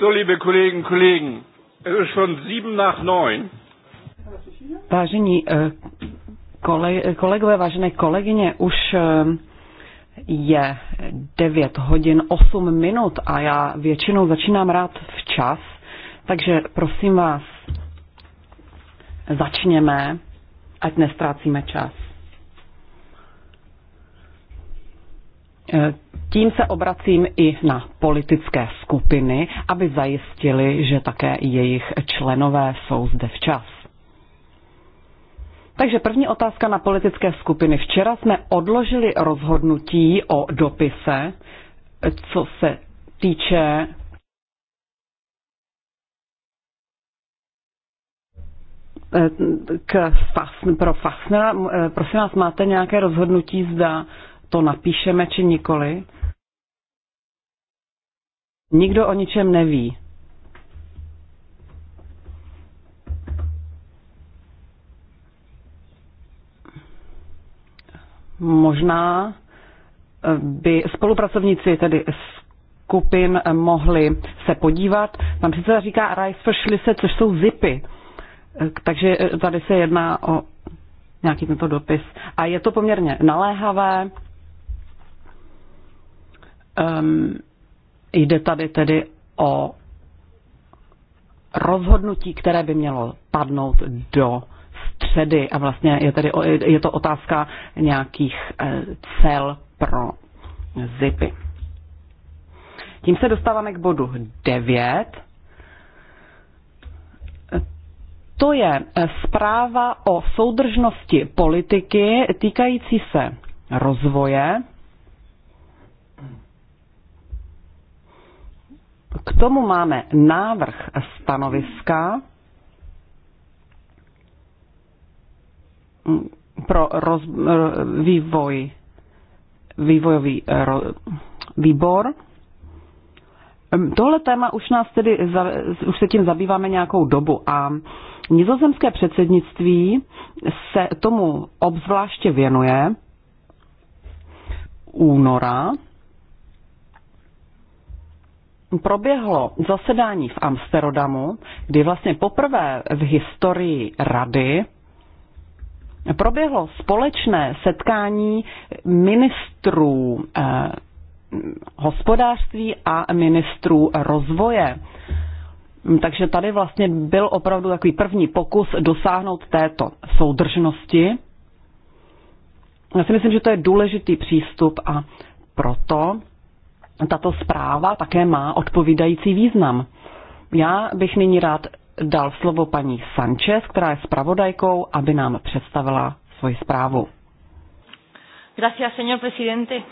So, liebe Kolleginnen und Kollegen, es ist schon sieben nach neun. Vážení eh, kole, kolegové, vážené kolegyně, už eh, je 9 hodin 8 minut a já většinou začínám rád včas, takže prosím vás, začněme, ať nestrácíme čas eh, tím se obracím i na politické skupiny, aby zajistili, že také jejich členové jsou zde včas. Takže první otázka na politické skupiny. Včera jsme odložili rozhodnutí o dopise, co se týče k Fasn, pro Fasnera. Prosím vás, máte nějaké rozhodnutí, zda to napíšeme či nikoli? Nikdo o ničem neví. Možná eh, by spolupracovníci tedy skupin eh, mohli se podívat. Tam předseda říká Rice for Schlisse, což jsou zipy. Eh, takže tady se jedná o nějaký tento dopis. A je to poměrně naléhavé. Um, Jde tady tedy o rozhodnutí, které by mělo padnout do středy a vlastně je, tedy, je to otázka nějakých eh, cel pro zipy. Tím se dostáváme k bodu 9. To je eh, zpráva o soudržnosti politiky týkající se rozvoje K tomu máme návrh stanoviska pro roz, vývoj, vývojový ro, výbor. Tohle téma už nás tedy, už se tím zabýváme nějakou dobu a nizozemské předsednictví se tomu obzvláště věnuje února proběhlo zasedání v Amsterdamu, kdy vlastně poprvé v historii rady proběhlo společné setkání ministrů eh, hospodářství a ministrů rozvoje. Takže tady vlastně byl opravdu takový první pokus dosáhnout této soudržnosti. Já si myslím, že to je důležitý přístup a proto tato zpráva také má odpovídající význam. Já bych nyní rád dal slovo paní Sanchez, která je zpravodajkou, aby nám představila svoji zprávu. Gracias, señor presidente.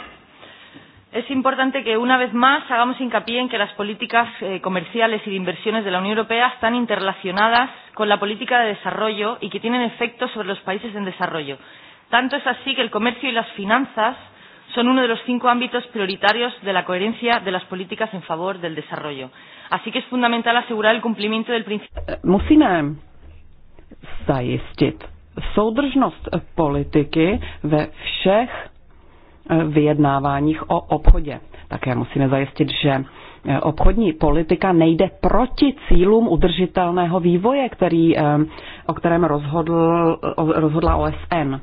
Es importante que una vez más hagamos hincapié en que las políticas eh, comerciales y de inversiones de la Unión Europea están interrelacionadas con la política de desarrollo y que tienen efectos sobre los países en desarrollo. Tanto es así que el comercio y las finanzas son uno de los cinco ámbitos prioritarios de la coherencia de las políticas en favor del desarrollo. Así que es fundamental asegurar el cumplimiento del principio. Eh, musíme zajistit soudržnost politiky ve všech eh, vyjednáváních o obchodě. Také musíme zajistit, že eh, obchodní politika nejde proti cílům udržitelného vývoje, který, o kterém rozhodl, rozhodla OSN.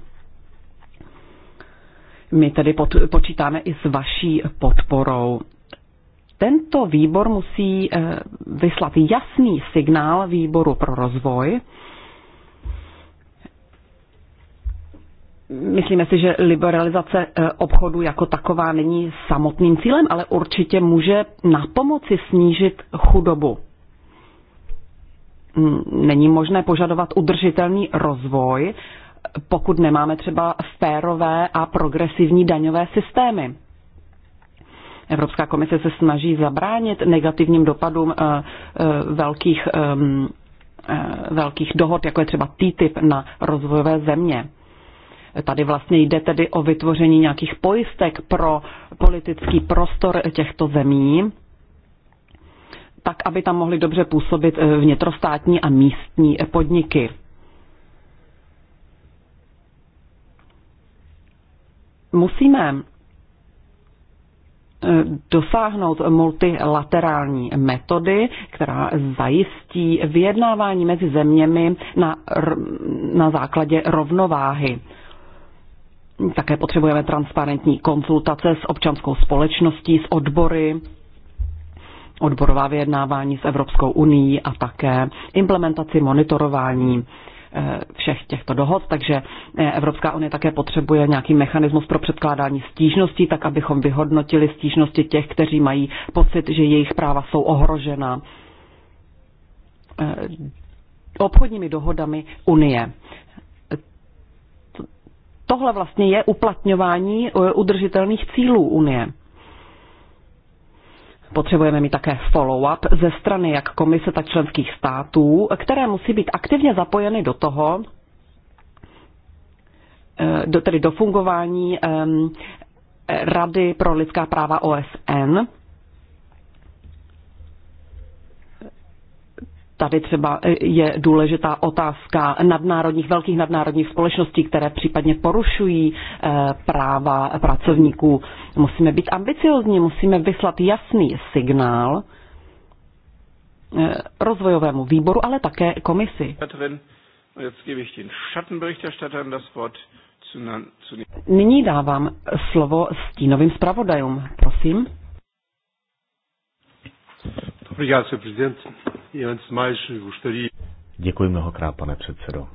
My tedy pod, počítáme i s vaší podporou. Tento výbor musí eh, vyslat jasný signál výboru pro rozvoj. Myslíme si, že liberalizace eh, obchodu jako taková není samotným cílem, ale určitě může na pomoci snížit chudobu hmm, není možné požadovat udržitelný rozvoj, pokud nemáme třeba férové a progresivní daňové systémy. Evropská komise se snaží zabránit negativním dopadům eh, eh, velkých, ehm, eh, velkých dohod, jako je třeba TTIP na rozvojové země. Tady vlastně jde tedy o vytvoření nějakých pojistek pro politický prostor těchto zemí, tak aby tam mohly dobře působit vnitrostátní a místní podniky. Musíme eh, dosáhnout multilaterální metody, která zajistí vyjednávání mezi zeměmi na, na základě rovnováhy. Také potřebujeme transparentní konzultace s občanskou společností, s odbory, odborová vyjednávání s Evropskou unii a také implementaci monitorování Eh, všech těchto dohod, takže eh, Evropská unie také potřebuje nějaký mechanismus pro předkládání stížností, tak abychom vyhodnotili stížnosti těch, kteří mají pocit, že jejich práva jsou ohrožena eh, obchodními dohodami Unie. Tohle vlastně je uplatňování udržitelných cílů Unie. Potřebujeme mít také follow-up ze strany jak komise, tak členských států, které musí být aktivně zapojeny do toho, eh, do, tedy do fungování ehm, Rady pro lidská práva OSN, Tady třeba e, je důležitá otázka nadnárodních, velkých nadnárodních společností, které případně porušují e, práva pracovníků. Musíme být ambiciozní, musíme vyslat jasný signál e, rozvojovému výboru, ale také komisi. Nyní dávám slovo stínovým zpravodajům. Prosím. Děkuji mnohokrát, pane předsedo.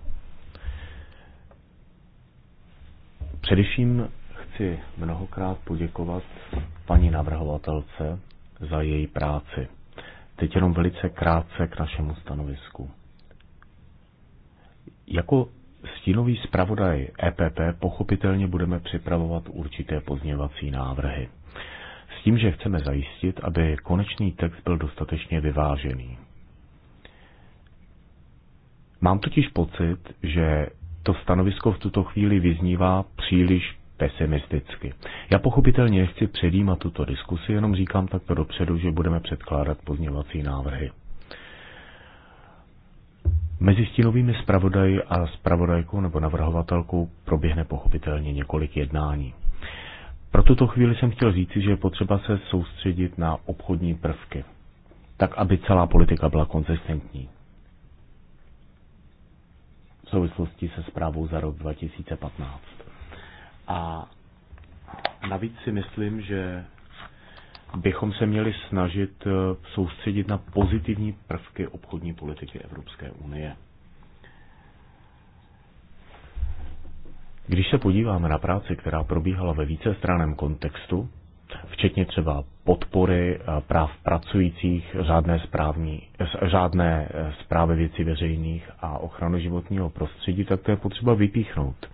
Především chci mnohokrát poděkovat paní navrhovatelce za její práci. Teď jenom velice krátce k našemu stanovisku. Jako stínový zpravodaj EPP pochopitelně budeme připravovat určité pozměvací návrhy. S tím, že chceme zajistit, aby konečný text byl dostatečně vyvážený. Mám totiž pocit, že to stanovisko v tuto chvíli vyznívá příliš pesimisticky. Já pochopitelně chci předjímat tuto diskusi, jenom říkám takto dopředu, že budeme předkládat pozměňovací návrhy. Mezi stínovými zpravodaji a zpravodajkou nebo navrhovatelkou proběhne pochopitelně několik jednání. Pro tuto chvíli jsem chtěl říci, že je potřeba se soustředit na obchodní prvky, tak aby celá politika byla konzistentní v souvislosti se zprávou za rok 2015. A navíc si myslím, že bychom se měli snažit eh, soustředit na pozitivní prvky obchodní politiky Evropské unie. Když se podíváme na práci, která probíhala ve vícestraném kontextu, včetně třeba podpory eh, práv pracujících, řádné, správní, řádné zprávy eh, věcí veřejných a ochranu životního prostředí, tak to je potřeba vypíchnout.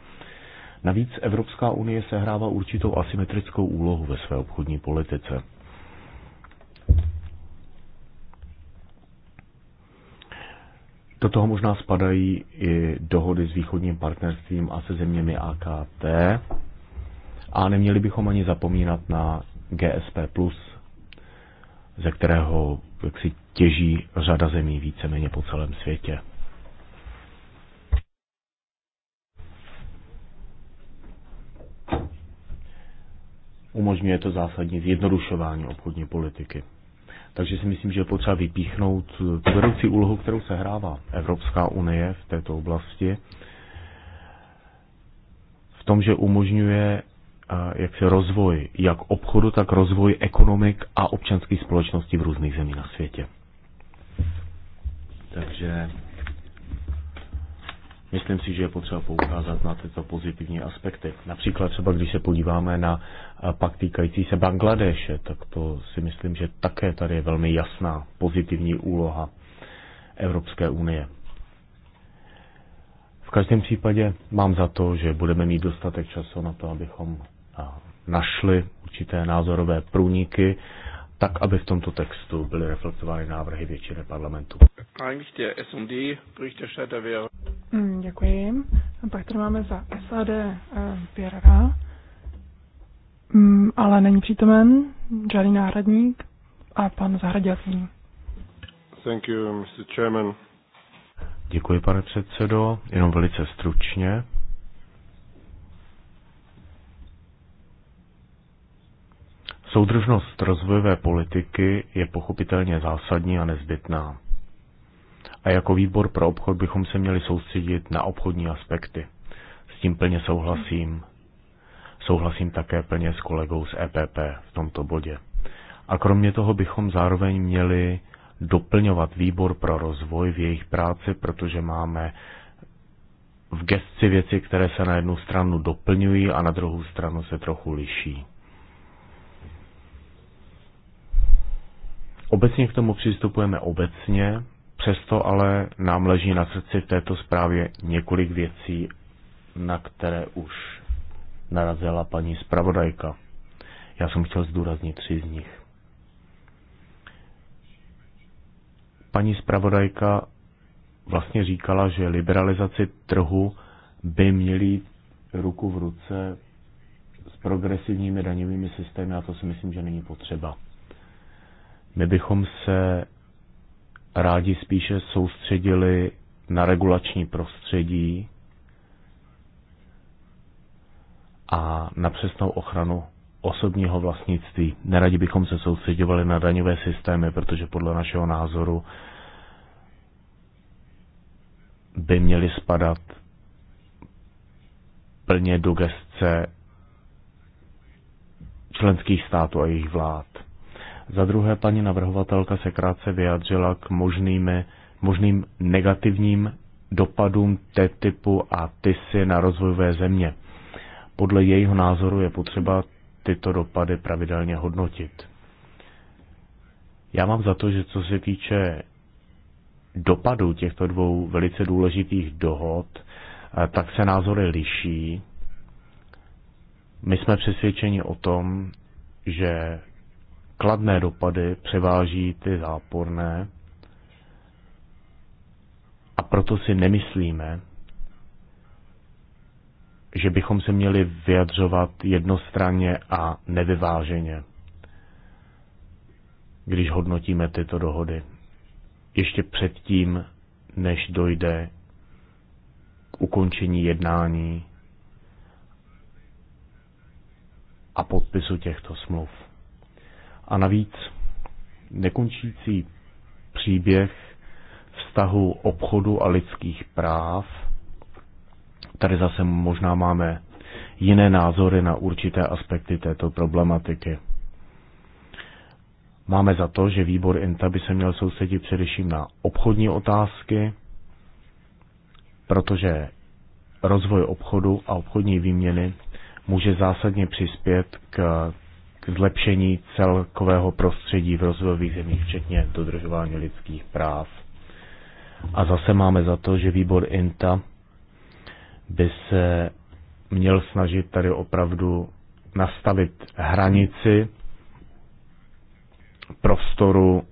Navíc Evropská unie sehrává určitou asymetrickou úlohu ve své obchodní politice. Do toho možná spadají i dohody s východním partnerstvím a se zeměmi AKT, a neměli bychom ani zapomínat na GSP+, ze kterého jak si těží řada zemí víceméně po celém světě. Umožňuje to zásadní zjednodušování obchodní politiky. Takže si myslím, že je potřeba vypíchnout tu vedoucí úlohu, kterou se hrává Evropská unie v této oblasti, v tom, že umožňuje jaksi rozvoj jak obchodu, tak rozvoj ekonomik a občanských společností v různých zemích na světě. Takže myslím si, že je potřeba poukázat na tyto pozitivní aspekty. Například třeba, když se podíváme na pak týkající se Bangladeše, tak to si myslím, že také tady je velmi jasná pozitivní úloha Evropské unie. V každém případě mám za to, že budeme mít dostatek času na to, abychom našli určité názorové průniky, tak aby v tomto textu byly reflektovány návrhy většiny parlamentu. Mm, děkuji. A pak tady máme za SAD eh, Pěrera, mm, ale není přítomen žádný náhradník a pan Zahradětný. Thank you, Mr. Chairman. Děkuji, pane předsedo. Jenom velice stručně. Soudržnost rozvojové politiky je pochopitelně zásadní a nezbytná. A jako výbor pro obchod bychom se měli soustředit na obchodní aspekty. S tím plně souhlasím. Souhlasím také plně s kolegou z EPP v tomto bodě. A kromě toho bychom zároveň měli doplňovat výbor pro rozvoj v jejich práci, protože máme v gestci věci, které se na jednu stranu doplňují a na druhou stranu se trochu liší. Obecně k tomu přistupujeme obecně, přesto ale nám leží na srdci v této zprávě několik věcí, na které už narazila paní zpravodajka. Já jsem chtěl zdůraznit tři z nich. Paní zpravodajka vlastně říkala, že liberalizaci trhu by měly ruku v ruce s progresivními daňovými systémy a to si myslím, že není potřeba. My bychom se rádi spíše soustředili na regulační prostředí a na přesnou ochranu osobního vlastnictví. Neradi bychom se soustředovali na daňové systémy, protože podle našeho názoru by měly spadat plně do gestce členských států a jejich vlád. Za druhé, paní navrhovatelka se krátce vyjádřila k možnými, možným negativním dopadům té typu a TISy na rozvojové země. Podle jejího názoru je potřeba tyto dopady pravidelně hodnotit. Já mám za to, že co se týče dopadu těchto dvou velice důležitých dohod, eh, tak se názory liší. My jsme přesvědčeni o tom, že kladné dopady převáží ty záporné a proto si nemyslíme, že bychom se měli vyjadřovat jednostranně a nevyváženě, když hodnotíme tyto dohody. Ještě předtím, než dojde k ukončení jednání a podpisu těchto smluv. A navíc nekončící příběh vztahu obchodu a lidských práv. Tady zase možná máme jiné názory na určité aspekty této problematiky. Máme za to, že výbor INTA by se měl soustředit především na obchodní otázky, protože rozvoj obchodu a obchodní výměny může zásadně přispět k k zlepšení celkového prostředí v rozvojových zemích, včetně dodržování lidských práv. A zase máme za to, že výbor INTA by se měl snažit tady opravdu nastavit hranici prostoru,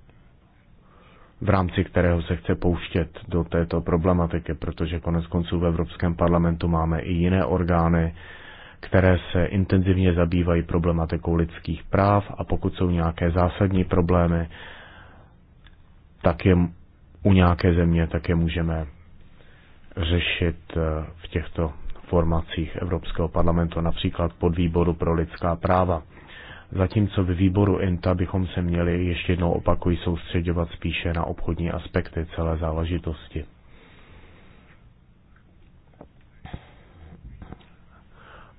v rámci kterého se chce pouštět do této problematiky, protože konec konců v Evropském parlamentu máme i jiné orgány, které se intenzivně zabývají problematikou lidských práv a pokud jsou nějaké zásadní problémy, tak je u nějaké země, tak je můžeme řešit eh, v těchto formacích Evropského parlamentu, například pod výboru pro lidská práva. Zatímco ve výboru INTA bychom se měli, ještě jednou opakují, soustředovat spíše na obchodní aspekty celé záležitosti.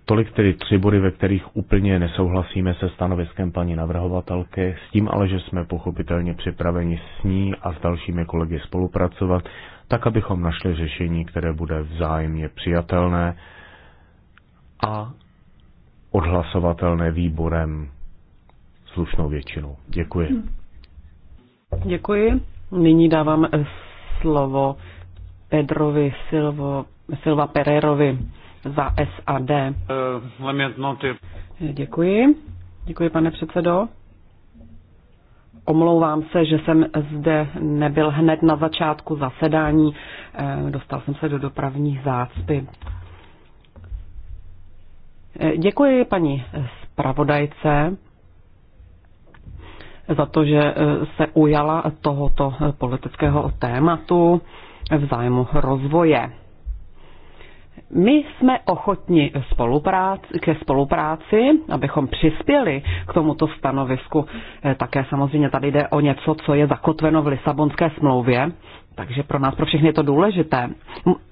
Tolik tedy tři body, ve kterých úplně nesouhlasíme se stanoviskem paní navrhovatelky, s tím ale, že jsme pochopitelně připraveni s ní a s dalšími kolegy spolupracovat, tak abychom našli řešení, které bude vzájemně přijatelné a odhlasovatelné výborem slušnou většinou. Děkuji. Děkuji. Nyní dávám slovo Pedrovi Silvo, Silva Pererovi za SAD. Děkuji. Děkuji, pane předsedo. Omlouvám se, že jsem zde nebyl hned na začátku zasedání. Eh, dostal jsem se do dopravní zácpy. Eh, děkuji paní zpravodajce za to, že eh, se ujala tohoto politického tématu v zájmu rozvoje. My jsme ochotni spolupráci, ke spolupráci, abychom přispěli k tomuto stanovisku. Eh, také samozřejmě tady jde o něco, co je zakotveno v Lisabonské smlouvě, takže pro nás, pro všechny je to důležité.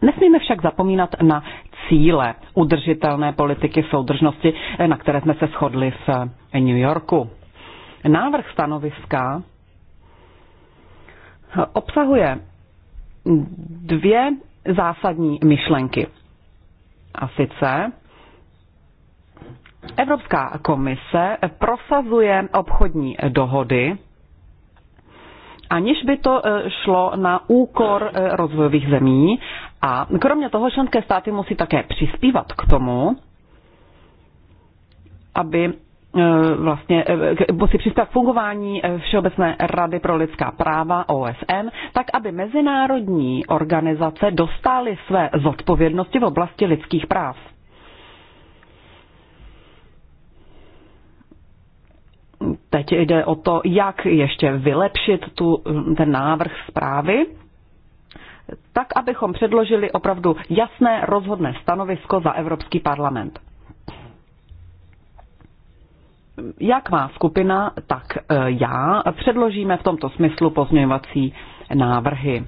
Nesmíme však zapomínat na cíle udržitelné politiky soudržnosti, eh, na které jsme se shodli v eh, New Yorku. Návrh stanoviska obsahuje dvě zásadní myšlenky. A sice Evropská komise prosazuje obchodní dohody, aniž by to e, šlo na úkor e, rozvojových zemí. A kromě toho členské státy musí také přispívat k tomu, aby E, vlastně e, si přistat fungování e, Všeobecné rady pro lidská práva OSN, tak aby mezinárodní organizace dostály své zodpovědnosti v oblasti lidských práv. Teď jde o to, jak ještě vylepšit tu, ten návrh zprávy, tak abychom předložili opravdu jasné rozhodné stanovisko za Evropský parlament jak má skupina, tak e, já předložíme v tomto smyslu pozměňovací návrhy.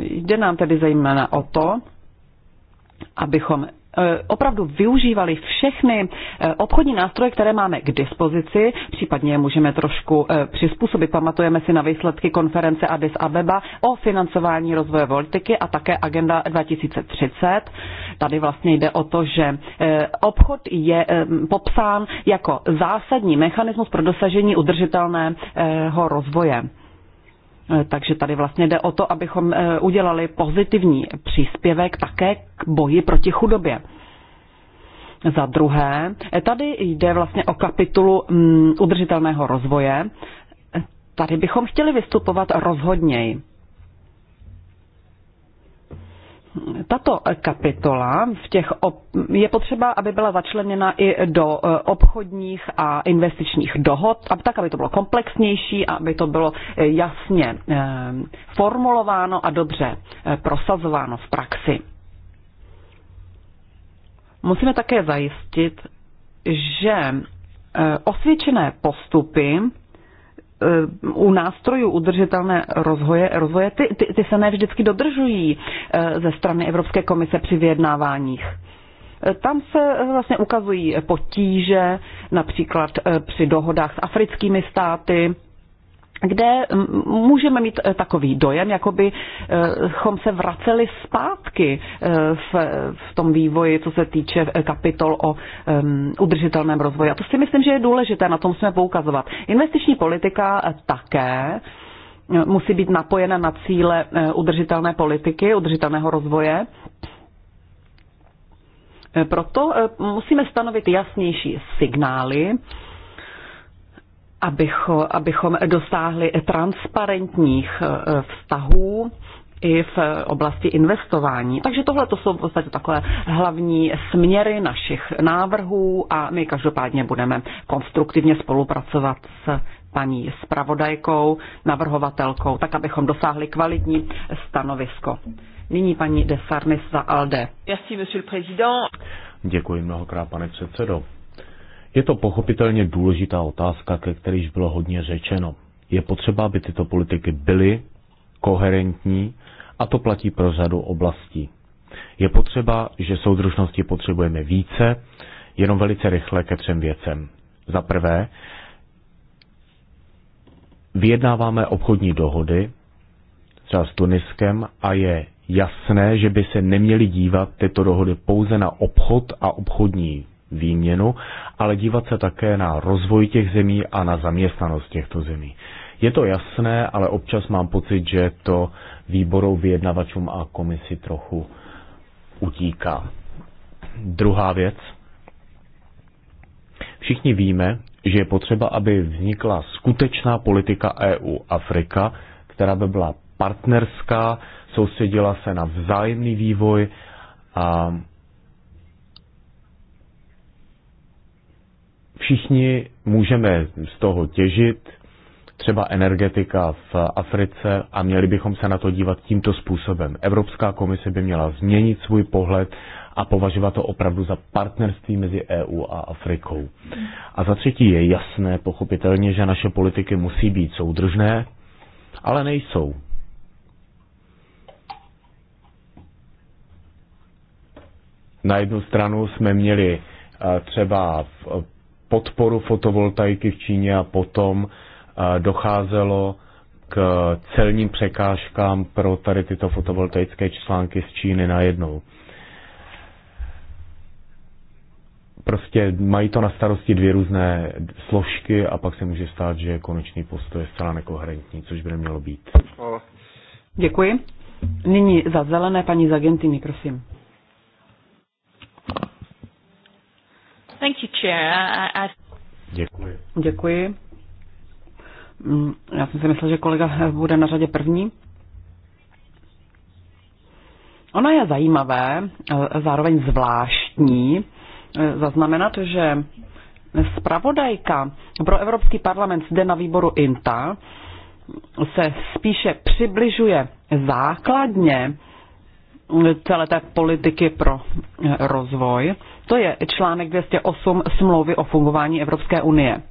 Jde nám tedy zejména o to, abychom Eh, opravdu využívali všechny eh, obchodní nástroje, které máme k dispozici, případně je můžeme trošku eh, přizpůsobit. Pamatujeme si na výsledky konference Addis Abeba o financování rozvoje politiky a také Agenda 2030. Tady vlastně jde o to, že obchod je popsán jako zásadní mechanismus pro dosažení udržitelného rozvoje. Eh, takže tady vlastně jde o to, abychom eh, udělali pozitivní příspěvek také k boji proti chudobě. Za druhé, eh, tady jde vlastně o kapitulu mm, udržitelného rozvoje. Tady bychom chtěli vystupovat rozhodněji tato kapitola v těch op- je potřeba, aby byla začleněna i do e, obchodních a investičních dohod, aby tak, aby to bylo komplexnější, aby to bylo e, jasně e, formulováno a dobře prosazováno v praxi. Musíme také zajistit, že osvědčené postupy u nástrojů udržitelné rozvoje, rozvoje ty, ty, ty se ne vždycky dodržují eh, ze strany Evropské komise při vyjednáváních. Eh, tam se vlastně ukazují potíže, například eh, při dohodách s africkými státy, kde můžeme mít eh, takový dojem, jako bychom eh, se vraceli zpátky eh, v, v tom vývoji, co se týče kapitol o um, udržitelném rozvoji. A to si myslím, že je důležité, na tom jsme poukazovat. Investiční politika také musí být napojena na cíle udržitelné politiky, udržitelného rozvoje. Proto musíme stanovit jasnější signály, abychom, abychom dosáhli transparentních eh, vztahů i v oblasti investování. Takže tohle to jsou v podstatě takové hlavní směry našich návrhů a my každopádně budeme konstruktivně spolupracovat s paní spravodajkou, navrhovatelkou, tak abychom dosáhli kvalitní stanovisko. Nyní paní Desarnis za ALDE. Děkuji mnohokrát, pane předsedo. Je to pochopitelně důležitá otázka, ke kteréž bylo hodně řečeno. Je potřeba, aby tyto politiky byly koherentní a to platí pro řadu oblastí. Je potřeba, že soudržnosti potřebujeme více, jenom velice rychle ke třem věcem. Za prvé, vyjednáváme obchodní dohody, třeba s Tuniskem, a je jasné, že by se neměly dívat tyto dohody pouze na obchod a obchodní výměnu, ale dívat se také na rozvoj těch zemí a na zaměstnanost těchto zemí. Je to jasné, ale občas mám pocit, že to výborou vyjednavačům a komisi trochu utíká. Druhá věc. Všichni víme, že je potřeba, aby vznikla skutečná politika EU-Afrika, která by byla partnerská, soustředila se na vzájemný vývoj a Všichni můžeme z toho těžit, třeba energetika v Africe a měli bychom se na to dívat tímto způsobem. Evropská komise by měla změnit svůj pohled a považovat to opravdu za partnerství mezi EU a Afrikou. A za třetí je jasné, pochopitelně, že naše politiky musí být soudržné, ale nejsou. Na jednu stranu jsme měli eh, třeba podporu fotovoltaiky v Číně a potom eh, docházelo k celním překážkám pro tady tyto fotovoltaické články z Číny najednou. Prostě mají to na starosti dvě různé složky a pak se může stát, že konečný postoj je zcela nekoherentní, což by nemělo být. Děkuji. Nyní za zelené paní z Argentiny, prosím. Thank you, Chair. I, I... Děkuji. Děkuji. Mm, já jsem si myslel, že kolega bude na řadě první. Ono je zajímavé, e, zároveň zvláštní, e, zaznamenat, že zpravodajka pro Evropský parlament zde na výboru INTA se spíše přibližuje základně celé té politiky pro e, rozvoj to je článek 208 smlouvy o fungování Evropské unie.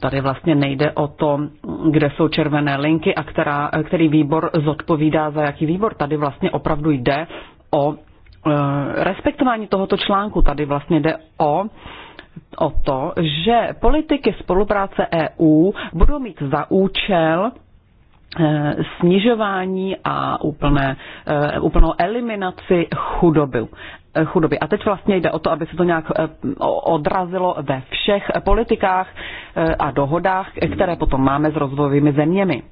Tady vlastně nejde o to, kde jsou červené linky a která, který výbor zodpovídá za jaký výbor. Tady vlastně opravdu jde o e, respektování tohoto článku. Tady vlastně jde o o to, že politiky spolupráce EU budou mít za účel Eh, snižování a úplné, eh, úplnou eliminaci chudoby. Eh, chudoby. A teď vlastně jde o to, aby se to nějak odrazilo ve všech politikách a dohodách, které potom máme s rozvojovými zeměmi.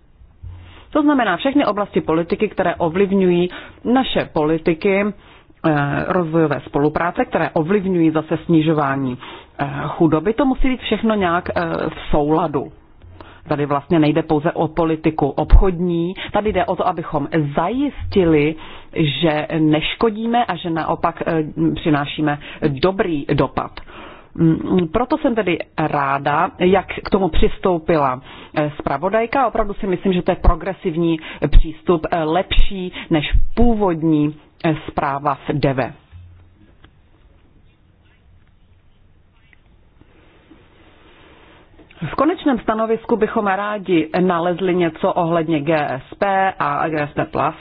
To znamená všechny oblasti politiky, které ovlivňují naše politiky rozvojové spolupráce, které ovlivňují zase snižování chudoby. To musí být všechno nějak v souladu. Tady vlastně nejde pouze o politiku obchodní, tady jde o to, abychom zajistili, že neškodíme a že naopak eh, přinášíme dobrý dopad. Mm, proto jsem tedy ráda, jak k tomu přistoupila eh, zpravodajka. Opravdu si myslím, že to je progresivní přístup, eh, lepší než původní zpráva v DEVE. V konečném stanovisku bychom rádi nalezli něco ohledně GSP a GSP+, plus,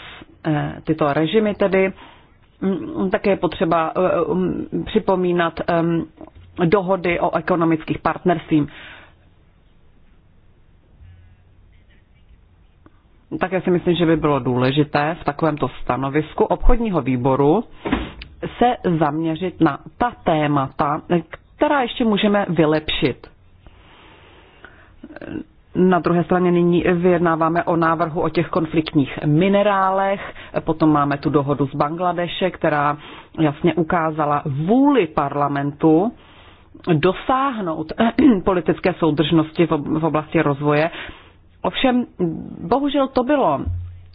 eh, tyto režimy tedy. Mm, také je potřeba eh, um, připomínat ehm, dohody o ekonomických partnerstvím. Také si myslím, že by bylo důležité v takovémto stanovisku obchodního výboru se zaměřit na ta témata, která ještě můžeme vylepšit na druhé straně nyní vyjednáváme o návrhu o těch konfliktních minerálech, potom máme tu dohodu z Bangladeše, která jasně ukázala vůli parlamentu dosáhnout politické soudržnosti v oblasti rozvoje. Ovšem, bohužel to bylo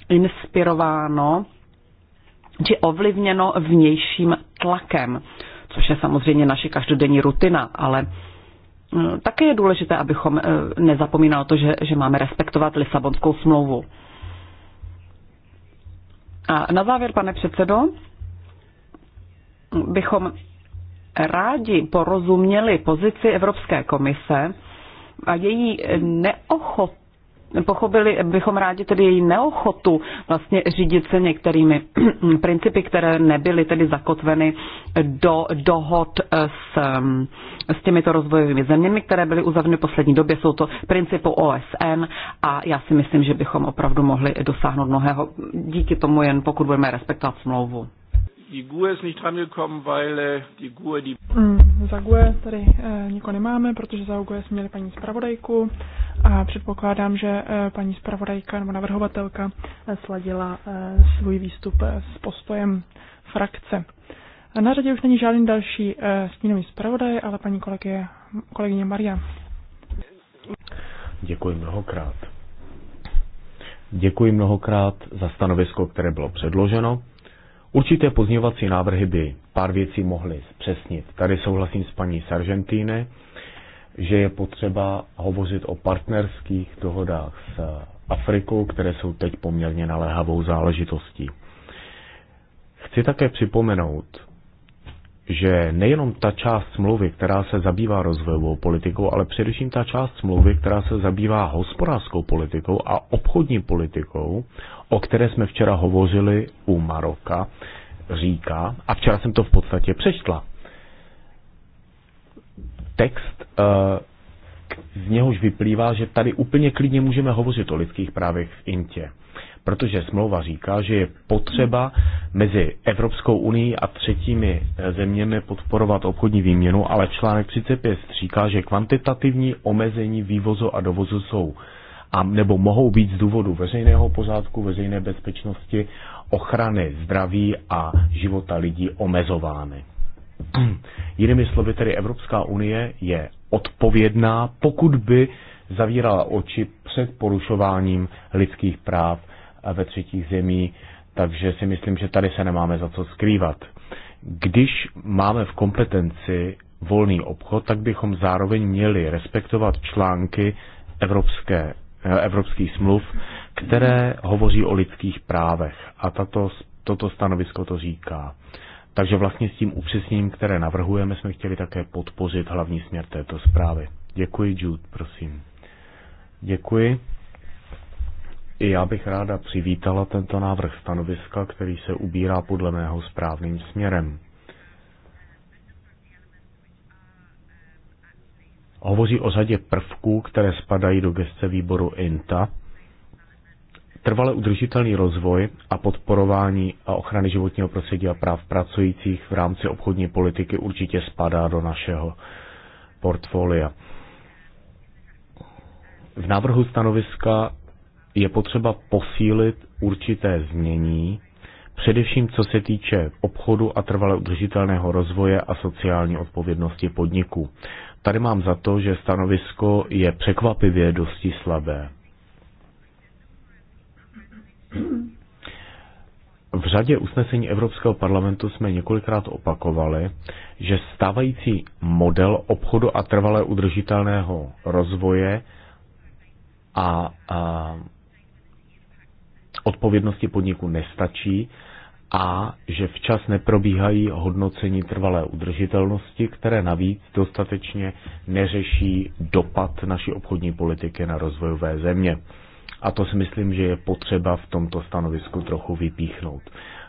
inspirováno či ovlivněno vnějším tlakem, což je samozřejmě naše každodenní rutina, ale Eh, také je důležité, abychom eh, nezapomínali to, že, že máme respektovat Lisabonskou smlouvu. A na závěr, pane předsedo, bychom rádi porozuměli pozici Evropské komise a její neochotu pochopili bychom rádi tedy její neochotu vlastně řídit se některými principy, které nebyly tedy zakotveny do dohod s, s těmito rozvojovými zeměmi, které byly uzavřeny v poslední době. Jsou to principy OSN a já si myslím, že bychom opravdu mohli dosáhnout mnohého díky tomu jen pokud budeme respektovat smlouvu. Die GUE ist nicht gekommen, weil äh, die GUE die... Mm, za GUE tady äh, nikoho nemáme, protože za GUE jsme měli paní zpravodajku a předpokládám, že äh, paní zpravodajka nebo navrhovatelka äh, sladila äh, svůj výstup äh, s postojem frakce. A na řadě už není žádný další äh, stínový zpravodaj, ale paní kolegie, kolegyně Maria. Děkuji mnohokrát. Děkuji mnohokrát za stanovisko, které bylo předloženo. Určité pozměňovací návrhy by pár věcí mohly zpřesnit. Tady souhlasím s paní Sargentine, že je potřeba hovořit o partnerských dohodách s Afrikou, které jsou teď poměrně naléhavou záležitostí. Chci také připomenout, že nejenom ta část smlouvy, která se zabývá rozvojovou politikou, ale především ta část smlouvy, která se zabývá hospodářskou politikou a obchodní politikou, o které jsme včera hovořili u Maroka, říká, a včera jsem to v podstatě přečtla, text, eh, z něhož vyplývá, že tady úplně klidně můžeme hovořit o lidských právech v Intě. Protože smlouva říká, že je potřeba mezi Evropskou unii a třetími eh, zeměmi podporovat obchodní výměnu, ale článek 35 říká, že kvantitativní omezení vývozu a dovozu jsou a nebo mohou být z důvodu veřejného pořádku, veřejné bezpečnosti, ochrany zdraví a života lidí omezovány. Jinými slovy, tedy Evropská unie je odpovědná, pokud by zavírala oči před porušováním lidských práv ve třetích zemí, takže si myslím, že tady se nemáme za co skrývat. Když máme v kompetenci volný obchod, tak bychom zároveň měli respektovat články Evropské evropských smluv, které hovoří o lidských právech. A tato, toto stanovisko to říká. Takže vlastně s tím upřesněním, které navrhujeme, jsme chtěli také podpořit hlavní směr této zprávy. Děkuji, Jude, prosím. Děkuji. I já bych ráda přivítala tento návrh stanoviska, který se ubírá podle mého správným směrem. hovoří o řadě prvků, které spadají do gestce výboru INTA, trvale udržitelný rozvoj a podporování a ochrany životního prostředí a práv pracujících v rámci obchodní politiky určitě spadá do našeho portfolia. V návrhu stanoviska je potřeba posílit určité změní především co se týče obchodu a trvale udržitelného rozvoje a sociální odpovědnosti podniků. Tady mám za to, že stanovisko je překvapivě dosti slabé. V řadě usnesení Evropského parlamentu jsme několikrát opakovali, že stávající model obchodu a trvalé udržitelného rozvoje a, a odpovědnosti podniku nestačí a že včas neprobíhají hodnocení trvalé udržitelnosti, které navíc dostatečně neřeší dopad naší obchodní politiky na rozvojové země. A to si myslím, že je potřeba v tomto stanovisku trochu vypíchnout.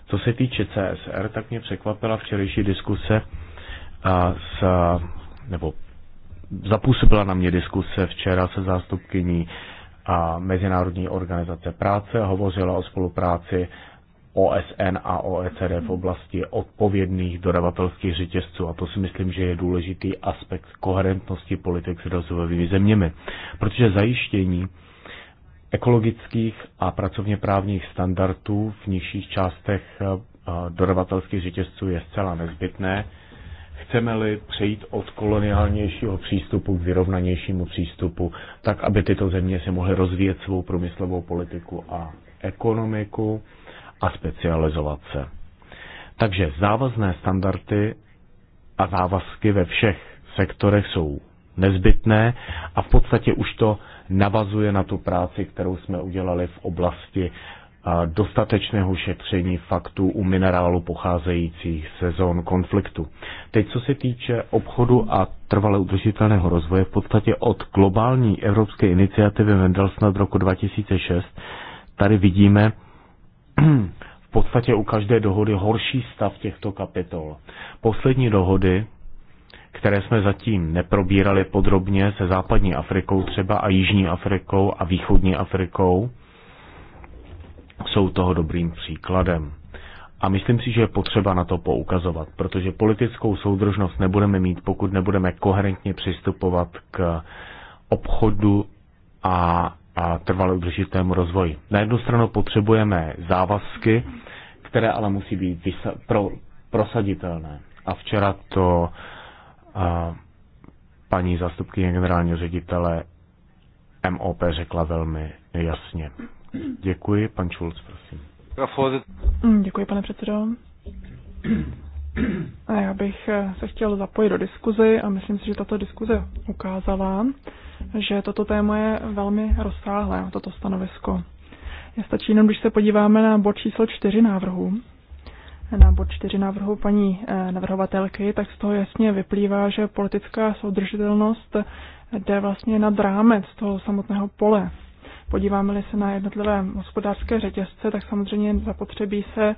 Co se týče CSR, tak mě překvapila včerejší diskuse s, nebo zapůsobila na mě diskuse včera se zástupkyní a Mezinárodní organizace práce hovořila o spolupráci OSN a OECD v oblasti odpovědných dodavatelských řetězců. A to si myslím, že je důležitý aspekt koherentnosti politik s rozvojovými zeměmi. Protože zajištění ekologických a pracovně právních standardů v nižších částech eh, dodavatelských řetězců je zcela nezbytné Chceme-li přejít od koloniálnějšího přístupu k vyrovnanějšímu přístupu, tak aby tyto země si mohly rozvíjet svou průmyslovou politiku a ekonomiku a specializovat se. Takže závazné standardy a závazky ve všech sektorech jsou nezbytné a v podstatě už to navazuje na tu práci, kterou jsme udělali v oblasti dostatečného šetření faktů u minerálu pocházejících se zón konfliktu. Teď, co se týče obchodu a trvale udržitelného rozvoje, v podstatě od globální evropské iniciativy Mendelsnad roku 2006, tady vidíme v podstatě u každé dohody horší stav těchto kapitol. Poslední dohody, které jsme zatím neprobírali podrobně se západní Afrikou třeba a Jižní Afrikou a Východní Afrikou, jsou toho dobrým příkladem. A myslím si, že je potřeba na to poukazovat, protože politickou soudržnost nebudeme mít, pokud nebudeme koherentně přistupovat k obchodu a, a trvale udržitému rozvoji. Na jednu stranu potřebujeme závazky, které ale musí být pro, prosaditelné. A včera to a, paní zastupkyně generálního ředitele MOP řekla velmi jasně. Děkuji, pan Schulz, prosím. Děkuji, pane předsedo. A já bych eh, se chtěl zapojit do diskuzi a myslím si, že tato diskuze ukázala, že toto téma je velmi rozsáhlé, toto stanovisko. Je stačí jenom, když se podíváme na bod číslo čtyři návrhu, na bod čtyři návrhu paní eh, navrhovatelky, tak z toho jasně vyplývá, že politická soudržitelnost jde vlastně nad rámec toho samotného pole Podíváme-li se na jednotlivé hospodářské řetězce, tak samozřejmě zapotřebí se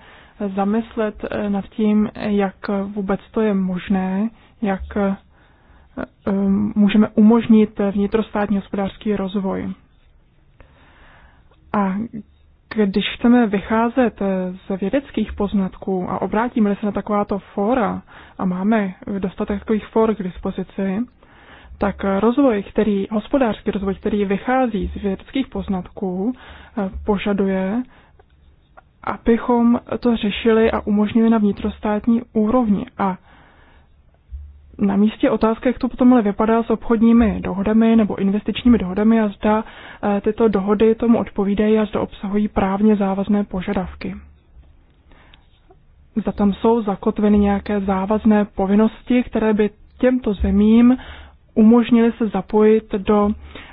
zamyslet nad tím, jak vůbec to je možné, jak eh, můžeme umožnit vnitrostátní hospodářský rozvoj. A když chceme vycházet z vědeckých poznatků a obrátíme se na takováto fóra a máme dostatek takových fór k dispozici, tak rozvoj, který, hospodářský rozvoj, který vychází z vědeckých poznatků, eh, požaduje, abychom to řešili a umožnili na vnitrostátní úrovni. A na místě otázka, jak to potom ale vypadá s obchodními dohodami nebo investičními dohodami a zda eh, tyto dohody tomu odpovídají a zda obsahují právně závazné požadavky. Zda tam jsou zakotveny nějaké závazné povinnosti, které by těmto zemím umožnili se zapojit do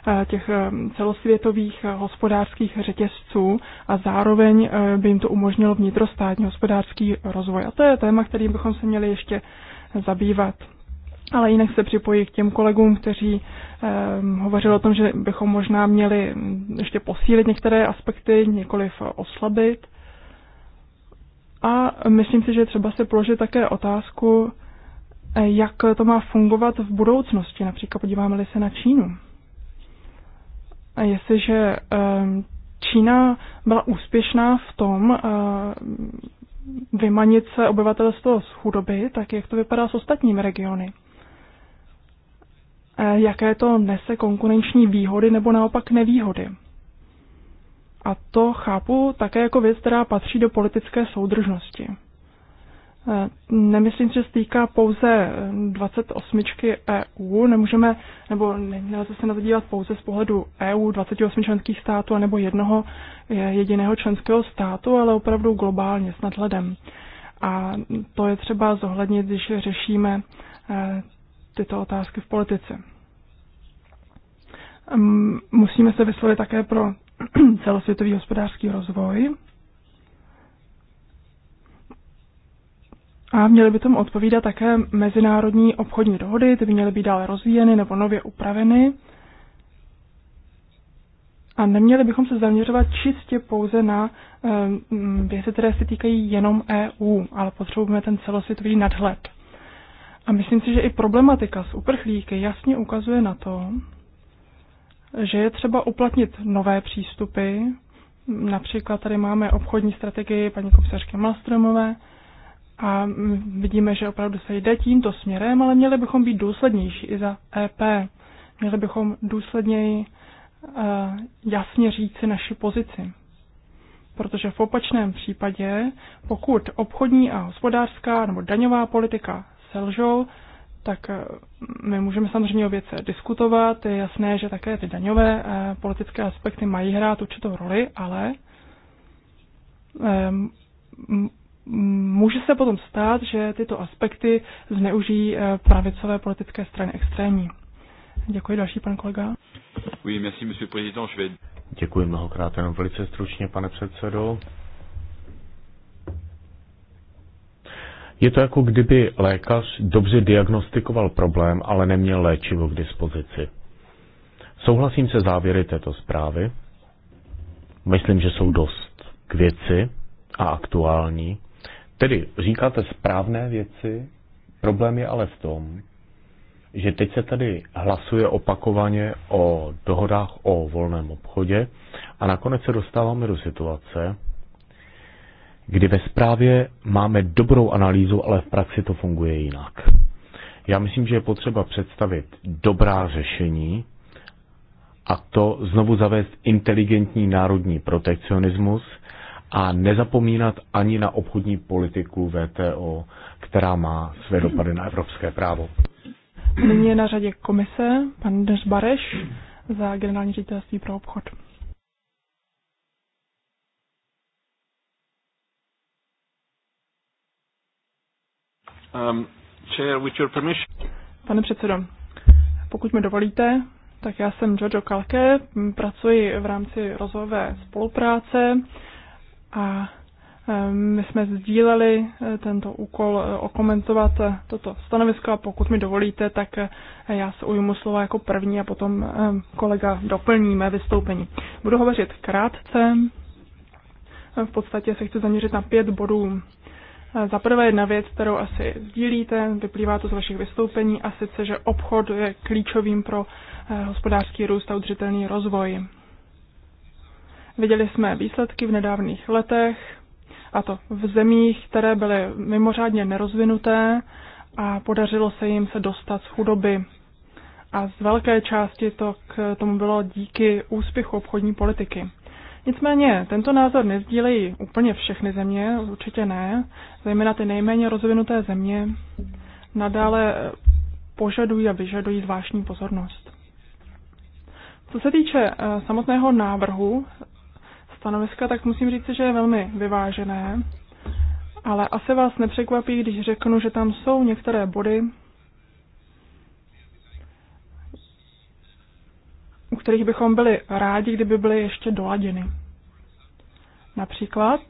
eh, těch eh, celosvětových eh, hospodářských řetězců a zároveň by jim to umožnilo vnitrostátní hospodářský rozvoj. A to je téma, kterým bychom se měli ještě zabývat. Ale jinak se připojí k těm kolegům, kteří eh, hovořili o tom, že bychom možná měli hm, ještě posílit některé aspekty, několiv oslabit. A myslím si, že třeba se položit také otázku, jak to má fungovat v budoucnosti. Například podíváme-li se na Čínu. A jestliže Čína byla úspěšná v tom vymanit se obyvatelstvo z chudoby, tak jak to vypadá s ostatními regiony? E, jaké to nese konkurenční výhody nebo naopak nevýhody? A to chápu také jako věc, která patří do politické soudržnosti. Nemyslím, že se týká pouze 28 EU, nemůžeme, nebo nelze se na to dívat pouze z pohledu EU, 28 členských států, nebo jednoho jediného členského státu, ale opravdu globálně s nadhledem. A to je třeba zohlednit, když řešíme e, tyto otázky v politice. Musíme se vyslovit také pro celosvětový hospodářský rozvoj, A měly by tomu odpovídat také mezinárodní obchodní dohody, ty by měly být dále rozvíjeny nebo nově upraveny. A neměli bychom se zaměřovat čistě pouze na um, věci, které se týkají jenom EU, ale potřebujeme ten celosvětový nadhled. A myslím si, že i problematika s uprchlíky jasně ukazuje na to, že je třeba uplatnit nové přístupy. Například tady máme obchodní strategii paní komisařky Malstromové, a vidíme, že opravdu se jde tímto směrem, ale měli bychom být důslednější i za EP. Měli bychom důsledněji eh, jasně říci naši pozici. Protože v opačném případě, pokud obchodní a hospodářská nebo daňová politika selžou, tak eh, my můžeme samozřejmě o věce diskutovat. Je jasné, že také ty daňové eh, politické aspekty mají hrát určitou roli, ale může se potom stát, že tyto aspekty zneužijí eh, pravicové politické strany extrémní. Děkuji, další pan kolega. Oui, merci, monsieur président. Je vais... Děkuji mnohokrát, jenom velice stručně, pane předsedo. Je to jako kdyby lékař dobře diagnostikoval problém, ale neměl léčivo k dispozici. Souhlasím se závěry této zprávy. Myslím, že jsou dost k věci a aktuální. Tedy říkáte správné věci, problém je ale v tom, že teď se tady hlasuje opakovaně o dohodách o volném obchodě a nakonec se dostáváme do situace, kdy ve zprávě máme dobrou analýzu, ale v praxi to funguje jinak. Já myslím, že je potřeba představit dobrá řešení a to znovu zavést inteligentní národní protekcionismus, a nezapomínat ani na obchodní politiku VTO, která má své dopady na evropské právo. Nyní je na řadě komise pan Dnes Bareš za generální ředitelství pro obchod. Um, chair, with your permission. Pane předsedo, pokud mi dovolíte, tak já jsem Jojo Kalke, pracuji v rámci rozvojové spolupráce a eh, my jsme sdíleli eh, tento úkol eh, okomentovat toto stanovisko a pokud mi dovolíte, tak já se ujmu slova jako první a potom kolega doplní mé vystoupení. Budu hovořit krátce. V podstatě se chci zaměřit na pět bodů. Za prvé jedna věc, kterou asi sdílíte, vyplývá to z vašich vystoupení, a sice, že obchod je klíčovým pro hospodářský růst a udržitelný rozvoj. Viděli jsme výsledky v nedávných letech, a to v zemích, které byly mimořádně nerozvinuté a podařilo se jim se dostat z chudoby. A z velké části to k tomu bylo díky úspěchu obchodní politiky. Nicméně tento názor nezdílejí úplně všechny země, určitě ne, zejména ty nejméně rozvinuté země nadále požadují a vyžadují zvláštní pozornost. Co se týče eh, samotného návrhu, stanoviska, tak musím říct, že je velmi vyvážené. Ale asi vás nepřekvapí, když řeknu, že tam jsou některé body, u kterých bychom byli rádi, kdyby byly ještě doladěny. Například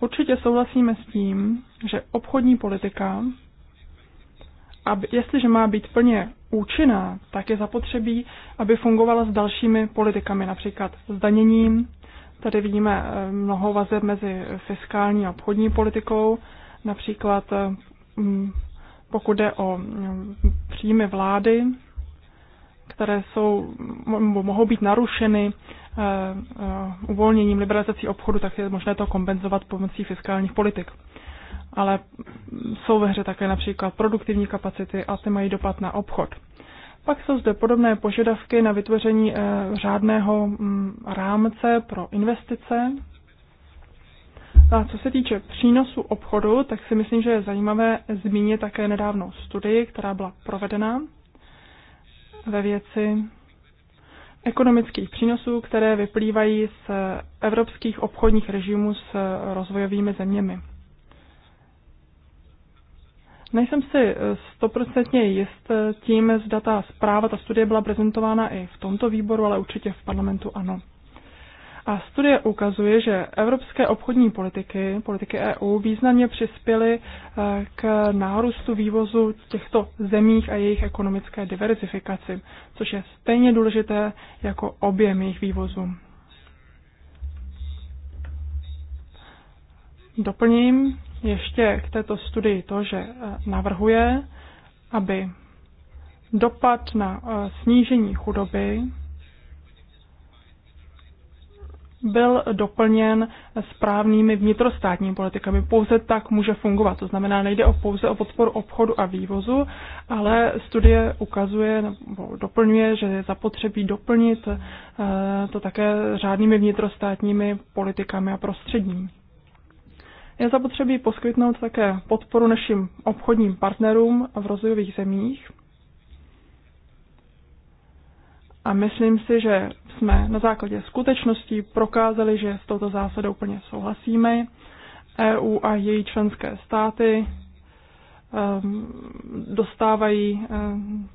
určitě souhlasíme s tím, že obchodní politika, aby, jestliže má být plně účinná, tak je zapotřebí, aby fungovala s dalšími politikami, například s daněním. Tady vidíme eh, mnoho vazeb mezi fiskální a obchodní politikou, například eh, mm, pokud jde o mm, příjmy vlády, které jsou, mohou být narušeny eh, uvolněním liberalizací obchodu, tak je možné to kompenzovat pomocí fiskálních politik. Ale jsou ve hře také například produktivní kapacity a ty mají dopad na obchod. Pak jsou zde podobné požadavky na vytvoření eh, řádného mm, rámce pro investice. A co se týče přínosu obchodu, tak si myslím, že je zajímavé zmínit také nedávnou studii, která byla provedena ve věci ekonomických přínosů, které vyplývají z evropských obchodních režimů s eh, rozvojovými zeměmi. Nejsem si eh, stoprocentně jist eh, tím, zda ta zpráva, ta studie byla prezentována i v tomto výboru, ale určitě v parlamentu ano. A studie ukazuje, že evropské obchodní politiky, politiky EU, významně přispěly eh, k nárůstu vývozu těchto zemích a jejich ekonomické diverzifikaci, což je stejně důležité jako objem jejich vývozu. Doplním, ještě k této studii to, že eh, navrhuje, aby dopad na eh, snížení chudoby byl doplněn správnými vnitrostátními politikami. Pouze tak může fungovat. To znamená, nejde o pouze o podporu obchodu a vývozu, ale studie ukazuje nebo doplňuje, že je zapotřebí doplnit eh, to také řádnými vnitrostátními politikami a prostředními. Je zapotřebí poskytnout také podporu našim obchodním partnerům v rozvojových zemích. A myslím si, že jsme na základě skutečností prokázali, že s touto zásadou plně souhlasíme. EU a její členské státy ehm, dostávají ehm,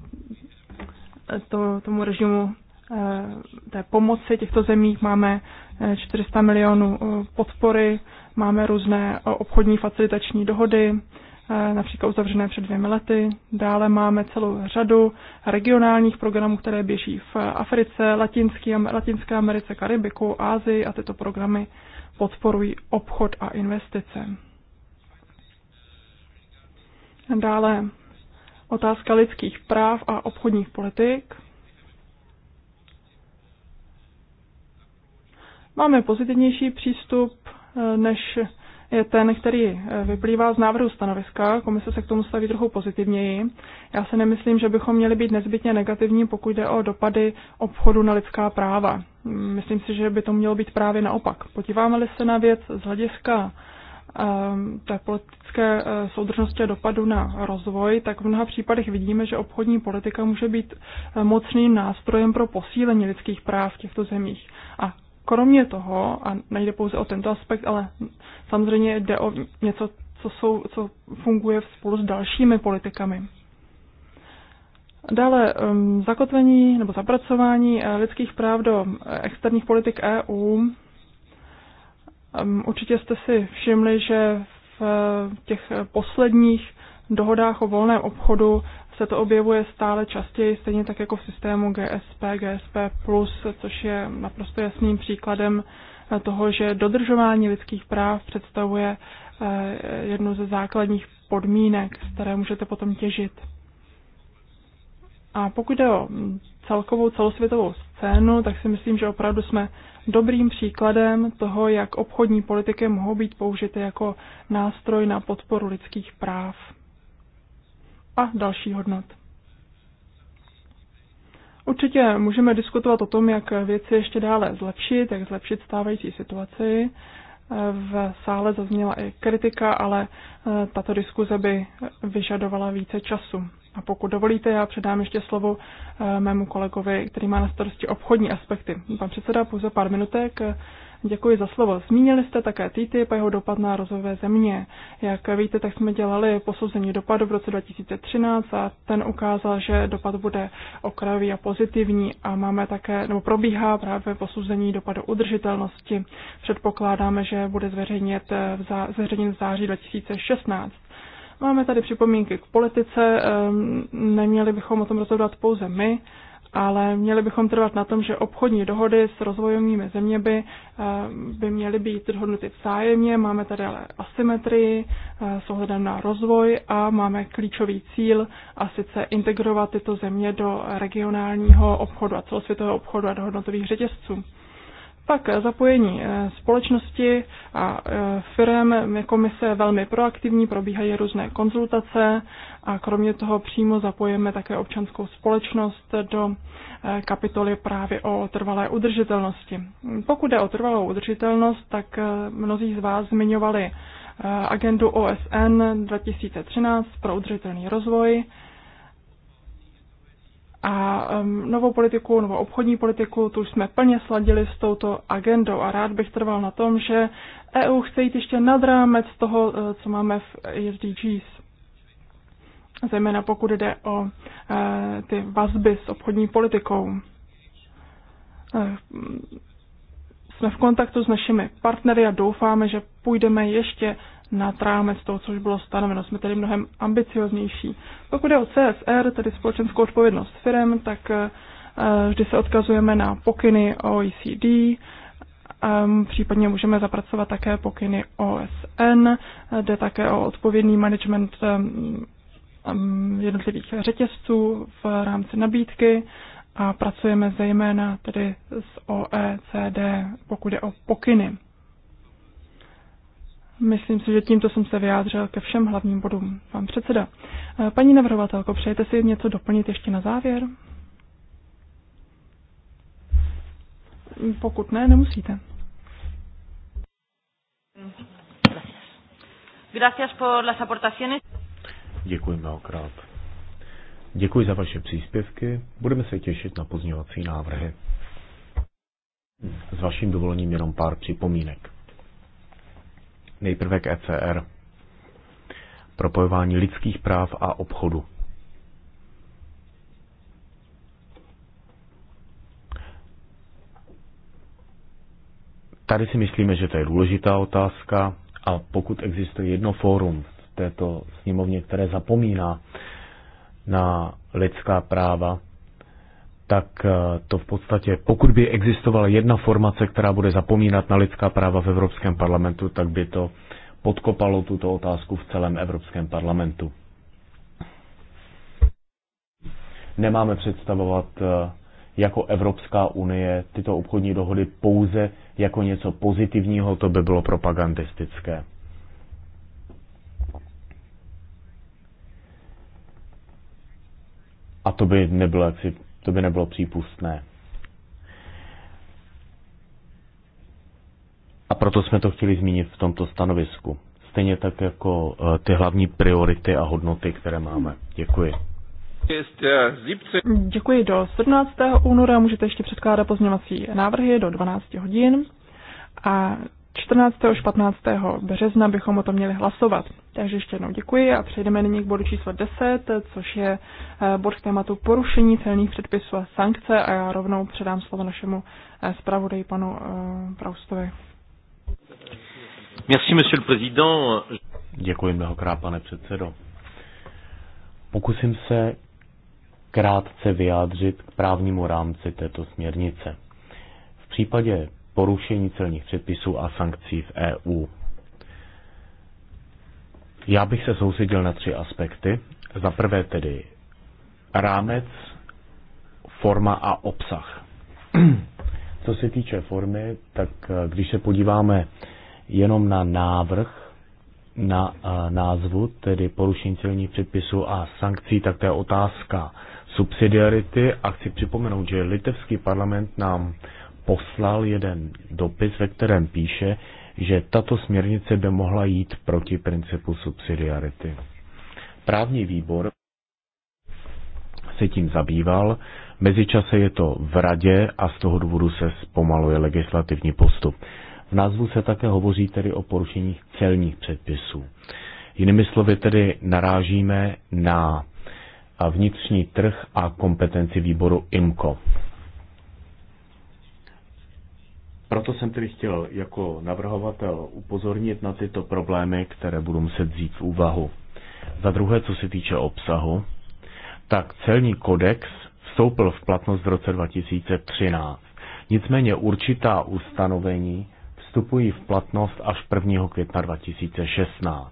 to, tomu režimu ehm, té pomoci těchto zemí. Máme 400 eh, milionů eh, podpory Máme různé eh, obchodní facilitační dohody, eh, například uzavřené před dvěmi lety. Dále máme celou řadu regionálních programů, které běží v Africe, Latinské, Latinské Americe, Karibiku, Ázii a tyto programy podporují obchod a investice. Dále otázka lidských práv a obchodních politik. Máme pozitivnější přístup než je ten, který vyplývá z návrhu stanoviska. Komise se k tomu staví trochu pozitivněji. Já se nemyslím, že bychom měli být nezbytně negativní, pokud jde o dopady obchodu na lidská práva. Myslím si, že by to mělo být právě naopak. Podíváme-li se na věc z hlediska ehm, té politické eh, soudržnosti a dopadu na rozvoj, tak v mnoha případech vidíme, že obchodní politika může být eh, mocným nástrojem pro posílení lidských práv v těchto zemích. A Kromě toho, a nejde pouze o tento aspekt, ale samozřejmě jde o něco, co, jsou, co funguje spolu s dalšími politikami. Dále um, zakotvení nebo zapracování eh, lidských práv do eh, externích politik EU. Um, určitě jste si všimli, že v eh, těch posledních dohodách o volném obchodu se to objevuje stále častěji, stejně tak jako v systému GSP, GSP+, což je naprosto jasným příkladem eh, toho, že dodržování lidských práv představuje eh, jednu ze základních podmínek, z které můžete potom těžit. A pokud jde o mm, celkovou celosvětovou scénu, tak si myslím, že opravdu jsme dobrým příkladem toho, jak obchodní politiky mohou být použity jako nástroj na podporu lidských práv a další hodnot. Určitě můžeme diskutovat o tom, jak věci ještě dále zlepšit, jak zlepšit stávající situaci. V sále zazněla i kritika, ale eh, tato diskuze by vyžadovala více času. A pokud dovolíte, já předám ještě slovo eh, mému kolegovi, který má na starosti obchodní aspekty. Pan předseda, pouze pár minutek. Děkuji za slovo. Zmínili jste také TTIP a jeho dopad na rozvojové země. Jak víte, tak jsme dělali posouzení dopadu v roce 2013 a ten ukázal, že dopad bude okrajový a pozitivní a máme také, nebo probíhá právě posouzení dopadu udržitelnosti. Předpokládáme, že bude zveřejnit v, zá, zveřejnit v září 2016. Máme tady připomínky k politice, ehm, neměli bychom o tom rozhodovat pouze my, ale měli bychom trvat na tom, že obchodní dohody s rozvojovými zeměmi eh, by měly být dohodnuty vzájemně. Máme tady ale asymetrii eh, s ohledem na rozvoj a máme klíčový cíl a sice integrovat tyto země do regionálního obchodu a celosvětového obchodu a dohodnotových řetězců. Pak eh, zapojení společnosti a firm komise je velmi proaktivní, probíhají různé konzultace a kromě toho přímo zapojíme také občanskou společnost do eh, kapitoly právě o trvalé udržitelnosti. Pokud jde o trvalou udržitelnost, tak eh, mnozí z vás zmiňovali eh, agendu OSN 2013 pro udržitelný rozvoj a novou politiku, novou obchodní politiku, tu jsme plně sladili s touto agendou a rád bych trval na tom, že EU chce jít ještě nad rámec toho, co máme v SDGs zejména pokud jde o eh, ty vazby s obchodní politikou. Eh, jsme v kontaktu s našimi partnery a doufáme, že půjdeme ještě na rámec toho, což bylo stanoveno. Jsme tedy mnohem ambicioznější. Pokud jde o CSR, tedy společenskou odpovědnost firm, tak eh, vždy se odkazujeme na pokyny OECD, ehm, případně můžeme zapracovat také pokyny OSN, jde také o odpovědný management ehm, Um, jednotlivých řetězců v rámci nabídky a pracujeme zejména tedy s OECD, pokud je o pokyny. Myslím si, že tímto jsem se vyjádřil ke všem hlavním bodům. Pan předseda. Eh, paní navrhovatelko, přejete si něco doplnit ještě na závěr? Pokud ne, nemusíte. Gracias por las aportaciones. Děkuji mnohokrát. Děkuji za vaše příspěvky. Budeme se těšit na pozměňovací návrhy. S vaším dovolením jenom pár připomínek. Nejprve k ECR. Propojování lidských práv a obchodu. Tady si myslíme, že to je důležitá otázka a pokud existuje jedno fórum této sněmovně, které zapomíná na lidská práva, tak eh, to v podstatě, pokud by existovala jedna formace, která bude zapomínat na lidská práva v Evropském parlamentu, tak by to podkopalo tuto otázku v celém Evropském parlamentu. Nemáme představovat eh, jako Evropská unie tyto obchodní dohody pouze jako něco pozitivního, to by bylo propagandistické. A to by nebylo, to by nebylo přípustné. A proto jsme to chtěli zmínit v tomto stanovisku. Stejně tak jako eh, ty hlavní priority a hodnoty, které máme. Děkuji. Děkuji. Do 17. února můžete ještě předkládat pozměňovací návrhy do 12 hodin a 14. až 15. března bychom o tom měli hlasovat. Takže ještě jednou děkuji a přejdeme nyní k bodu číslo 10, což je eh, bod k tématu porušení celních předpisů a sankce a já rovnou předám slovo našemu eh, zpravodaji panu eh, Praustovi. Merci, monsieur le président. Děkuji mnohokrát, pane předsedo. Pokusím se krátce vyjádřit k právnímu rámci této směrnice. V případě porušení celních předpisů a sankcí v EU já bych se soustředil na tři aspekty. Za prvé tedy rámec, forma a obsah. Co se týče formy, tak eh, když se podíváme jenom na návrh, na eh, názvu, tedy porušení celních předpisů a sankcí, tak to je otázka subsidiarity a chci připomenout, že litevský parlament nám poslal jeden dopis, ve kterém píše, že tato směrnice by mohla jít proti principu subsidiarity. Právní výbor se tím zabýval, mezičase je to v radě a z toho důvodu se zpomaluje legislativní postup. V názvu se také hovoří tedy o porušení celních předpisů. Jinými slovy tedy narážíme na vnitřní trh a kompetenci výboru IMCO. Proto jsem tedy chtěl jako navrhovatel upozornit na tyto problémy, které budu muset vzít v úvahu. Za druhé, co se týče obsahu, tak celní kodex vstoupil v platnost v roce 2013. Nicméně určitá ustanovení vstupují v platnost až 1. května 2016.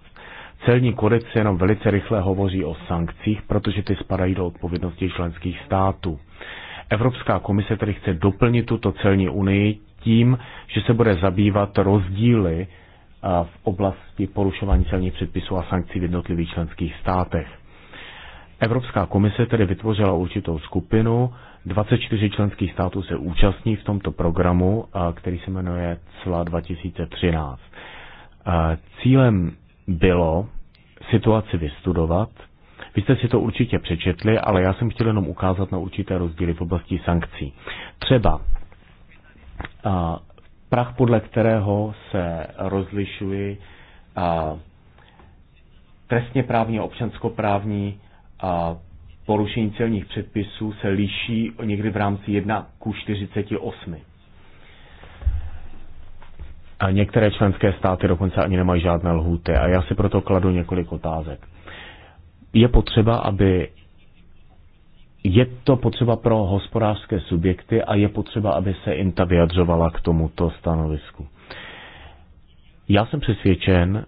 Celní kodex jenom velice rychle hovoří o sankcích, protože ty spadají do odpovědnosti členských států. Evropská komise tedy chce doplnit tuto celní unii tím, že se bude zabývat rozdíly eh, v oblasti porušování celních předpisů a sankcí v jednotlivých členských státech. Evropská komise tedy vytvořila určitou skupinu, 24 členských států se účastní v tomto programu, eh, který se jmenuje CLA 2013. Eh, cílem bylo situaci vystudovat. Vy jste si to určitě přečetli, ale já jsem chtěl jenom ukázat na určité rozdíly v oblasti sankcí. Třeba a, prach, podle kterého se rozlišují a, trestně právní a občanskoprávní a, porušení celních předpisů se liší někdy v rámci 1 ku 48. A některé členské státy dokonce ani nemají žádné lhůty. A já si proto kladu několik otázek. Je potřeba, aby je to potřeba pro hospodářské subjekty a je potřeba, aby se INTA vyjadřovala k tomuto stanovisku. Já jsem přesvědčen,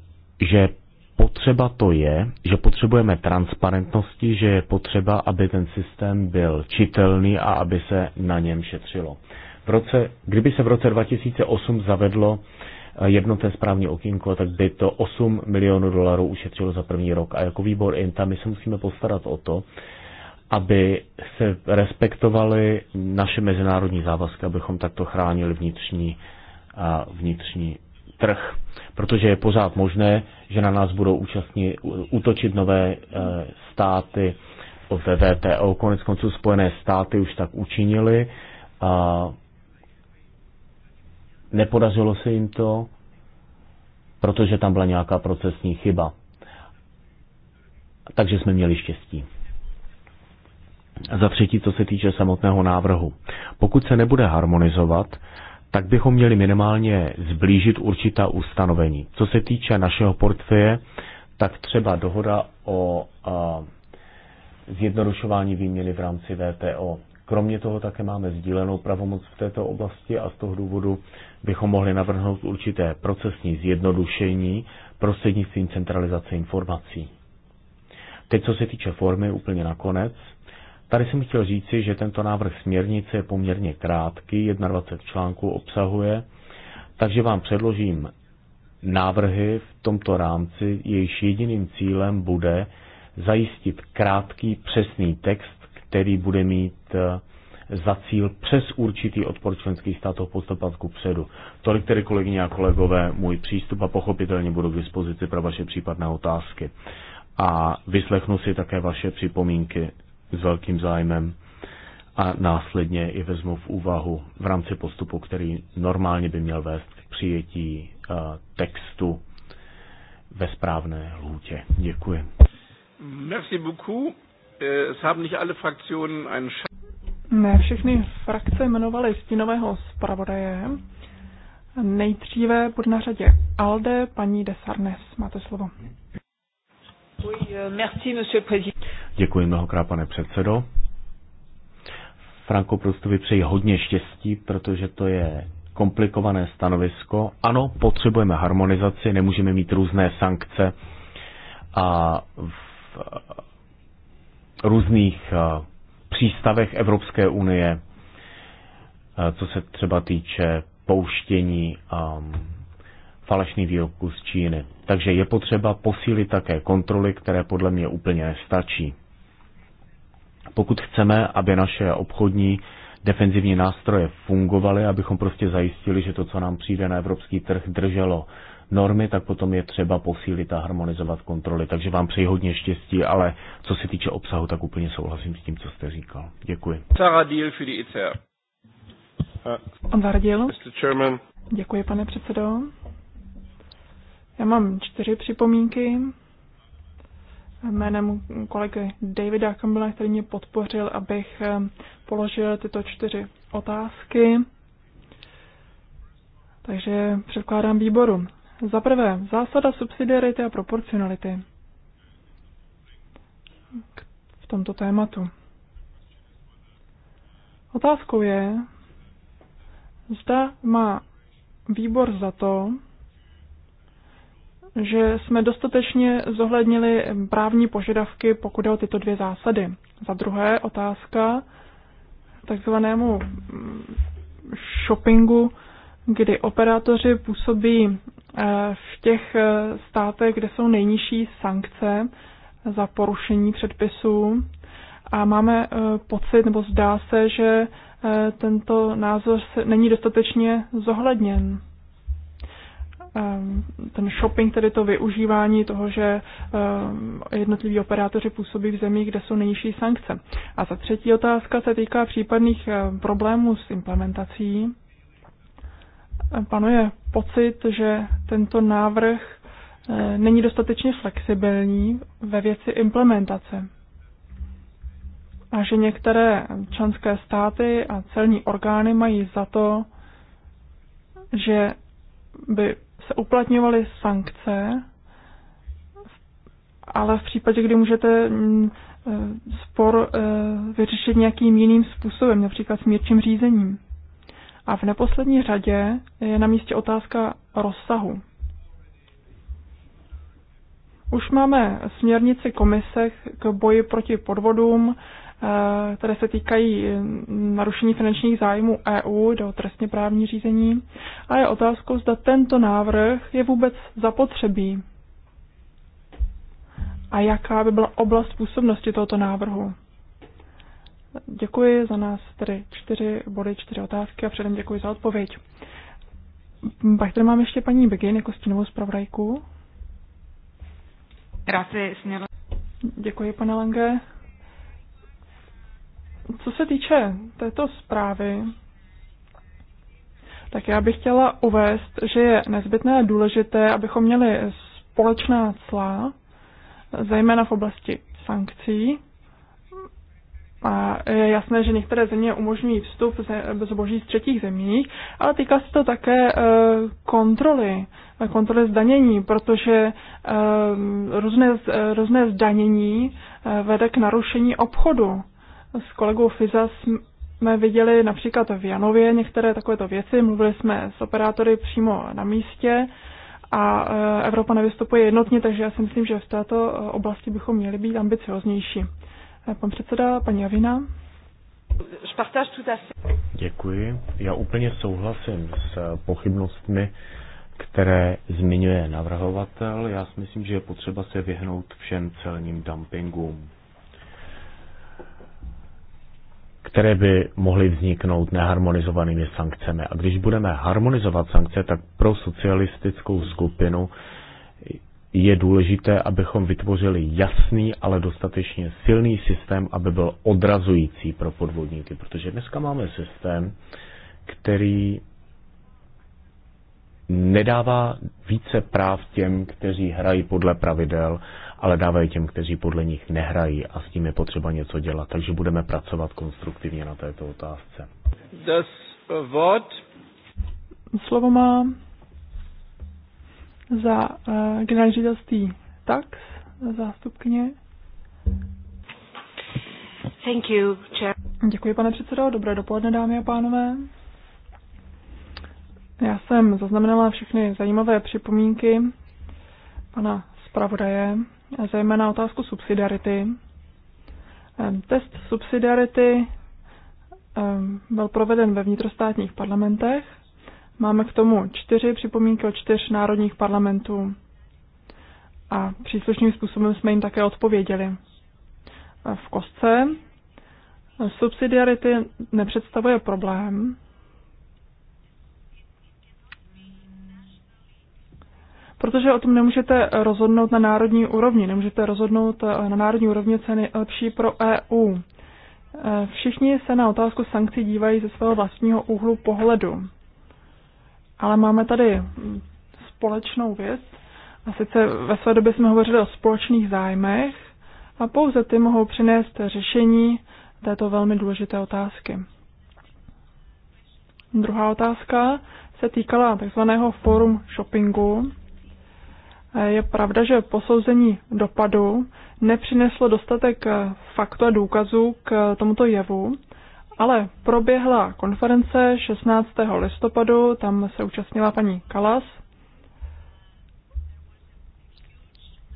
že potřeba to je, že potřebujeme transparentnosti, že je potřeba, aby ten systém byl čitelný a aby se na něm šetřilo. V roce, kdyby se v roce 2008 zavedlo eh, jednotné správní okénko, tak by to 8 milionů dolarů ušetřilo za první rok. A jako výbor INTA my se musíme postarat o to, aby se respektovaly naše mezinárodní závazky, abychom takto chránili vnitřní, a vnitřní trh. Protože je pořád možné, že na nás budou účastní útočit nové e, státy ve VTO. Konec konců Spojené státy už tak učinili. A nepodařilo se jim to, protože tam byla nějaká procesní chyba. Takže jsme měli štěstí. Za třetí, co se týče samotného návrhu. Pokud se nebude harmonizovat, tak bychom měli minimálně zblížit určitá ustanovení. Co se týče našeho portfeje, tak třeba dohoda o a, zjednodušování výměny v rámci VTO. Kromě toho také máme sdílenou pravomoc v této oblasti a z toho důvodu bychom mohli navrhnout určité procesní zjednodušení prostřednictvím centralizace informací. Teď, co se týče formy, úplně nakonec, Tady jsem chtěl říci, že tento návrh směrnice je poměrně krátký, 21 článků obsahuje, takže vám předložím návrhy v tomto rámci, jejíž jediným cílem bude zajistit krátký, přesný text, který bude mít eh, za cíl přes určitý odpor členských států postupovat ku předu. Tolik tedy, kolegyně a kolegové, můj přístup a pochopitelně budu k dispozici pro vaše případné otázky. A vyslechnu si také vaše připomínky s velkým zájmem a následně i vezmu v úvahu v rámci postupu, který normálně by měl vést k přijetí eh, textu ve správné lhůtě. Děkuji. Merci beaucoup. Eh, ne, všechny frakce jmenovaly stínového zpravodaje. Nejdříve bude na řadě ALDE, paní Desarnes. Máte slovo. Euh, Děkuji mnohokrát, pane předsedo. Franko prostě přeji hodně štěstí, protože to je komplikované stanovisko. Ano, potřebujeme harmonizaci, nemůžeme mít různé sankce a v eh, různých eh, přístavech Evropské unie, eh, co se třeba týče pouštění ehm, falešný výrobku z Číny. Takže je potřeba posílit také kontroly, které podle mě úplně nestačí. Pokud chceme, aby naše obchodní defenzivní nástroje fungovaly, abychom prostě zajistili, že to, co nám přijde na evropský trh, drželo normy, tak potom je třeba posílit a harmonizovat kontroly. Takže vám přeji hodně štěstí, ale co se týče obsahu, tak úplně souhlasím s tím, co jste říkal. Děkuji. Sarah e Děkuji, pane předsedo. Já mám čtyři připomínky jménem kolegy Davida Campbella, který mě podpořil, abych eh, položil tyto čtyři otázky. Takže předkládám výboru. Za prvé, zásada subsidiarity a proporcionality v tomto tématu. Otázkou je, zda má výbor za to, že jsme dostatečně zohlednili právní požadavky, pokud jde o tyto dvě zásady. Za druhé otázka takzvanému shoppingu, kdy operátoři působí eh, v těch eh, státech, kde jsou nejnižší sankce za porušení předpisů a máme eh, pocit, nebo zdá se, že tento názor není dostatečně zohledněn. Ehm, ten shopping, tedy to využívání toho, že ehm, jednotliví operátoři působí v zemích, kde jsou nejnižší sankce. A za třetí otázka se týká případných ehm, problémů s implementací. Panuje pocit, že tento návrh eh, není dostatečně flexibilní ve věci implementace a že některé členské státy a celní orgány mají za to, že by se uplatňovaly sankce, ale v případě, kdy můžete mm, e, spor e, vyřešit nějakým jiným způsobem, například smírčím řízením. A v neposlední řadě je na místě otázka rozsahu. Už máme směrnici komise k boji proti podvodům Eh, které se týkají mm, narušení finančních zájmů EU, do trestně právní řízení, a je otázkou, zda tento návrh je vůbec zapotřebí a jaká by byla oblast působnosti tohoto návrhu. Děkuji za nás tedy čtyři body, čtyři otázky a předem děkuji za odpověď. Pak tady mám ještě paní Begin jako stínovou zpravodajku. Děkuji, pane Lange. Co se týče této zprávy, tak já bych chtěla uvést, že je nezbytné a důležité, abychom měli společná cla, zejména v oblasti sankcí. A je jasné, že některé země umožňují vstup zboží z třetích zemí, ale týká se to také eh, kontroly, kontroly zdanění, protože eh, různé, různé zdanění eh, vede k narušení obchodu. S kolegou Fiza jsme viděli například v Janově některé takovéto věci, mluvili jsme s operátory přímo na místě a e, Evropa nevystupuje jednotně, takže já si myslím, že v této e, oblasti bychom měli být ambicioznější. E, pan předseda, paní Javina. Děkuji. Já úplně souhlasím s pochybnostmi, které zmiňuje navrhovatel. Já si myslím, že je potřeba se vyhnout všem celním dumpingům. které by mohly vzniknout neharmonizovanými sankcemi. A když budeme harmonizovat sankce, tak pro socialistickou skupinu je důležité, abychom vytvořili jasný, ale dostatečně silný systém, aby byl odrazující pro podvodníky. Protože dneska máme systém, který nedává více práv těm, kteří hrají podle pravidel ale dávají těm, kteří podle nich nehrají a s tím je potřeba něco dělat. Takže budeme pracovat konstruktivně na této otázce. Das eh, Wort. Slovo má za uh, generální ředitelství tax, zástupkyně. Thank you, chair. Děkuji, pane předsedo. Dobré dopoledne, dámy a pánové. Já jsem zaznamenala všechny zajímavé připomínky pana zpravodaje zejména otázku subsidiarity. Test subsidiarity byl proveden ve vnitrostátních parlamentech. Máme k tomu čtyři připomínky od čtyř národních parlamentů a příslušným způsobem jsme jim také odpověděli. V kostce subsidiarity nepředstavuje problém, protože o tom nemůžete rozhodnout na národní úrovni, nemůžete rozhodnout eh, na národní úrovni ceny lepší pro EU. Eh, všichni se na otázku sankcí dívají ze svého vlastního úhlu pohledu. Ale máme tady společnou věc. A sice ve své době jsme hovořili o společných zájmech a pouze ty mohou přinést řešení této velmi důležité otázky. Druhá otázka se týkala takzvaného forum shoppingu. Je pravda, že posouzení dopadu nepřineslo dostatek eh, faktů a důkazů k tomuto jevu, ale proběhla konference 16. listopadu, tam se účastnila paní Kalas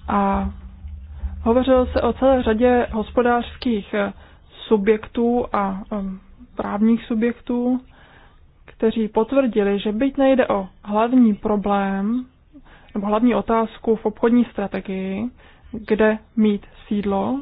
a hovořilo se o celé řadě hospodářských eh, subjektů a právních subjektů, kteří potvrdili, že byť nejde o hlavní problém, nebo hlavní otázku v obchodní strategii, kde mít sídlo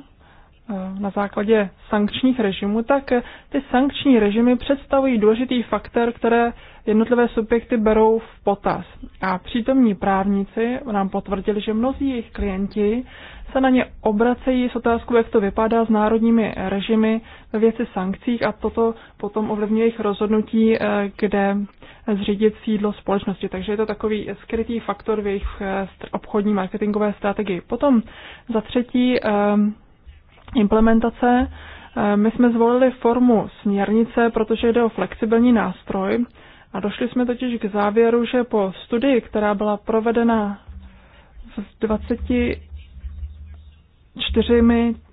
eh, na základě sankčních režimů, tak eh, ty sankční režimy představují důležitý faktor, které jednotlivé subjekty berou v potaz. A přítomní právníci nám potvrdili, že mnozí jejich klienti se na ně obracejí s otázkou, jak to vypadá s národními režimy ve věci sankcích a toto potom ovlivňuje jejich rozhodnutí, eh, kde zřídit sídlo společnosti. Takže je to takový skrytý faktor v jejich eh, obchodní marketingové strategii. Potom za třetí eh, implementace. Eh, my jsme zvolili formu směrnice, protože jde o flexibilní nástroj a došli jsme totiž k závěru, že po studii, která byla provedena s 24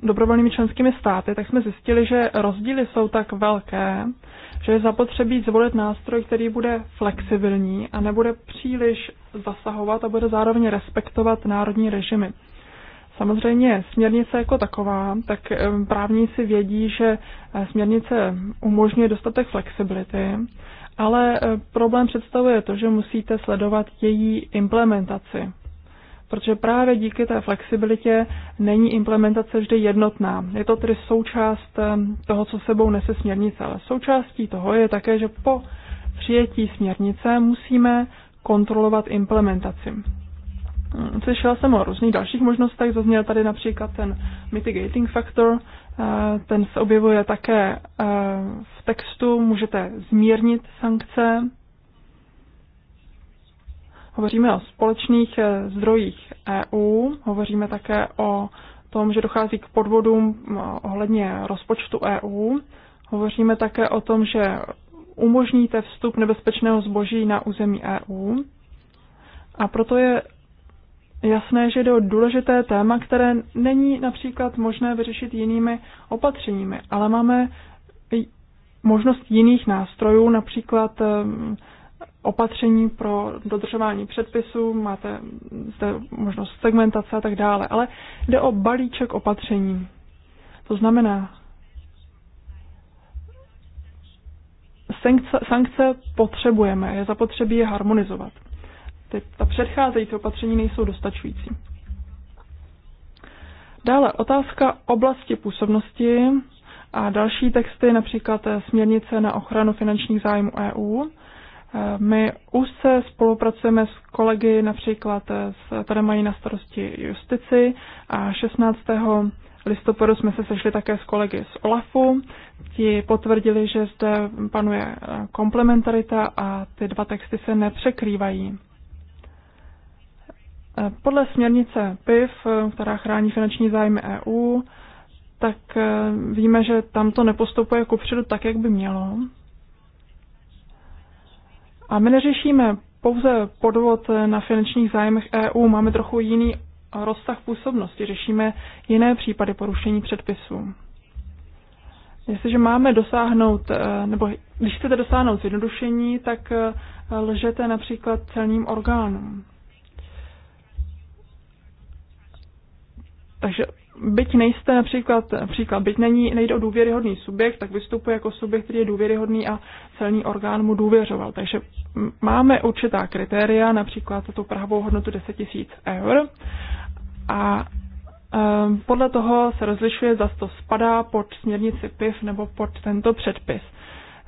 dobrovolnými členskými státy, tak jsme zjistili, že rozdíly jsou tak velké, že je zapotřebí zvolit nástroj, který bude flexibilní a nebude příliš zasahovat a bude zároveň respektovat národní režimy. Samozřejmě směrnice jako taková, tak právníci vědí, že eh, směrnice umožňuje dostatek flexibility, ale eh, problém představuje to, že musíte sledovat její implementaci protože právě díky té flexibilitě není implementace vždy jednotná. Je to tedy součást eh, toho, co sebou nese směrnice, ale součástí toho je také, že po přijetí směrnice musíme kontrolovat implementaci. Mm, slyšela jsem o různých dalších možnostech, zazněl tady například ten mitigating factor, eh, ten se objevuje také eh, v textu, můžete zmírnit sankce, Hovoříme o společných eh, zdrojích EU, hovoříme také o tom, že dochází k podvodům ohledně rozpočtu EU. Hovoříme také o tom, že umožníte vstup nebezpečného zboží na území EU. A proto je jasné, že jde o důležité téma, které není například možné vyřešit jinými opatřeními, ale máme možnost jiných nástrojů, například opatření pro dodržování předpisů, máte zde možnost segmentace a tak dále, ale jde o balíček opatření. To znamená, sankce, sankce potřebujeme, je zapotřebí je harmonizovat. Ty, ta předcházející opatření nejsou dostačující. Dále otázka oblasti působnosti a další texty, například směrnice na ochranu finančních zájmů EU. My už se spolupracujeme s kolegy, například tady mají na starosti justici a 16. listopadu jsme se sešli také s kolegy z OLAFu. Ti potvrdili, že zde panuje eh, komplementarita a ty dva texty se nepřekrývají. Eh, podle směrnice PIV, eh, která chrání finanční zájmy EU, tak víme, že tam to nepostupuje kupředu tak, jak by mělo. A my neřešíme pouze podvod na finančních zájmech EU, máme trochu jiný rozsah působnosti, řešíme jiné případy porušení předpisů. Jestliže máme dosáhnout, eh, nebo když chcete dosáhnout zjednodušení, tak eh, lžete například celním orgánům. Takže byť nejste například, příklad, byť není, nejde o důvěryhodný subjekt, tak vystupuje jako subjekt, který je důvěryhodný a celní orgán mu důvěřoval. Takže máme určitá kritéria, například tu prahovou hodnotu 10 000 eur a um, podle toho se rozlišuje, zda to spadá pod směrnici PIV nebo pod tento předpis.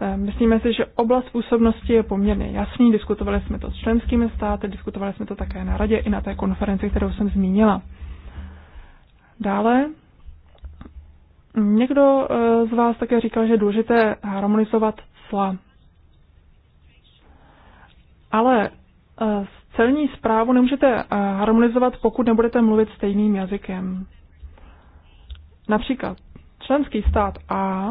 Ehm, myslíme si, že oblast působnosti je poměrně jasný. Diskutovali jsme to s členskými státy, diskutovali jsme to také na radě i na té konferenci, kterou jsem zmínila. Dále někdo eh, z vás také říkal, že je důležité harmonizovat cla. Ale eh, celní zprávu nemůžete eh, harmonizovat, pokud nebudete mluvit stejným jazykem. Například členský stát A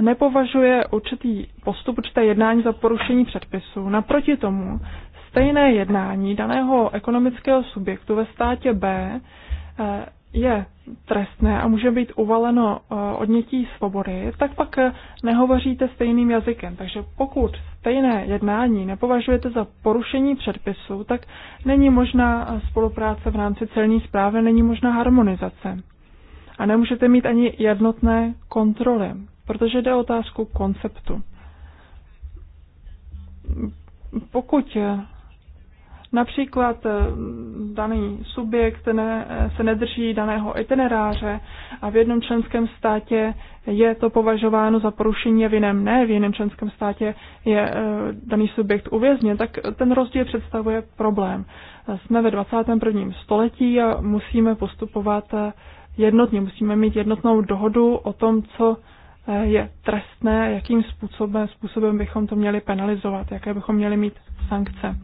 nepovažuje určitý postup, určité jednání za porušení předpisu. Naproti tomu stejné jednání daného ekonomického subjektu ve státě B je trestné a může být uvaleno eh, odnětí svobody, tak pak eh, nehovoříte stejným jazykem. Takže pokud stejné jednání nepovažujete za porušení předpisu, tak není možná eh, spolupráce v rámci celní zprávy, není možná harmonizace. A nemůžete mít ani jednotné kontroly, protože jde o otázku konceptu. Pokud Například eh, daný subjekt ne, eh, se nedrží daného itineráře a v jednom členském státě je to považováno za porušení a v jiném ne, v jiném členském státě je eh, daný subjekt uvězněn, tak ten rozdíl představuje problém. Jsme ve 21. století a musíme postupovat jednotně, musíme mít jednotnou dohodu o tom, co je trestné, jakým způsobem, způsobem bychom to měli penalizovat, jaké bychom měli mít sankce.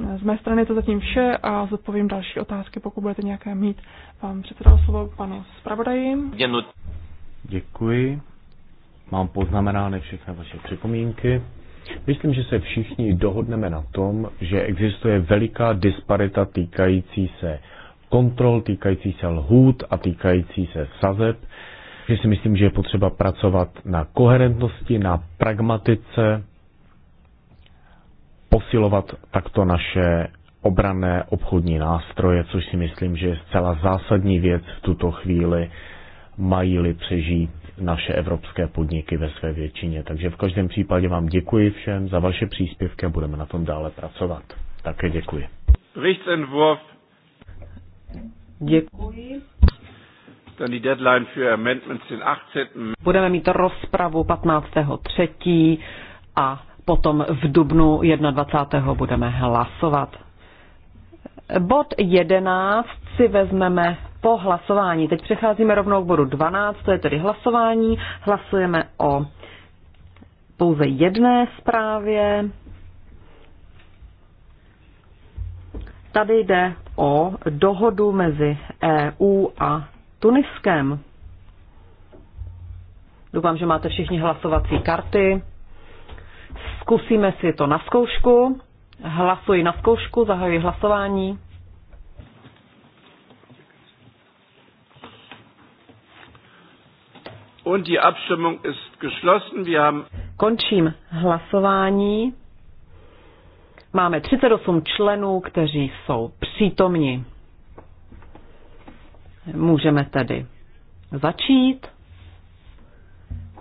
Z mé strany je to zatím vše a zodpovím další otázky, pokud budete nějaké mít. Vám předsedal slovo panu zpravodaji. Děkuji. Mám poznamenány všechny vaše připomínky. Myslím, že se všichni dohodneme na tom, že existuje veliká disparita týkající se kontrol, týkající se lhůt a týkající se sazeb, že si myslím, že je potřeba pracovat na koherentnosti, na pragmatice posilovat takto naše obrané obchodní nástroje, což si myslím, že je zcela zásadní věc v tuto chvíli, mají-li přežít naše evropské podniky ve své většině. Takže v každém případě vám děkuji všem za vaše příspěvky a budeme na tom dále pracovat. Také děkuji. Richtentwurf. Děkuji. Dann die Deadline für Amendments den 18. Budeme mít rozpravu 15.3. a potom v dubnu 21. budeme hlasovat. Bod 11 si vezmeme po hlasování. Teď přecházíme rovnou k bodu 12, to je tedy hlasování. Hlasujeme o pouze jedné zprávě. Tady jde o dohodu mezi EU a Tuniskem. Doufám, že máte všichni hlasovací karty. Zkusíme si to na zkoušku. Hlasuji na zkoušku, zahajuji hlasování. Und die Abstimmung ist geschlossen. Wir haben Končím hlasování. Máme 38 členů, kteří jsou přítomni. Můžeme tedy začít.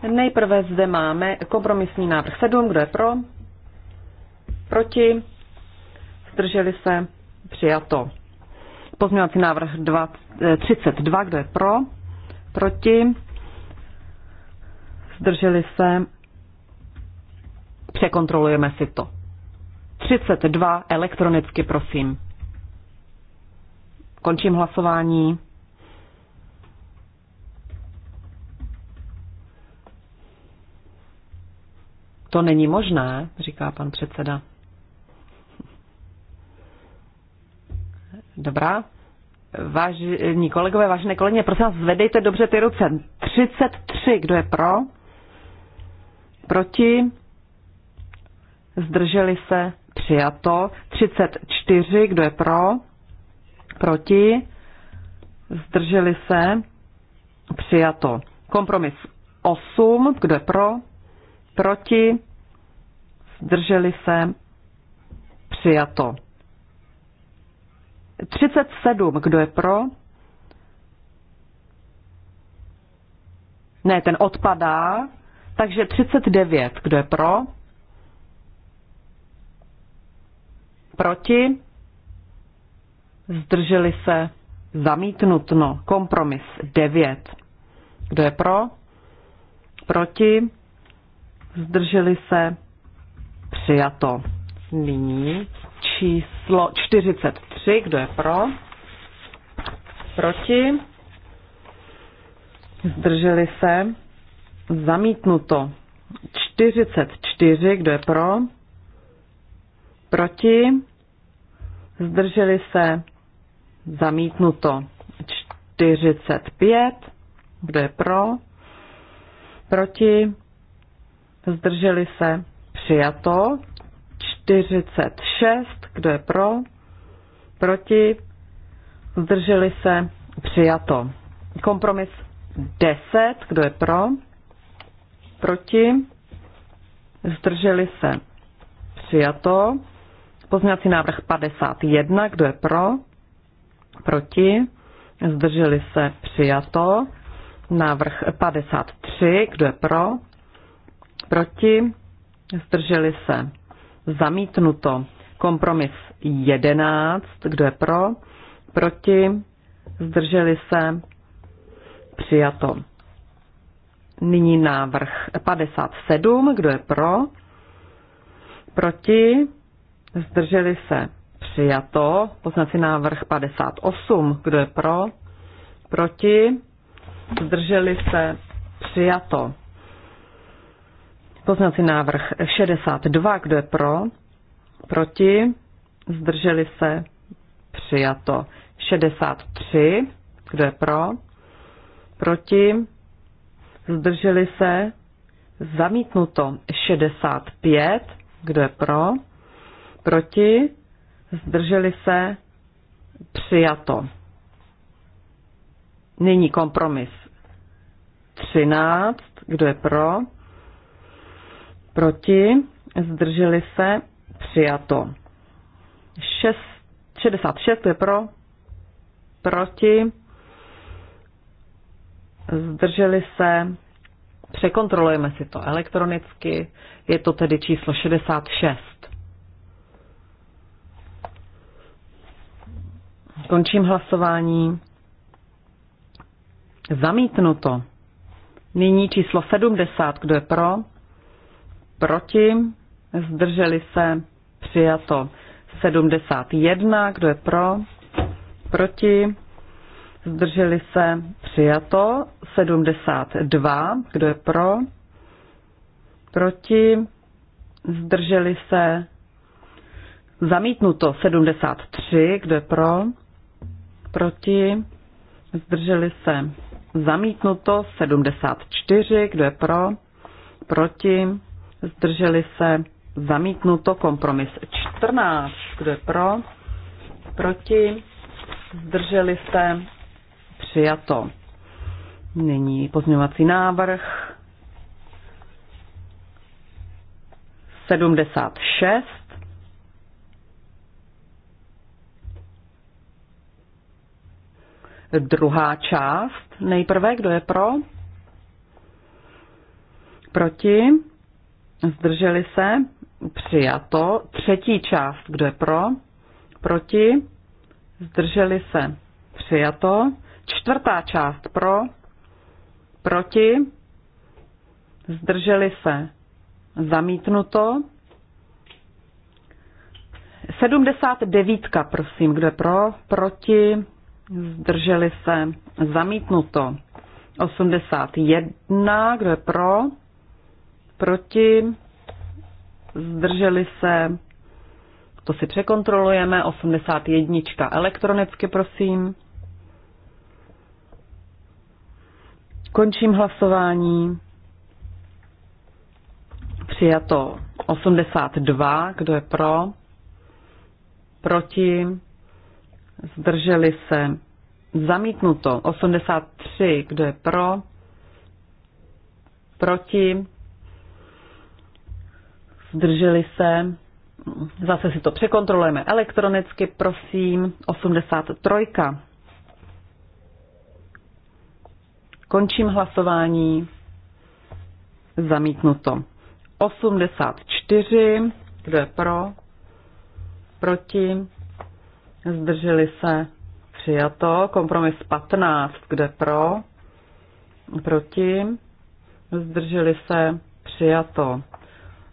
Nejprve zde máme kompromisní návrh 7, kdo je pro, proti, zdrželi se, přijato. Pozměňovací návrh 32, eh, kdo je pro, proti, zdrželi se, překontrolujeme si to. 32 elektronicky, prosím. Končím hlasování. To není možné, říká pan předseda. Dobrá. Vážení kolegové, vážené kolegyně, prosím vás, zvedejte dobře ty ruce. 33, kdo je pro? Proti? Zdrželi se? Přijato. 34, kdo je pro? Proti? Zdrželi se? Přijato. Kompromis 8, kdo je pro? proti, zdrželi se, přijato. 37, kdo je pro? Ne, ten odpadá, takže 39, kdo je pro? Proti? Zdrželi se zamítnutno. Kompromis 9. Kdo je pro? Proti? zdrželi se, přijato. Nyní číslo 43, kdo je pro, proti, zdrželi se, zamítnuto. 44, kdo je pro, proti, zdrželi se, zamítnuto. 45, kdo je pro, proti, zdrželi se, přijato. 46, kdo je pro, proti, zdrželi se, přijato. Kompromis 10, kdo je pro, proti, zdrželi se, přijato. Pozměňovací návrh 51, kdo je pro, proti, zdrželi se, přijato. Návrh 53, kdo je pro, proti, zdrželi se, zamítnuto. Kompromis 11, kdo je pro, proti, zdrželi se, přijato. Nyní návrh 57, kdo je pro, proti, zdrželi se, přijato. Poznací návrh 58, kdo je pro, proti, zdrželi se, přijato. Poznací návrh 62, kdo je pro, proti, zdrželi se, přijato. 63, kdo je pro, proti, zdrželi se, zamítnuto. 65, kdo je pro, proti, zdrželi se, přijato. Nyní kompromis 13, kdo je pro, proti, zdrželi se, přijato. 66 je pro, proti, zdrželi se, překontrolujeme si to elektronicky, je to tedy číslo 66. Končím hlasování. Zamítnuto. Nyní číslo 70, kdo je pro? proti, zdrželi se, přijato 71, kdo je pro, proti, zdrželi se, přijato 72, kdo je pro, proti, zdrželi se, zamítnuto 73, kdo je pro, proti, zdrželi se, zamítnuto 74, kdo je pro, proti, zdrželi se, zamítnuto kompromis 14, kdo je pro, proti, zdrželi se, přijato. Nyní pozměňovací návrh 76. Druhá část. Nejprve, kdo je pro? Proti? Zdrželi se? Přijato. Třetí část. Kdo je pro? Proti? Zdrželi se? Přijato. Čtvrtá část. Pro? Proti? Zdrželi se? Zamítnuto. 79, prosím, kdo je pro? Proti? Zdrželi se? Zamítnuto. 81, kdo je pro? proti, zdrželi se, to si překontrolujeme, 81 elektronicky, prosím. Končím hlasování. Přijato 82, kdo je pro, proti, zdrželi se, zamítnuto 83, kdo je pro, proti, zdrželi se, zase si to překontrolujeme elektronicky, prosím, 83. Končím hlasování, zamítnuto. 84, kdo je pro, proti, zdrželi se, přijato. Kompromis 15, kde pro, proti, zdrželi se, přijato.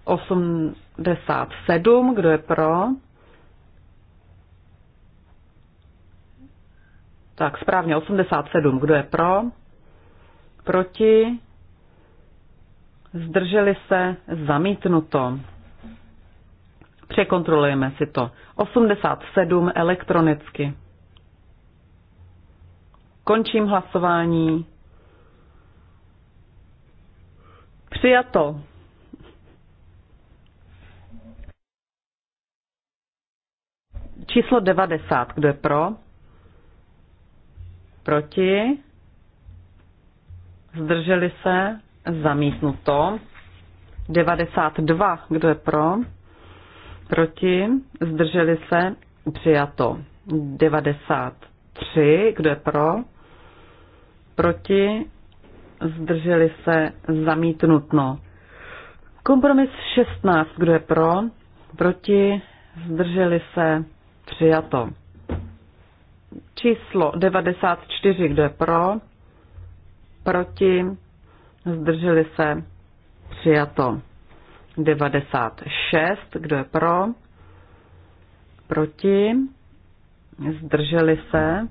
87, kdo je pro? Tak správně 87, kdo je pro? Proti? Zdrželi se? Zamítnuto. Překontrolujeme si to. 87 elektronicky. Končím hlasování. Přijato. Číslo 90, kdo je pro? Proti? Zdrželi se? Zamítnuto. 92, kdo je pro? Proti? Zdrželi se? Přijato. 93, kdo je pro? Proti? Zdrželi se? Zamítnutno. Kompromis 16, kdo je pro? Proti? Zdrželi se? Přijato. Číslo 94, kdo je pro? Proti? Zdrželi se? Přijato. 96, kdo je pro? Proti? Zdrželi se?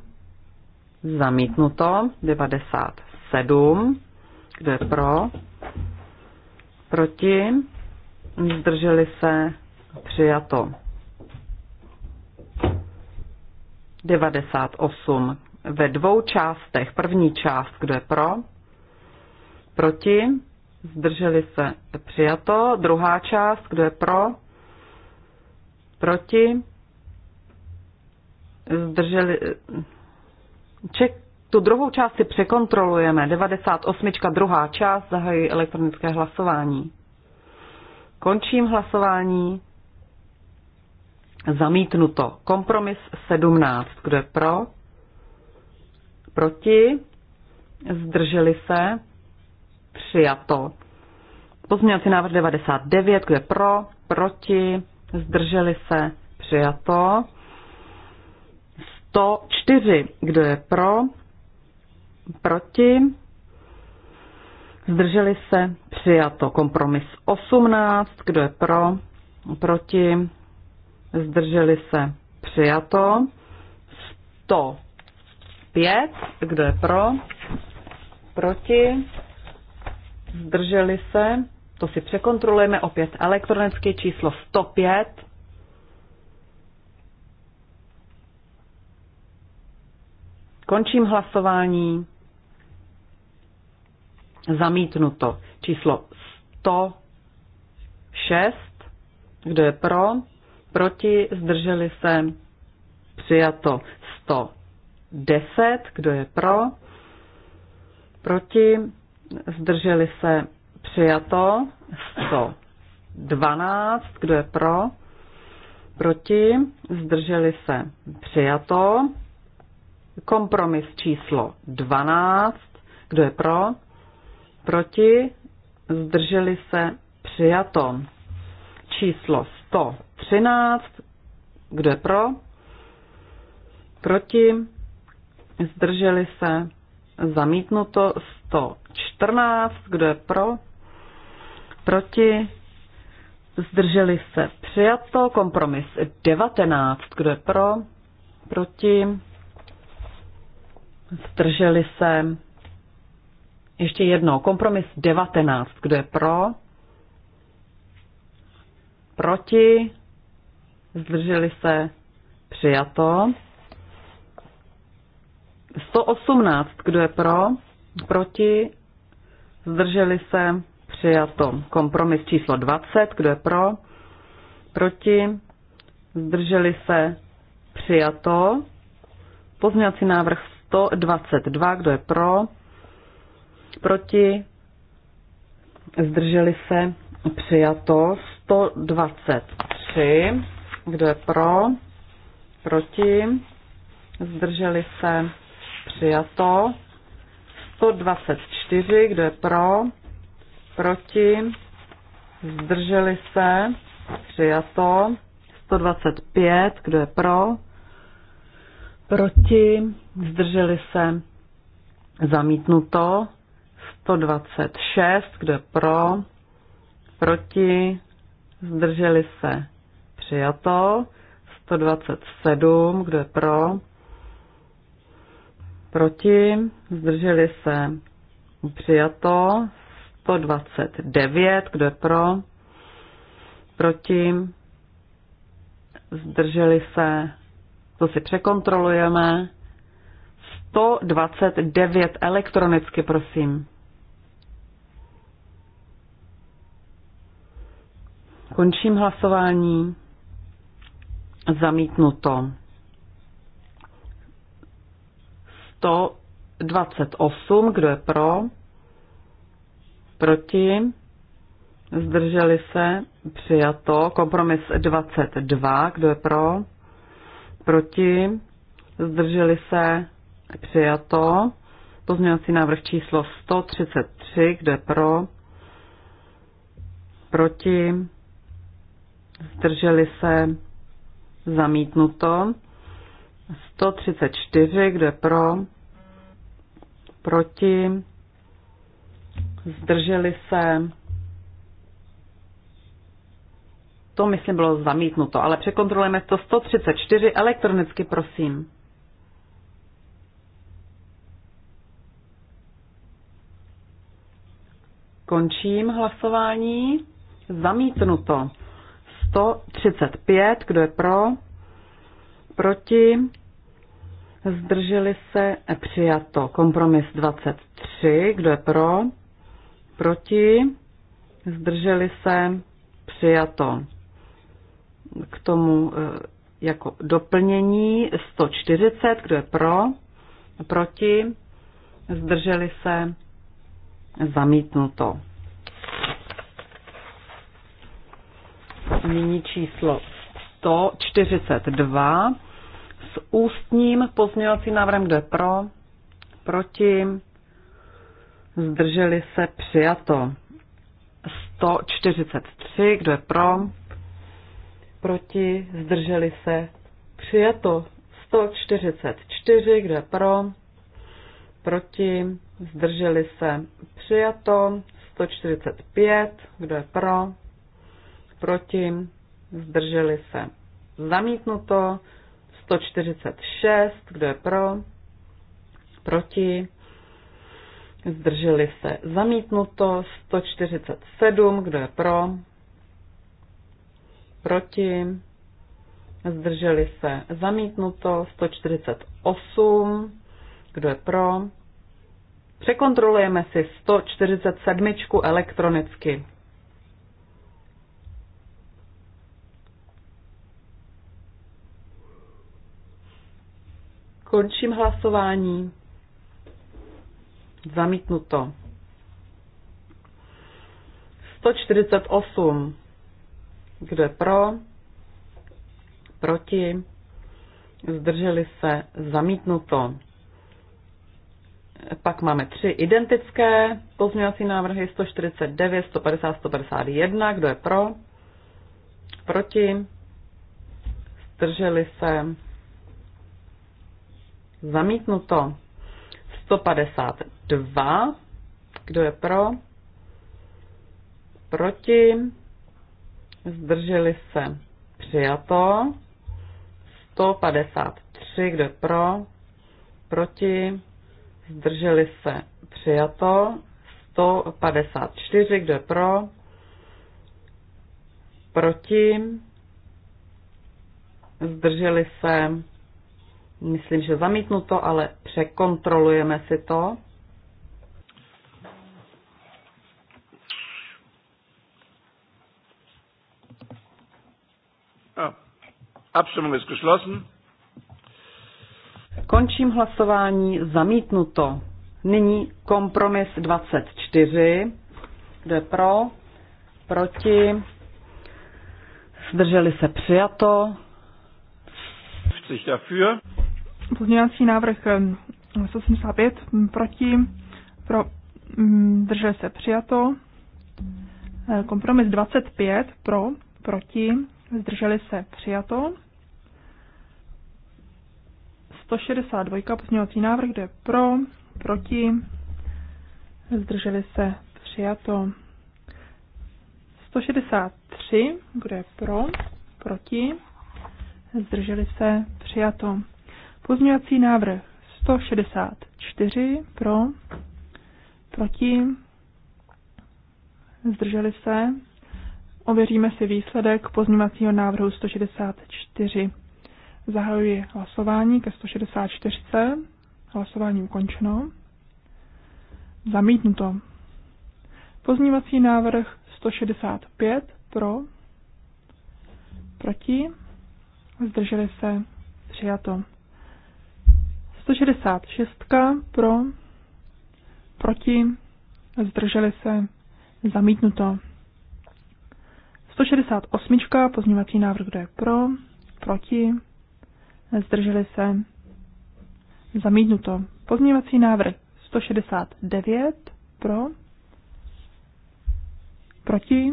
Zamítnuto. 97, kdo je pro? Proti? Zdrželi se? Přijato. 98 ve dvou částech. První část, kdo je pro, proti, zdrželi se přijato. Druhá část, kdo je pro, proti, zdrželi... Ček, tu druhou část si překontrolujeme. 98. druhá část zahají elektronické hlasování. Končím hlasování. Zamítnuto. Kompromis 17. Kdo je pro? Proti? Zdrželi se? Přijato. Pozměňovací návrh 99. Kdo je pro? Proti? Zdrželi se? Přijato. 104. Kdo je pro? Proti? Zdrželi se? Přijato. Kompromis 18. Kdo je pro? Proti? zdrželi se přijato. 105, kdo je pro, proti, zdrželi se, to si překontrolujeme opět elektronicky číslo 105. Končím hlasování. Zamítnuto. Číslo 106. Kdo je pro? proti, zdrželi se, přijato 110, kdo je pro, proti, zdrželi se, přijato 112, kdo je pro, proti, zdrželi se, přijato, kompromis číslo 12, kdo je pro, proti, zdrželi se, přijato, číslo 100. 13. Kdo je pro? Proti? Zdrželi se? Zamítnuto 114. Kdo je pro? Proti? Zdrželi se? Přijato. Kompromis 19. Kdo je pro? Proti? Zdrželi se? Ještě jednou. Kompromis 19. Kdo je pro? Proti? zdrželi se, přijato. 118, kdo je pro, proti, zdrželi se, přijato. Kompromis číslo 20, kdo je pro, proti, zdrželi se, přijato. Pozměňovací návrh 122, kdo je pro, proti, zdrželi se, přijato. 123, kdo je pro? Proti? Zdrželi se? Přijato. 124. Kdo je pro? Proti? Zdrželi se? Přijato. 125. Kdo je pro? Proti? Zdrželi se? Zamítnuto. 126. Kdo je pro? Proti? Zdrželi se? přijato. 127, kdo je pro? Proti, zdrželi se, přijato. 129, kdo je pro? Proti, zdrželi se, to si překontrolujeme. 129 elektronicky, prosím. Končím hlasování zamítnuto. 128, kdo je pro, proti, zdrželi se, přijato. Kompromis 22, kdo je pro, proti, zdrželi se, přijato. Pozměňovací návrh číslo 133, kdo je pro, proti, zdrželi se, zamítnuto. 134, kdo je pro, proti, zdrželi se. To, myslím, bylo zamítnuto, ale překontrolujeme to 134 elektronicky, prosím. Končím hlasování. Zamítnuto. 135, kdo je pro, proti, zdrželi se, přijato. Kompromis 23, kdo je pro, proti, zdrželi se, přijato. K tomu e, jako doplnění 140, kdo je pro, proti, zdrželi se, zamítnuto. nyní číslo 142 s ústním pozměňovacím návrhem, kdo je pro, proti, zdrželi se, přijato. 143, kdo je pro, proti, zdrželi se, přijato. 144, kdo je pro, proti, zdrželi se, přijato. 145, kdo je pro, proti, zdrželi se. Zamítnuto 146, kdo je pro, proti, zdrželi se. Zamítnuto 147, kdo je pro, proti, zdrželi se. Zamítnuto 148, kdo je pro. Překontrolujeme si 147 elektronicky. Končím hlasování. Zamítnuto. 148. Kdo je pro? Proti? Zdrželi se? Zamítnuto. Pak máme tři identické pozměňovací návrhy 149, 150, 151. Kdo je pro? Proti? Zdrželi se? Zamítnuto. 152. Kdo je pro? Proti? Zdrželi se. Přijato. 153. Kdo je pro? Proti? Zdrželi se. Přijato. 154. Kdo je pro? Proti? Zdrželi se Myslím, že zamítnuto, ale překontrolujeme si to. Abstimmung ist geschlossen. Končím hlasování zamítnuto. Nyní kompromis 24. Kdo pro? Proti? Zdrželi se přijato. 50 dafür. Pozměňovací návrh eh, 185 mm, proti, pro, mm, drže se přijato. Eh, kompromis 25 pro, proti, zdrželi se přijato. 162 pozměňovací návrh, kde pro, proti, zdrželi se přijato. 163, kde pro, proti, zdrželi se přijato. Pozměňovací návrh 164 pro, proti, zdrželi se. Ověříme si výsledek pozměňovacího návrhu 164. Zahajuji hlasování ke 164. Hlasování ukončeno. Zamítnuto. Pozměňovací návrh 165 pro, proti, zdrželi se, přijato. 166 pro, proti, zdrželi se, zamítnuto. 168 pozměňovací návrh, kdo je pro, proti, zdrželi se, zamítnuto. Pozměňovací návrh 169 pro, proti,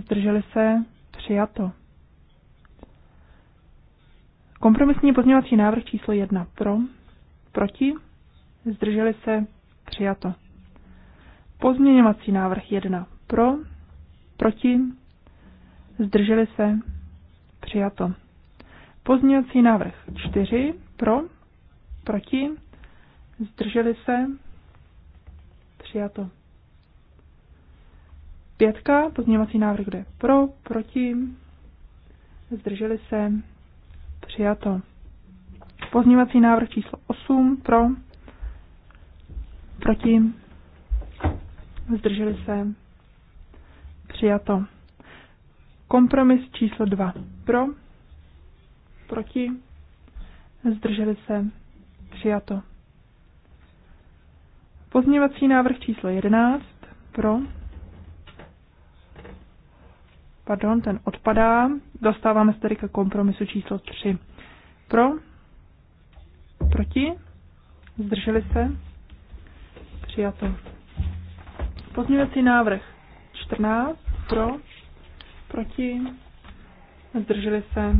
zdrželi se, přijato. Kompromisní pozměňovací návrh číslo 1 pro, proti, zdrželi se, přijato. Pozměňovací návrh 1 pro, proti, zdrželi se, přijato. Pozměňovací návrh 4 pro, proti, zdrželi se, přijato. Pětka, pozměňovací návrh kde pro, proti, zdrželi se, Přijato. Pozměňovací návrh číslo 8 pro, proti, zdrželi se, přijato. Kompromis číslo 2 pro, proti, zdrželi se, přijato. Pozměňovací návrh číslo 11 pro, Pardon, ten odpadá. Dostáváme se tedy ke kompromisu číslo 3. Pro? Proti? Zdrželi se? Přijato. Pozměňovací návrh 14. Pro? Proti? Zdrželi se?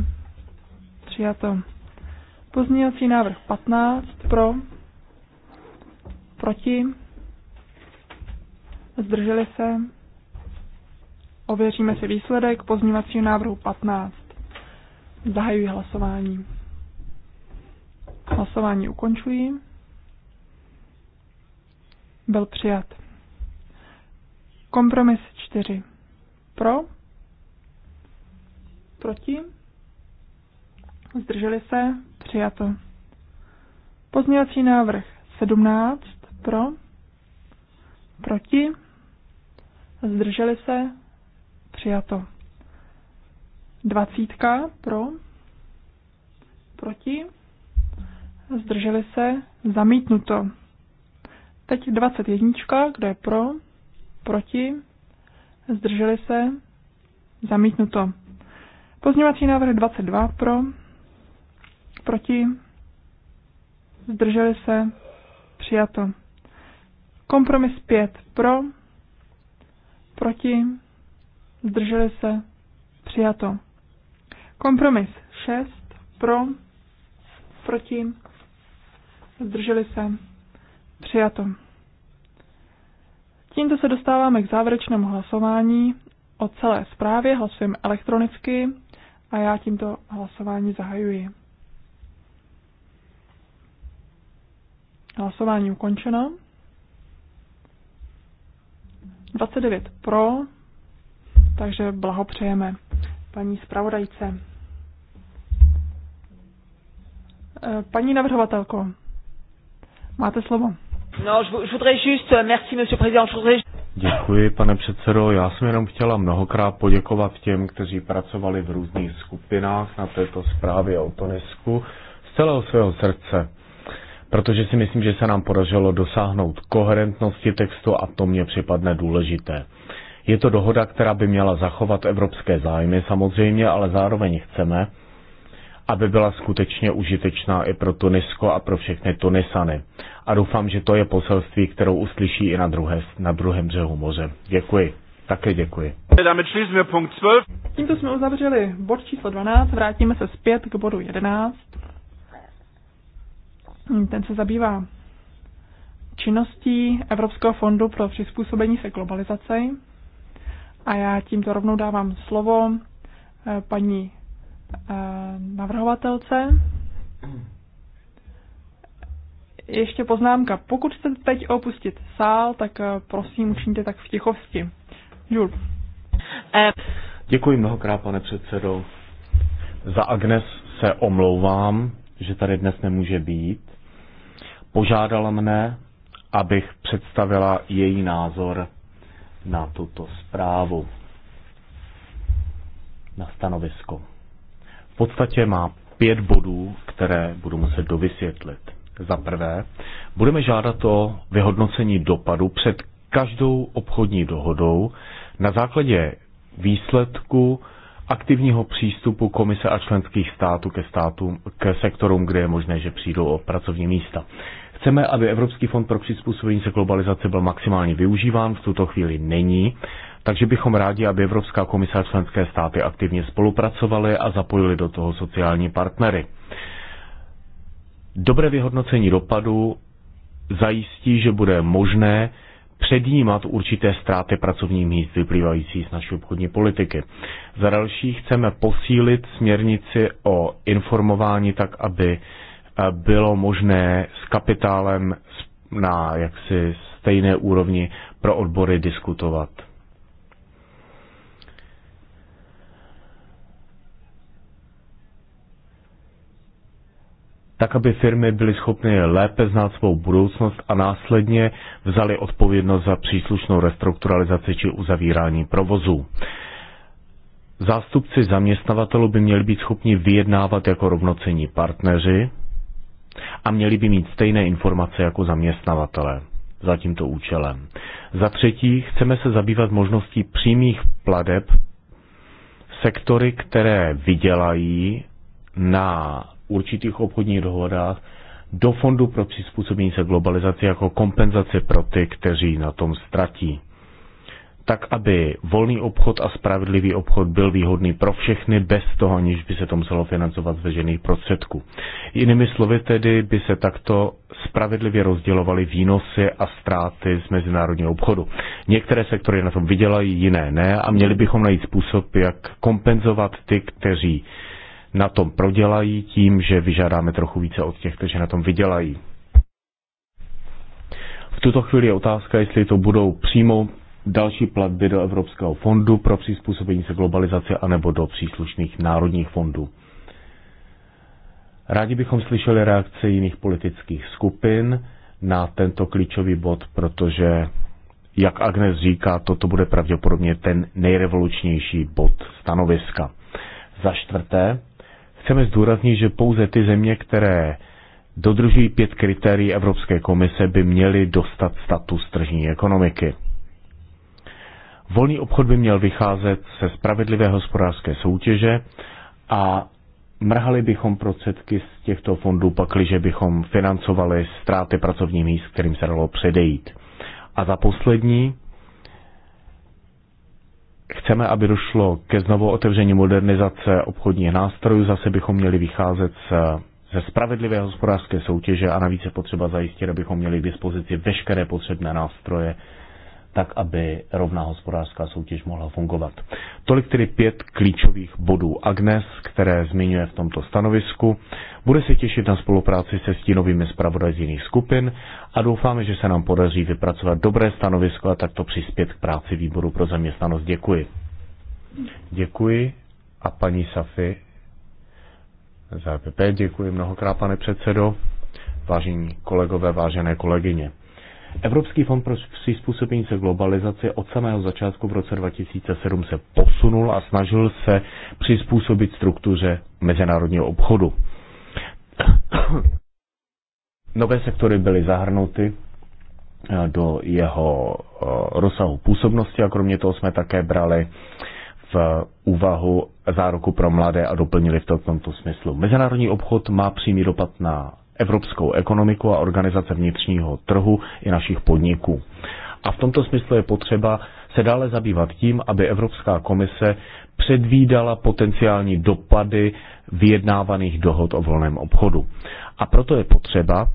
Přijato. Pozměňovací návrh 15. Pro? Proti? Zdrželi se? Ověříme si výsledek pozměňovacího návrhu 15. Zahajuji hlasování. Hlasování ukončuji. Byl přijat. Kompromis 4. Pro. Proti. Zdrželi se. Přijato. Pozměňovací návrh 17. Pro. Proti. Zdrželi se. Přijato. Dvacítka pro. Proti. Zdrželi se. Zamítnuto. Teď 21. Kdo je pro? Proti. Zdrželi se. Zamítnuto. Pozměňovací návrh 22 pro. Proti. Zdrželi se. Přijato. Kompromis 5 pro. Proti zdrželi se, přijato. Kompromis 6, pro, proti, zdrželi se, přijato. Tímto se dostáváme k závěrečnému hlasování o celé zprávě, hlasujeme elektronicky a já tímto hlasování zahajuji. Hlasování ukončeno. 29 pro, takže blahopřejeme paní zpravodajce. Eh, paní navrhovatelko, máte slovo. No, je voudrais juste, eh, merci, monsieur président, je voudrais... Děkuji, pane předsedo. Já jsem jenom chtěla mnohokrát poděkovat těm, kteří pracovali v různých skupinách na této zprávě o Tonisku z celého svého srdce, protože si myslím, že se nám podařilo dosáhnout koherentnosti textu a to mě připadne důležité. Je to dohoda, která by měla zachovat evropské zájmy samozřejmě, ale zároveň chceme, aby byla skutečně užitečná i pro Tunisko a pro všechny Tunisany. A doufám, že to je poselství, kterou uslyší i na, druhé, na druhém břehu moře. Děkuji. Také děkuji. Tímto jsme uzavřeli bod číslo 12, vrátíme se zpět k bodu 11. Ten se zabývá činností Evropského fondu pro přizpůsobení se globalizaci. A já tímto rovnou dávám slovo eh, paní eh, navrhovatelce. Ještě poznámka. Pokud chcete teď opustit sál, tak eh, prosím učiníte tak v tichosti. Jul. Děkuji mnohokrát, pane předsedo. Za Agnes se omlouvám, že tady dnes nemůže být. Požádala mne, abych představila její názor na tuto zprávu, na stanovisko. V podstatě má pět bodů, které budu muset dovysvětlit. Za prvé, budeme žádat o vyhodnocení dopadu před každou obchodní dohodou na základě výsledku aktivního přístupu komise a členských států ke, státům, ke sektorům, kde je možné, že přijdou o pracovní místa. Chceme, aby Evropský fond pro přizpůsobení se globalizace byl maximálně využíván, v tuto chvíli není, takže bychom rádi, aby Evropská komise a členské státy aktivně spolupracovaly a zapojili do toho sociální partnery. Dobré vyhodnocení dopadu zajistí, že bude možné předjímat určité ztráty pracovních míst vyplývající z naší obchodní politiky. Za další chceme posílit směrnici o informování tak, aby Eh, bylo možné s kapitálem na jaksi stejné úrovni pro odbory diskutovat. tak aby firmy byly schopny lépe znát svou budoucnost a následně vzali odpovědnost za příslušnou restrukturalizaci či uzavírání provozu. Zástupci zaměstnavatelů by měli být schopni vyjednávat jako rovnocení partneři, a měli by mít stejné informace jako zaměstnavatele za tímto účelem. Za třetí, chceme se zabývat možností přímých pladeb sektory, které vydělají na určitých obchodních dohodách do fondu pro přizpůsobení se globalizaci jako kompenzace pro ty, kteří na tom ztratí tak aby volný obchod a spravedlivý obchod byl výhodný pro všechny bez toho, aniž by se to muselo financovat z veřejných prostředků. Jinými slovy tedy by se takto spravedlivě rozdělovaly výnosy a ztráty z mezinárodního obchodu. Některé sektory na tom vydělají, jiné ne a měli bychom najít způsob, jak kompenzovat ty, kteří na tom prodělají tím, že vyžádáme trochu více od těch, kteří na tom vydělají. V tuto chvíli je otázka, jestli to budou přímo další platby do Evropského fondu pro přizpůsobení se globalizaci anebo do příslušných národních fondů. Rádi bychom slyšeli reakce jiných politických skupin na tento klíčový bod, protože, jak Agnes říká, toto bude pravděpodobně ten nejrevolučnější bod stanoviska. Za čtvrté, chceme zdůraznit, že pouze ty země, které dodržují pět kritérií Evropské komise, by měly dostat status tržní ekonomiky. Volný obchod by měl vycházet ze spravedlivé hospodářské soutěže a mrhali bychom prostředky z těchto fondů, pakliže bychom financovali ztráty pracovních míst, kterým se dalo předejít. A za poslední, chceme, aby došlo ke znovu otevření modernizace obchodních nástrojů, zase bychom měli vycházet z ze spravedlivé hospodářské soutěže a navíc je potřeba zajistit, abychom měli k dispozici veškeré potřebné nástroje tak aby rovná hospodářská soutěž mohla fungovat. Tolik tedy pět klíčových bodů Agnes, které zmiňuje v tomto stanovisku. Bude se těšit na spolupráci se stínovými zpravodaji z jiných skupin a doufáme, že se nám podaří vypracovat dobré stanovisko a takto přispět k práci výboru pro zaměstnanost. Děkuji. Děkuji a paní Safi za PP. E Děkuji mnohokrát, pane předsedo, vážení kolegové, vážené kolegyně. Evropský fond pro přizpůsobení se globalizaci od samého začátku v roce 2007 se posunul a snažil se přizpůsobit struktuře mezinárodního obchodu. Nové sektory byly zahrnuty eh, do jeho eh, rozsahu působnosti a kromě toho jsme také brali v úvahu záruku pro mladé a doplnili v tomto smyslu. Mezinárodní obchod má přímý dopad na evropskou ekonomiku a organizace vnitřního trhu i našich podniků. A v tomto smyslu je potřeba se dále zabývat tím, aby Evropská komise předvídala potenciální dopady vyjednávaných dohod o volném obchodu. A proto je potřeba,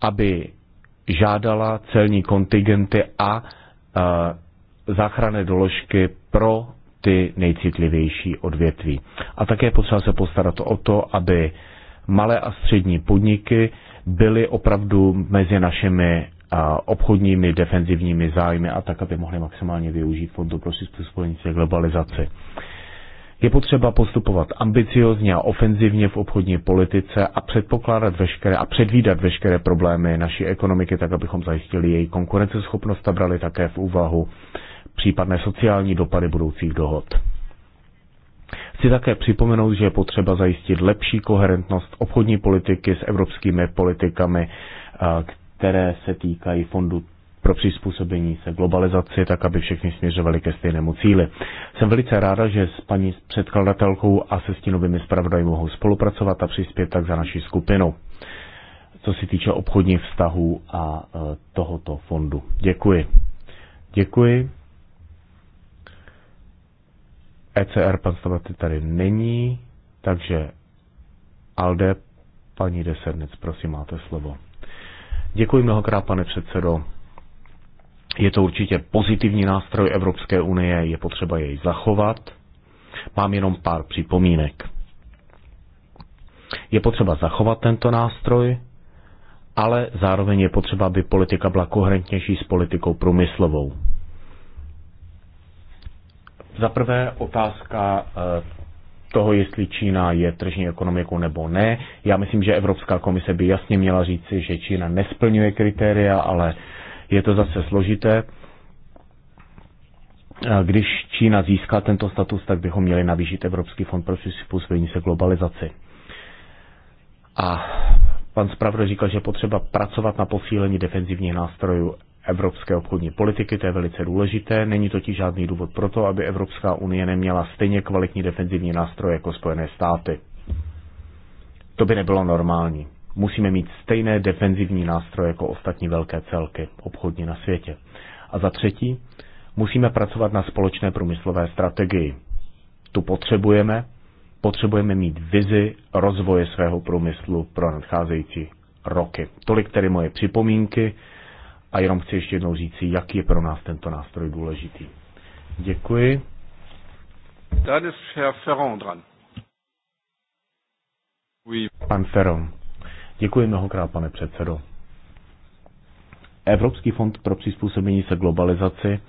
aby žádala celní kontingenty a a e, záchranné doložky pro ty nejcitlivější odvětví. A také potřeba se postarat o to, aby malé a střední podniky byly opravdu mezi našimi obchodními, defenzivními zájmy a tak, aby mohli maximálně využít fondu pro přizpůsobení globalizaci. Je potřeba postupovat ambiciozně a ofenzivně v obchodní politice a předpokládat veškeré a předvídat veškeré problémy naší ekonomiky, tak abychom zajistili její konkurenceschopnost a brali také v úvahu případné sociální dopady budoucích dohod. Chci také připomenout, že je potřeba zajistit lepší koherentnost obchodní politiky s evropskými politikami, eh, které se týkají fondu pro přizpůsobení se globalizaci, tak aby všechny směřovaly ke stejnému cíli. Jsem velice ráda, že s paní předkladatelkou a se stínovými zpravodaji mohou spolupracovat a přispět tak za naší skupinu, co se týče obchodních vztahů a eh, tohoto fondu. Děkuji. Děkuji. ECR pan Stavaty tady není, takže Alde, paní Desernic, prosím, máte slovo. Děkuji mnohokrát, pane předsedo. Je to určitě pozitivní nástroj Evropské unie, je potřeba jej zachovat. Mám jenom pár připomínek. Je potřeba zachovat tento nástroj, ale zároveň je potřeba, aby politika byla koherentnější s politikou průmyslovou. Za prvé otázka eh, toho, jestli Čína je tržní ekonomikou nebo ne. Já myslím, že Evropská komise by jasně měla říci, že Čína nesplňuje kritéria, ale je to zase složité. Eh, když Čína získá tento status, tak bychom měli navýšit Evropský fond pro přizpůsobení se globalizaci. A pan Spravr říkal, že potřeba pracovat na posílení defenzivních nástrojů evropské obchodní politiky, to je velice důležité. Není totiž žádný důvod pro to, aby Evropská unie neměla stejně kvalitní defenzivní nástroje jako Spojené státy. To by nebylo normální. Musíme mít stejné defenzivní nástroje jako ostatní velké celky obchodní na světě. A za třetí, musíme pracovat na společné průmyslové strategii. Tu potřebujeme, potřebujeme mít vizi rozvoje svého průmyslu pro nadcházející roky. Tolik tedy moje připomínky. A jenom chci ještě jednou říct, jak je pro nás tento nástroj důležitý. Děkuji. Dann ist Herr Ferron dran. Oui. Pan Ferron. Děkuji mnohokrát, pane předsedo. Evropský fond pro přizpůsobení se globalizaci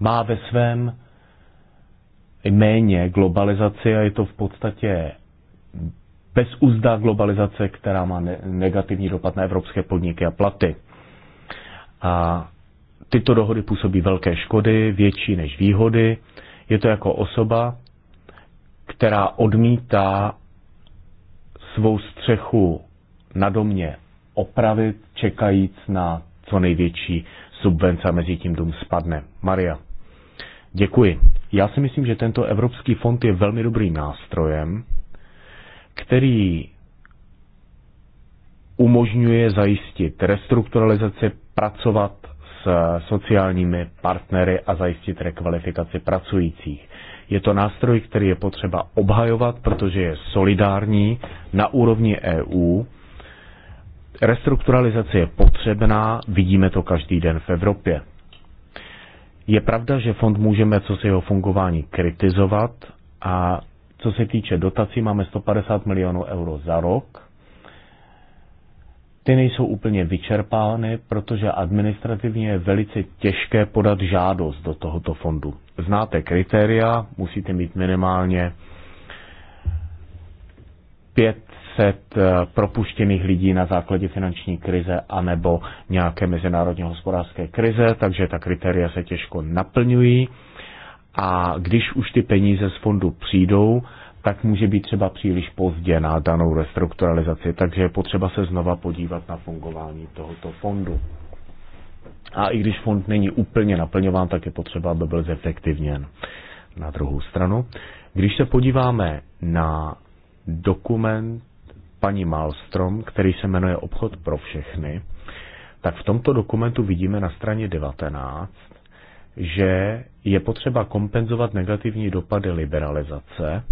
má ve svém jméně globalizaci a je to v podstatě bezúzdá globalizace, která má negativní dopad na evropské podniky a platy. A tyto dohody působí velké škody, větší než výhody. Je to jako osoba, která odmítá svou střechu na domě opravit, čekajíc na co největší subvence a mezi tím dům spadne. Maria. Děkuji. Já si myslím, že tento Evropský fond je velmi dobrým nástrojem, který umožňuje zajistit restrukturalizaci pracovat s sociálními partnery a zajistit rekvalifikaci pracujících. Je to nástroj, který je potřeba obhajovat, protože je solidární na úrovni EU. Restrukturalizace je potřebná, vidíme to každý den v Evropě. Je pravda, že fond můžeme co se jeho fungování kritizovat a co se týče dotací, máme 150 milionů euro za rok ty nejsou úplně vyčerpány, protože administrativně je velice těžké podat žádost do tohoto fondu. Znáte kritéria, musíte mít minimálně 500 eh, propuštěných lidí na základě finanční krize anebo nějaké mezinárodní hospodářské krize, takže ta kritéria se těžko naplňují. A když už ty peníze z fondu přijdou, tak může být třeba příliš pozdě na danou restrukturalizaci, takže je potřeba se znova podívat na fungování tohoto fondu. A i když fond není úplně naplňován, tak je potřeba, aby byl zefektivněn. Na druhou stranu, když se podíváme na dokument paní Malstrom, který se jmenuje Obchod pro všechny, tak v tomto dokumentu vidíme na straně 19, že je potřeba kompenzovat negativní dopady liberalizace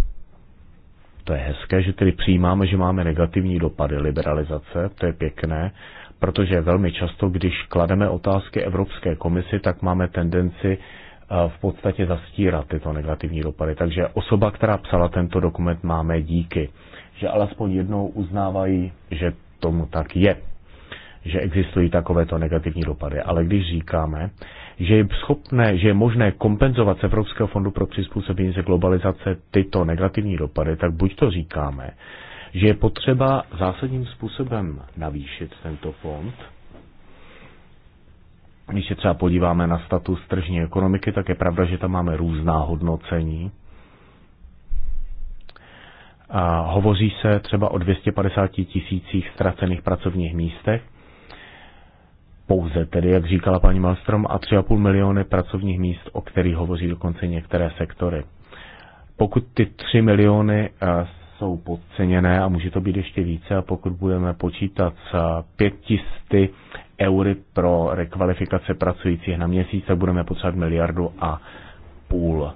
to je hezké, že tedy přijímáme, že máme negativní dopady liberalizace, to je pěkné, protože velmi často, když klademe otázky Evropské komisi, tak máme tendenci eh, v podstatě zastírat tyto negativní dopady. Takže osoba, která psala tento dokument, máme díky, že alespoň jednou uznávají, že tomu tak je, že existují takovéto negativní dopady. Ale když říkáme, že je schopné, že je možné kompenzovat z Evropského fondu pro přizpůsobení se globalizace tyto negativní dopady, tak buď to říkáme, že je potřeba zásadním způsobem navýšit tento fond, když se třeba podíváme na status tržní ekonomiky, tak je pravda, že tam máme různá hodnocení. A hovoří se třeba o 250 tisících ztracených pracovních místech, pouze, tedy jak říkala paní Malstrom, a 3,5 miliony pracovních míst, o kterých hovoří dokonce některé sektory. Pokud ty 3 miliony eh, jsou podceněné a může to být ještě více, a pokud budeme počítat s 500 eh, eury pro rekvalifikace pracujících na měsíc, tak budeme potřebovat miliardu a půl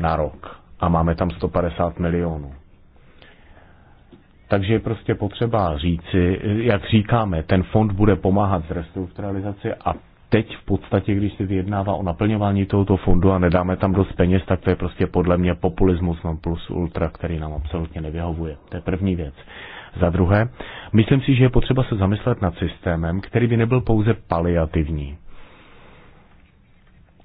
na rok. A máme tam 150 milionů. Takže je prostě potřeba říci, jak říkáme, ten fond bude pomáhat s restrukturalizaci a teď v podstatě, když se vyjednává o naplňování tohoto fondu a nedáme tam dost peněz, tak to je prostě podle mě populismus non plus ultra, který nám absolutně nevyhovuje. To je první věc. Za druhé, myslím si, že je potřeba se zamyslet nad systémem, který by nebyl pouze paliativní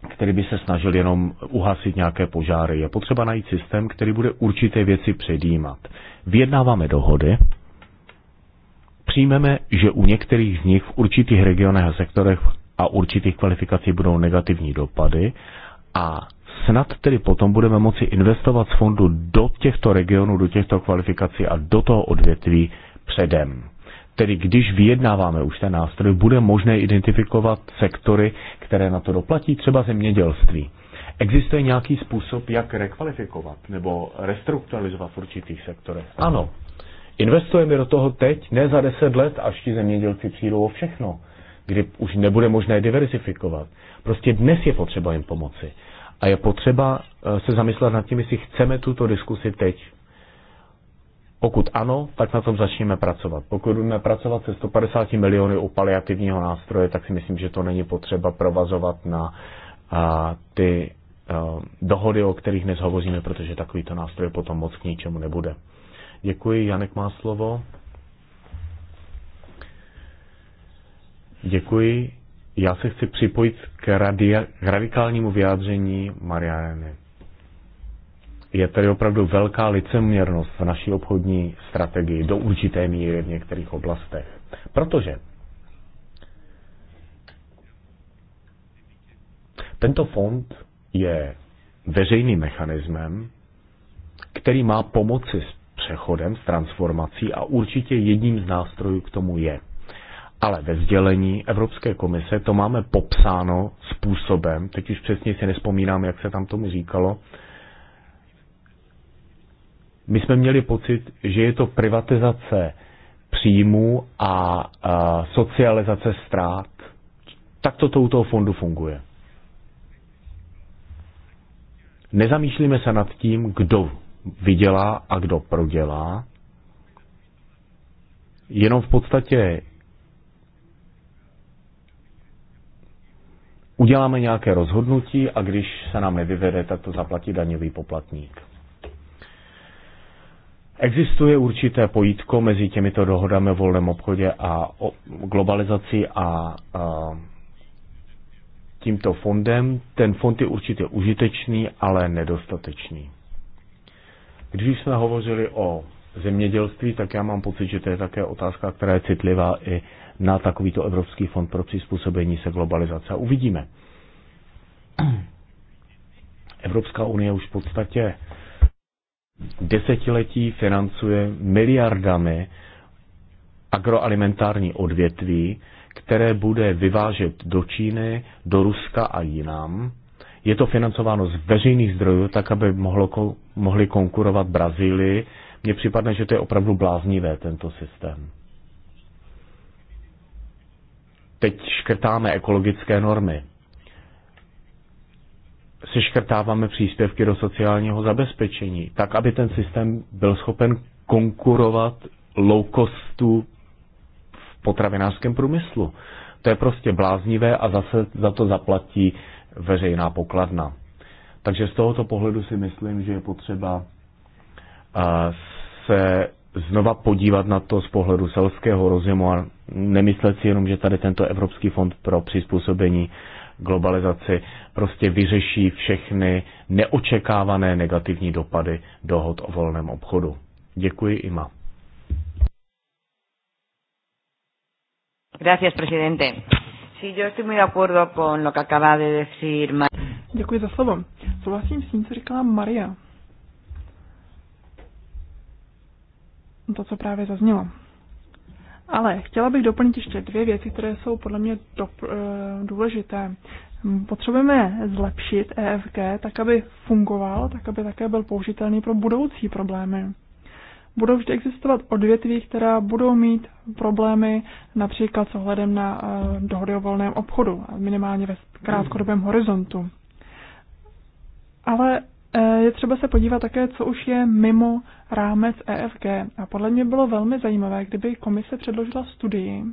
který by se snažil jenom uhasit nějaké požáry. Je potřeba najít systém, který bude určité věci předjímat. Vyjednáváme dohody, přijmeme, že u některých z nich v určitých regionech a sektorech a určitých kvalifikací budou negativní dopady a snad tedy potom budeme moci investovat z fondu do těchto regionů, do těchto kvalifikací a do toho odvětví předem. Tedy když vyjednáváme už ten nástroj, bude možné identifikovat sektory, které na to doplatí, třeba zemědělství. Existuje nějaký způsob, jak rekvalifikovat nebo restrukturalizovat v určitých sektorech? Ano. Investujeme do toho teď, ne za deset let, až ti zemědělci přijdou o všechno, kdy už nebude možné diversifikovat. Prostě dnes je potřeba jim pomoci. A je potřeba eh, se zamyslet nad tím, jestli chceme tuto diskusi teď pokud ano, tak na tom začněme pracovat. Pokud budeme pracovat se 150 miliony u paliativního nástroje, tak si myslím, že to není potřeba provazovat na a, ty a, dohody, o kterých dnes hovoříme, protože takovýto nástroj potom moc k ničemu nebude. Děkuji, Janek má slovo. Děkuji. Já se chci připojit k, radia, k radikálnímu vyjádření Mariany. Je tady opravdu velká liceměrnost v naší obchodní strategii do určité míry v některých oblastech. Protože tento fond je veřejným mechanismem, který má pomoci s přechodem, s transformací a určitě jedním z nástrojů k tomu je. Ale ve sdělení Evropské komise to máme popsáno způsobem, teď už přesně si nespomínám, jak se tam tomu říkalo, my jsme měli pocit, že je to privatizace příjmů a, a socializace ztrát. Tak to touto fondu funguje. Nezamýšlíme se nad tím, kdo vydělá a kdo prodělá. Jenom v podstatě uděláme nějaké rozhodnutí a když se nám nevyvede, tak to zaplatí daňový poplatník. Existuje určité pojítko mezi těmito dohodami o volném obchodě a o globalizaci a, a tímto fondem. Ten fond je určitě užitečný, ale nedostatečný. Když jsme hovořili o zemědělství, tak já mám pocit, že to je také otázka, která je citlivá i na takovýto Evropský fond pro přizpůsobení se globalizace. Uvidíme. Evropská unie už v podstatě desetiletí financuje miliardami agroalimentární odvětví, které bude vyvážet do Číny, do Ruska a jinam. Je to financováno z veřejných zdrojů, tak aby mohlo, mohli konkurovat Brazílii. Mně připadne, že to je opravdu bláznivé, tento systém. Teď škrtáme ekologické normy seškrtáváme příspěvky do sociálního zabezpečení, tak aby ten systém byl schopen konkurovat low costu v potravinářském průmyslu. To je prostě bláznivé a zase za to zaplatí veřejná pokladna. Takže z tohoto pohledu si myslím, že je potřeba eh, se znova podívat na to z pohledu selského rozumu a nemyslet si jenom, že tady tento Evropský fond pro přizpůsobení globalizaci prostě vyřeší všechny neočekávané negativní dopady dohod o volném obchodu. Děkuji, Ima. Gracias, presidente. Sí, yo estoy muy de acuerdo con lo que acaba de decir Děkuji za slovo. Souhlasím s tím, co říkala Maria. To, co právě zaznělo. Ale chtěla bych doplnit ještě dvě věci, které jsou podle mě eh, důležité. Potřebujeme zlepšit EFG tak, aby fungoval, tak, aby také byl použitelný pro budoucí problémy. Budou vždy existovat odvětví, která budou mít problémy například s ohledem na eh, dohody o volném obchodu, minimálně ve krátkodobém horizontu. Ale Eh, je třeba se podívat také, co už je mimo rámec EFG. A podle mě bylo velmi zajímavé, kdyby komise předložila studii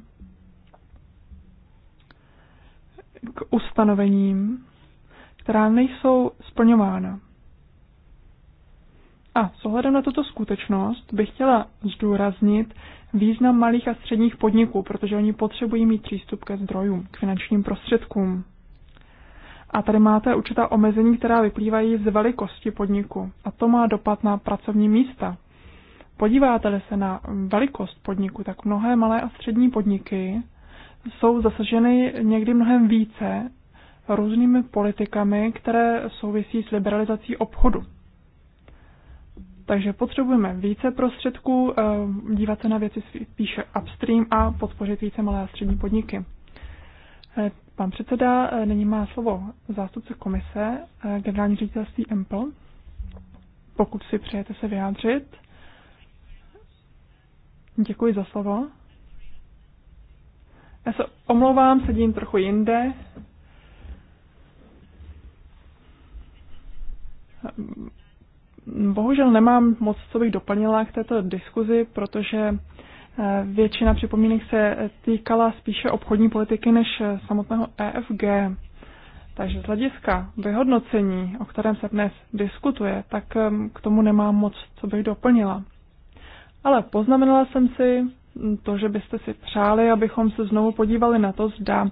k ustanovením, která nejsou splňována. A s ohledem na tuto skutečnost bych chtěla zdůraznit význam malých a středních podniků, protože oni potřebují mít přístup ke zdrojům, k finančním prostředkům. A tady máte určitá omezení, která vyplývají z velikosti podniku. A to má dopad na pracovní místa. Podíváte-li se na velikost podniku, tak mnohé malé a střední podniky jsou zasaženy někdy mnohem více různými politikami, které souvisí s liberalizací obchodu. Takže potřebujeme více prostředků, eh, dívat se na věci spíše upstream a podpořit více malé a střední podniky. Eh, Pan předseda eh, nyní má slovo zástupce komise, eh, generální ředitelství EMPL. Pokud si přejete se vyjádřit, děkuji za slovo. Já se omlouvám, sedím trochu jinde. Ehm, bohužel nemám moc, co bych doplnila k této diskuzi, protože Většina připomínek se týkala spíše obchodní politiky než samotného EFG. Takže z hlediska vyhodnocení, o kterém se dnes diskutuje, tak um, k tomu nemám moc, co bych doplnila. Ale poznamenala jsem si to, že byste si přáli, abychom se znovu podívali na to, zda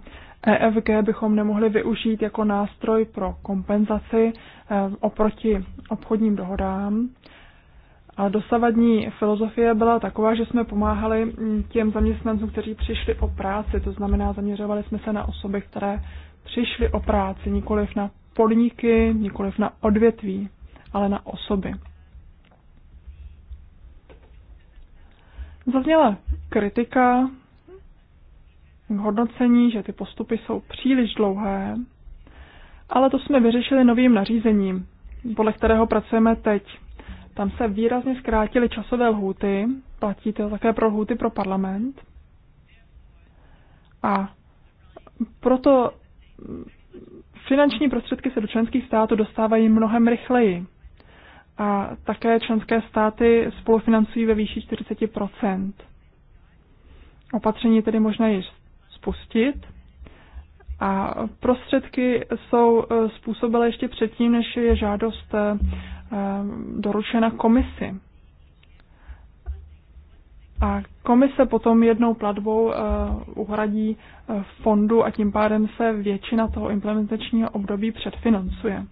EFG bychom nemohli využít jako nástroj pro kompenzaci eh, oproti obchodním dohodám. A dosavadní filozofie byla taková, že jsme pomáhali mm, těm zaměstnancům, kteří přišli o práci, to znamená zaměřovali jsme se na osoby, které přišli o práci, nikoliv na podniky, nikoliv na odvětví, ale na osoby. Zazněla kritika k hodnocení, že ty postupy jsou příliš dlouhé, ale to jsme vyřešili novým nařízením, podle kterého pracujeme teď. Tam se výrazně zkrátily časové lhůty, platí to také pro lhůty pro parlament. A proto finanční prostředky se do členských států dostávají mnohem rychleji. A také členské státy spolufinancují ve výši 40 Opatření tedy možné již spustit. A prostředky jsou eh, způsobily ještě předtím, než je žádost eh, Eh, doručena komisi. A komise potom jednou platbou eh, uhradí eh, fondu a tím pádem se většina toho implementačního období předfinancuje.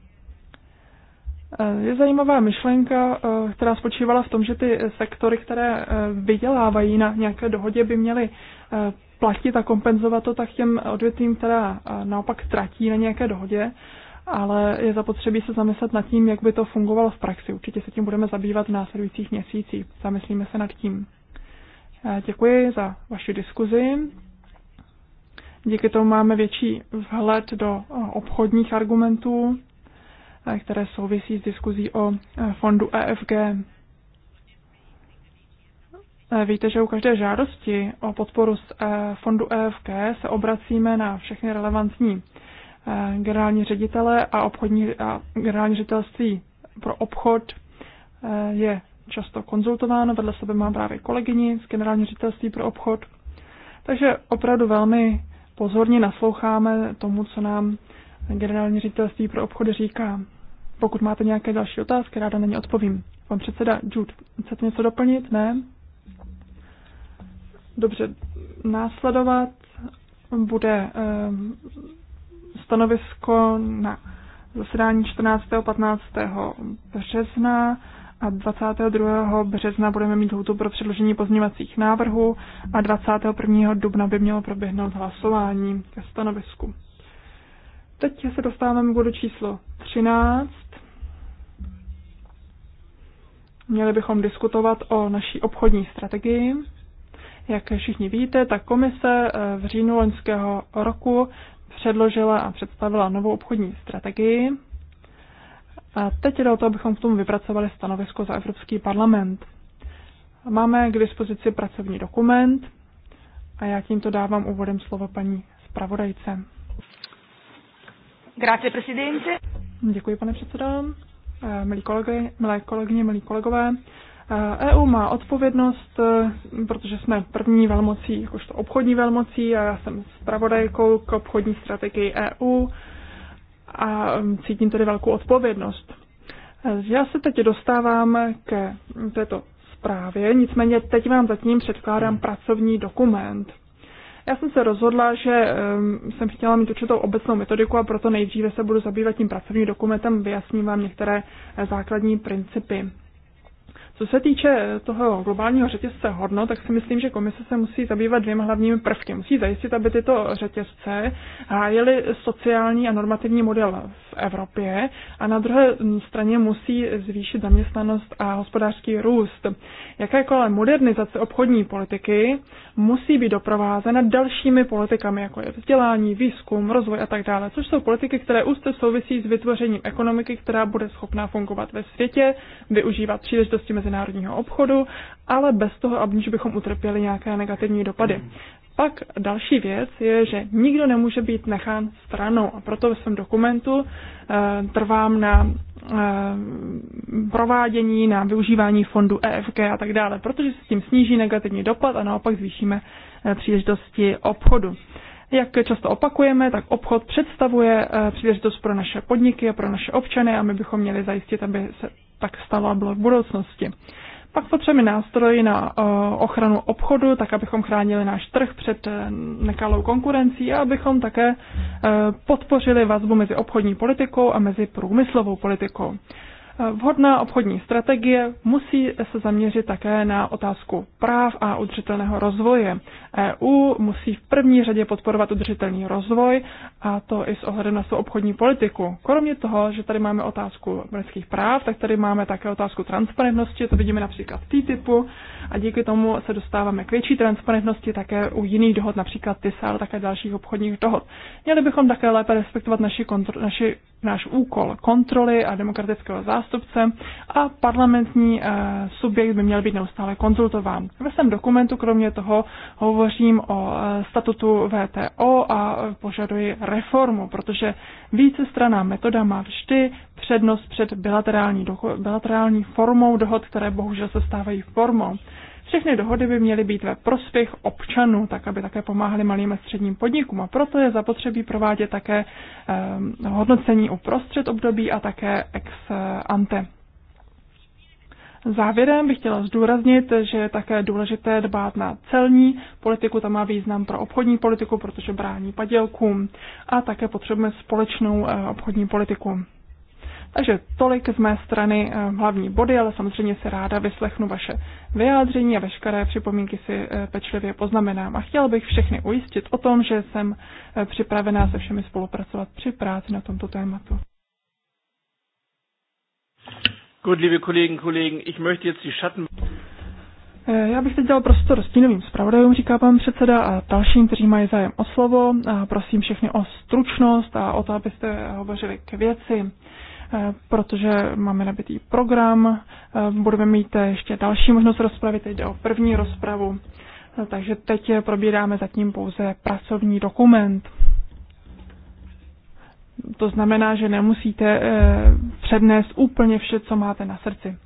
Je zajímavá myšlenka, která spočívala v tom, že ty sektory, které vydělávají na nějaké dohodě, by měly platit a kompenzovat to tak těm odvětvím, která naopak tratí na nějaké dohodě ale je zapotřebí se zamyslet nad tím, jak by to fungovalo v praxi. Určitě se tím budeme zabývat v následujících měsících. Zamyslíme se nad tím. Eh, děkuji za vaši diskuzi. Díky tomu máme větší vhled do eh, obchodních argumentů, eh, které souvisí s diskuzí o fondu EFG. Víte, že u každé žádosti o podporu z fondu EFG se obracíme na všechny relevantní Eh, generální ředitele a obchodní a generální ředitelství pro obchod eh, je často konzultováno. Vedle sebe mám právě kolegyni z generální ředitelství pro obchod. Takže opravdu velmi pozorně nasloucháme tomu, co nám generální ředitelství pro obchod říká. Pokud máte nějaké další otázky, ráda na ně odpovím. Pan předseda Jude, chcete něco doplnit? Ne? Dobře, následovat bude eh, stanovisko na zasedání 14. a 15. března a 22. března budeme mít hůtu pro předložení pozměňovacích návrhů a 21. dubna by mělo proběhnout hlasování ke stanovisku. Teď se dostáváme k bodu číslo 13. Měli bychom diskutovat o naší obchodní strategii. Jak všichni víte, tak komise eh, v říjnu loňského roku předložila a představila novou obchodní strategii. A teď jde o to, abychom k tomu vypracovali stanovisko za Evropský parlament. Máme k dispozici pracovní dokument a já tímto dávám úvodem slovo paní zpravodajce. Grazie, presidente. Děkuji, pane předsedo. Eh, milí kolegy, milé kolegyně, milí kolegové, EU eh, e má odpovědnost, eh, protože jsme první velmocí, jakožto obchodní velmocí, a já jsem zpravodajkou k obchodní strategii EU a mm, cítím tedy velkou odpovědnost. Eh, já se teď dostávám ke této zprávě, nicméně teď vám zatím předkládám pracovní dokument. Já jsem se rozhodla, že ehm, jsem chtěla mít určitou obecnou metodiku a proto nejdříve se budu zabývat tím pracovním dokumentem, vyjasním vám některé základní principy. Co se týče toho globálního řetězce hodno, tak si myslím, že komise se musí zabývat dvěma hlavními prvky. Musí zajistit, aby tyto řetězce hájily sociální a normativní model v Evropě a na druhé straně musí zvýšit zaměstnanost a hospodářský růst. Jakékoliv modernizace obchodní politiky musí být doprovázena dalšími politikami, jako je vzdělání, výzkum, rozvoj a tak dále, což jsou politiky, které úzce souvisí s vytvořením ekonomiky, která bude schopná fungovat ve světě, využívat příležitosti mezi mezinárodního obchodu, ale bez toho, aniž bychom utrpěli nějaké negativní dopady. Pak další věc je, že nikdo nemůže být nechán stranou a proto ve svém dokumentu e, trvám na e, provádění, na využívání fondu EFG a tak dále, protože se s tím sníží negativní dopad a naopak zvýšíme e, příležitosti obchodu. Jak často opakujeme, tak obchod představuje příležitost pro naše podniky a pro naše občany a my bychom měli zajistit, aby se tak stalo a bylo v budoucnosti. Pak potřebujeme nástroj na eh, ochranu obchodu, tak abychom chránili náš trh před eh, nekalou konkurencí a abychom také eh, podpořili vazbu mezi obchodní politikou a mezi průmyslovou politikou. Vhodná obchodní strategie musí se zaměřit také na otázku práv a udržitelného rozvoje. EU musí v první řadě podporovat udržitelný rozvoj a to i s ohledem na svou obchodní politiku. Kromě toho, že tady máme otázku lidských práv, tak tady máme také otázku transparentnosti, to vidíme například v TTIPu a díky tomu se dostáváme k větší transparentnosti také u jiných dohod, například TISA, ale také dalších obchodních dohod. Měli bychom také lépe respektovat naši, kontro, naši náš úkol kontroly a demokratického zásahu zástupce a parlamentní eh, subjekt by měl být neustále konzultován. Ve svém dokumentu kromě toho hovořím o eh, statutu VTO a eh, požaduji reformu, protože vícestraná metoda má vždy přednost před bilaterální, bilaterální formou dohod, které bohužel se stávají formou. Všechny dohody by měly být ve prospěch občanů, tak aby také pomáhali malým a středním podnikům. A proto je zapotřebí provádět také eh, hodnocení uprostřed období a také ex eh, ante. Závěrem bych chtěla zdůraznit, že je také důležité dbát na celní politiku, ta má význam pro obchodní politiku, protože brání padělkům a také potřebujeme společnou eh, obchodní politiku. Takže tolik z mé strany eh, hlavní body, ale samozřejmě se ráda vyslechnu vaše vyjádření a veškeré připomínky si eh, pečlivě poznamenám. A chtěla bych všechny ujistit o tom, že jsem eh, připravená se všemi spolupracovat při práci na tomto tématu. Gut, liebe Kollegen, Kollegen, ich möchte jetzt die Schatten... Já bych teď dělal prostor stínovým zpravodajům, říká pan předseda, a dalším, kteří mají zájem o slovo. A prosím všechny o stručnost a o to, abyste hovořili k věci. Eh, protože máme nabitý program, eh, budeme mít ještě další možnost rozpravy, teď jde o první rozpravu, eh, takže teď probíráme zatím pouze pracovní dokument. To znamená, že nemusíte přednést úplně vše, co máte na srdci.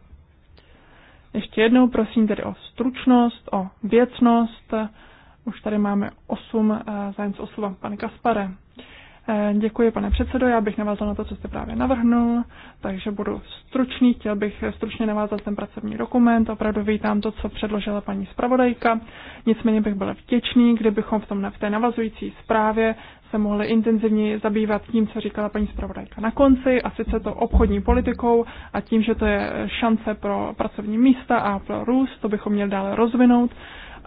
Ještě jednou prosím tedy o stručnost, o věcnost. Už tady máme osm zájemců o Pane Kaspare. Eh, děkuji, pane předsedo. Já bych navázal na to, co jste právě navrhnul, takže budu stručný. Chtěl bych stručně navázat ten pracovní dokument. Opravdu vítám to, co předložila paní zpravodajka. Nicméně bych byl vděčný, kdybychom v, tom, v té navazující zprávě se mohli intenzivně zabývat tím, co říkala paní zpravodajka na konci, a sice to obchodní politikou a tím, že to je šance pro pracovní místa a pro růst, to bychom měli dále rozvinout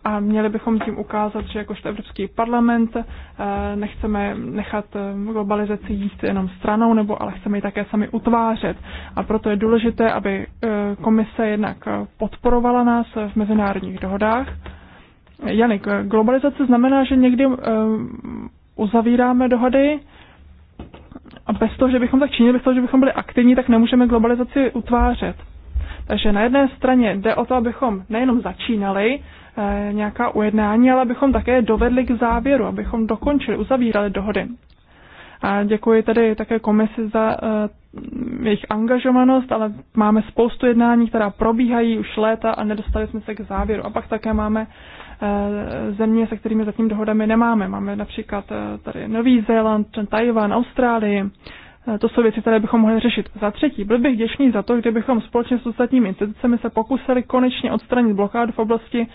a měli bychom tím ukázat, že jakožto Evropský parlament eh, nechceme nechat eh, globalizaci jít jenom stranou, nebo ale chceme ji také sami utvářet. A proto je důležité, aby eh, komise jednak podporovala nás v mezinárodních dohodách. Janik, globalizace znamená, že někdy uzavíráme dohody a bez toho, že bychom tak činili, bez toho, že bychom byli aktivní, tak nemůžeme globalizaci utvářet. Takže na jedné straně jde o to, abychom nejenom začínali, Eh, nějaká ujednání, ale abychom také dovedli k závěru, abychom dokončili, uzavírali dohody. A děkuji tedy také komisi za uh, jejich angažovanost, ale máme spoustu jednání, která probíhají už léta a nedostali jsme se k závěru. A pak také máme uh, země, se kterými zatím dohodami nemáme. Máme například uh, tady Nový Zéland, Tajvan, Austrálii. to jsou věci, které bychom mohli řešit. Za třetí, byl bych děšný za to, kdybychom společně s ostatními institucemi se pokusili konečně odstranit blokádu v oblasti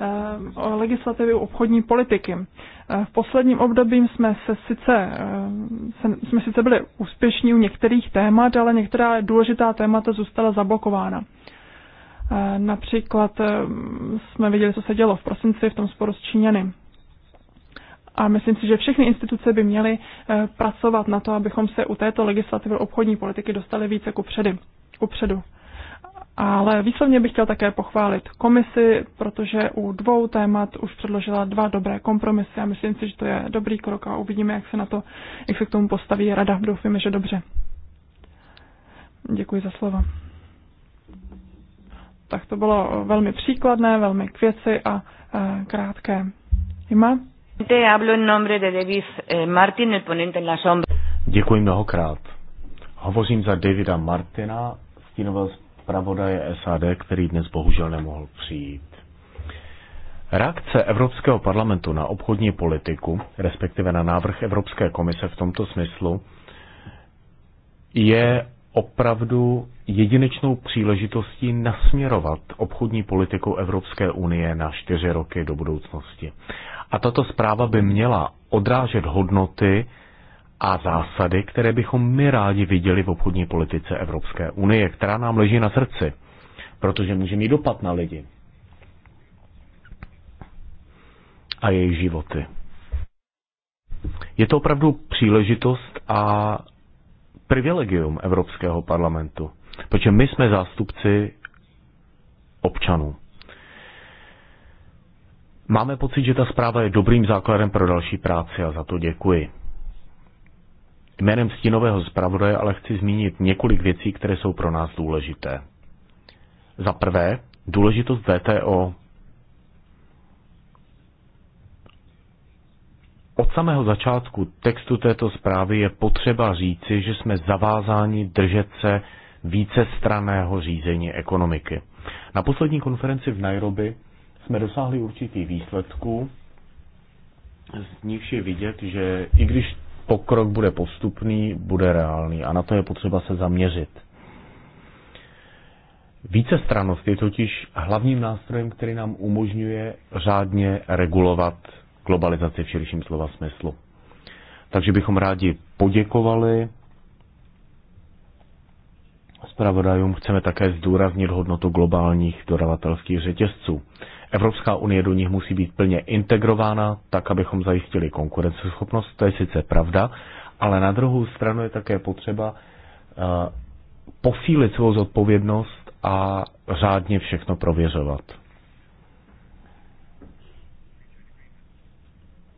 Eh, o legislativy obchodní politiky. Eh, v posledním období jsme se sice, eh, jsme sice byli úspěšní u některých témat, ale některá důležitá témata zůstala zablokována. Například jsme viděli, co se dělo v prosinci v tom sporu s Číněny. A myslím si, že všechny instituce by měly pracovat na to, abychom se u této legislativy obchodní politiky dostali více ku, předy, ku předu. Ale výslovně bych chtěl také pochválit komisi, protože u dvou témat už předložila dva dobré kompromisy a myslím si, že to je dobrý krok a uvidíme, jak se, na to, jak se k tomu postaví rada. Doufujeme, že dobře. Děkuji za slovo. Tak to bylo velmi příkladné, velmi k věci a e, krátké. Ima? Eh, Děkuji mnohokrát. Hovořím za Davida Martina, stínového zpravodaje SAD, který dnes bohužel nemohl přijít. Reakce Evropského parlamentu na obchodní politiku, respektive na návrh Evropské komise v tomto smyslu, je opravdu jedinečnou příležitostí nasměrovat obchodní politiku Evropské unie na čtyři roky do budoucnosti. A tato zpráva by měla odrážet hodnoty, a zásady, které bychom my rádi viděli v obchodní politice Evropské unie, která nám leží na srdci, protože může mít dopad na lidi a jejich životy. Je to opravdu příležitost a privilegium Evropského parlamentu, protože my jsme zástupci občanů. Máme pocit, že ta zpráva je dobrým základem pro další práci a za to děkuji. Jménem stínového zpravodaje ale chci zmínit několik věcí, které jsou pro nás důležité. Za prvé, důležitost VTO. Od samého začátku textu této zprávy je potřeba říci, že jsme zavázáni držet se vícestraného řízení ekonomiky. Na poslední konferenci v Nairobi jsme dosáhli určitých výsledků, z nich je vidět, že i když pokrok bude postupný, bude reálný a na to je potřeba se zaměřit. Vícestrannost je totiž hlavním nástrojem, který nám umožňuje řádně regulovat globalizaci v širším slova smyslu. Takže bychom rádi poděkovali zpravodajům. Chceme také zdůraznit hodnotu globálních dodavatelských řetězců. Evropská unie do nich musí být plně integrována, tak abychom zajistili konkurenceschopnost, to je sice pravda, ale na druhou stranu je také potřeba eh, posílit svou zodpovědnost a řádně všechno prověřovat.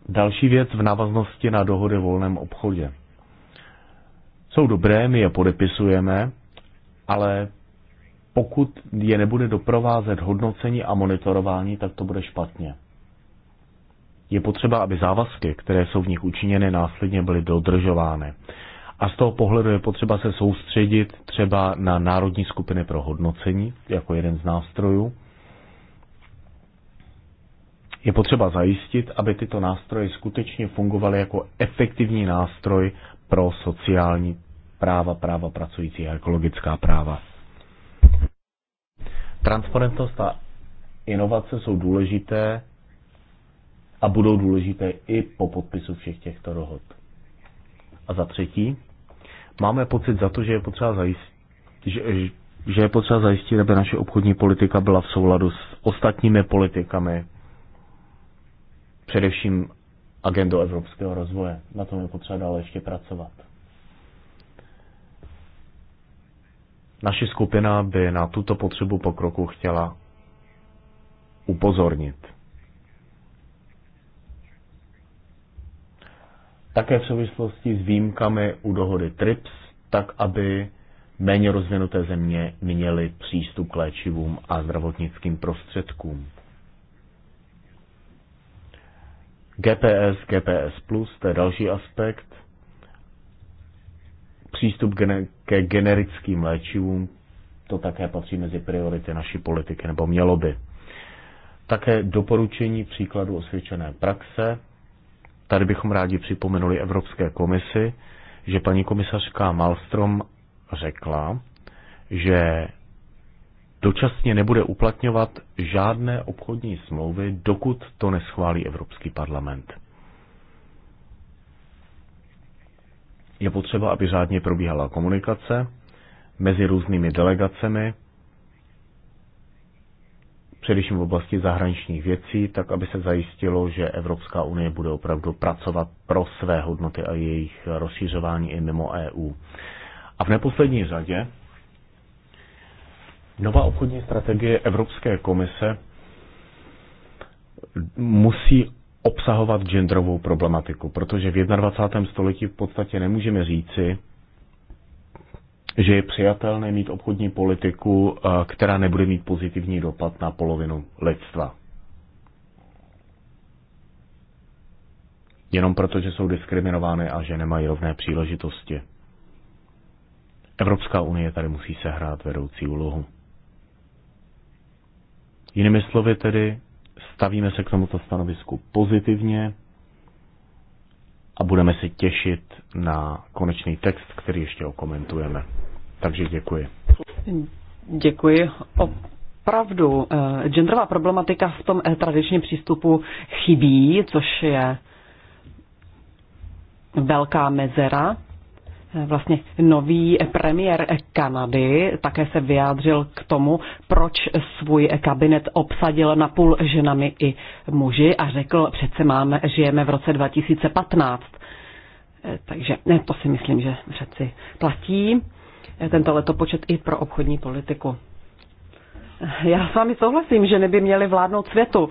Další věc v návaznosti na dohody o volném obchodě. Jsou dobré, my je podepisujeme, ale pokud je nebude doprovázet hodnocení a monitorování, tak to bude špatně. Je potřeba, aby závazky, které jsou v nich učiněny, následně byly dodržovány. A z toho pohledu je potřeba se soustředit třeba na národní skupiny pro hodnocení, jako jeden z nástrojů. Je potřeba zajistit, aby tyto nástroje skutečně fungovaly jako efektivní nástroj pro sociální práva, práva pracujících a ekologická práva. Transparentnost a inovace jsou důležité a budou důležité i po podpisu všech těchto dohod. A za třetí, máme pocit za to, že je potřeba zajistit, že, že je potřeba zajistit, aby naše obchodní politika byla v souladu s ostatními politikami, především agendou evropského rozvoje. Na tom je potřeba dále ještě pracovat. Naše skupina by na tuto potřebu pokroku chtěla upozornit. Také v souvislosti s výjimkami u dohody TRIPS, tak aby méně rozvinuté země měly přístup k léčivům a zdravotnickým prostředkům. GPS, GPS+, to je další aspekt – přístup ke generickým léčivům, to také patří mezi priority naší politiky, nebo mělo by. Také doporučení příkladu osvědčené praxe. Tady bychom rádi připomenuli Evropské komisi, že paní komisařka Malstrom řekla, že dočasně nebude uplatňovat žádné obchodní smlouvy, dokud to neschválí Evropský parlament. je potřeba, aby řádně probíhala komunikace mezi různými delegacemi, především v oblasti zahraničních věcí, tak aby se zajistilo, že Evropská unie bude opravdu pracovat pro své hodnoty a jejich rozšířování i mimo EU. A v neposlední řadě nová obchodní strategie Evropské komise musí obsahovat genderovou problematiku, protože v 21. století v podstatě nemůžeme říci, že je přijatelné mít obchodní politiku, eh, která nebude mít pozitivní dopad na polovinu lidstva. Jenom proto, že jsou diskriminovány a že nemají rovné příležitosti. Evropská unie tady musí sehrát vedoucí úlohu. Jinými slovy tedy, stavíme se k tomuto stanovisku pozitivně a budeme se těšit na konečný text, který ještě okomentujeme. Takže děkuji. Děkuji. Opravdu, eh, genderová problematika v tom eh, tradičním přístupu chybí, což je velká mezera vlastně nový premiér Kanady také se vyjádřil k tomu, proč svůj kabinet obsadil napůl ženami i muži a řekl, přece máme, žijeme v roce 2015. Eh, takže ne, eh, to si myslím, že řeci platí eh, tento letopočet i pro obchodní politiku. Já s vámi souhlasím, že neby měli vládnout světu.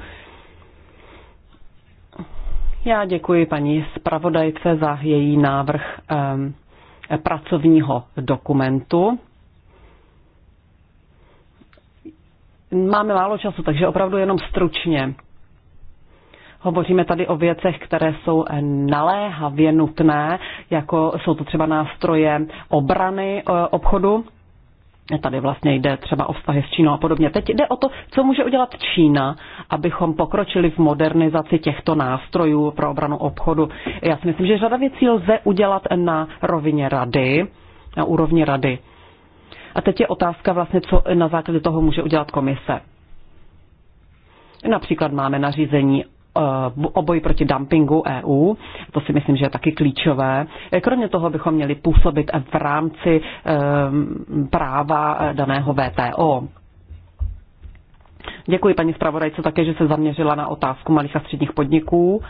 Já děkuji paní zpravodajce za její návrh um, pracovního dokumentu. Máme málo času, takže opravdu jenom stručně. Hovoříme tady o věcech, které jsou naléhavě nutné, jako jsou to třeba nástroje obrany eh, obchodu. Tady vlastně jde třeba o vztahy s Čínou a podobně. Teď jde o to, co může udělat Čína, abychom pokročili v modernizaci těchto nástrojů pro obranu obchodu. Já si myslím, že řada věcí lze udělat na rovině rady, na úrovni rady. A teď je otázka vlastně, co na základě toho může udělat komise. Například máme nařízení Eh, o boji proti dumpingu EU. To si myslím, že je taky klíčové. Eh, kromě toho bychom měli působit v rámci eh, práva daného VTO. Děkuji paní zpravodajce také, že se zaměřila na otázku malých a středních podniků.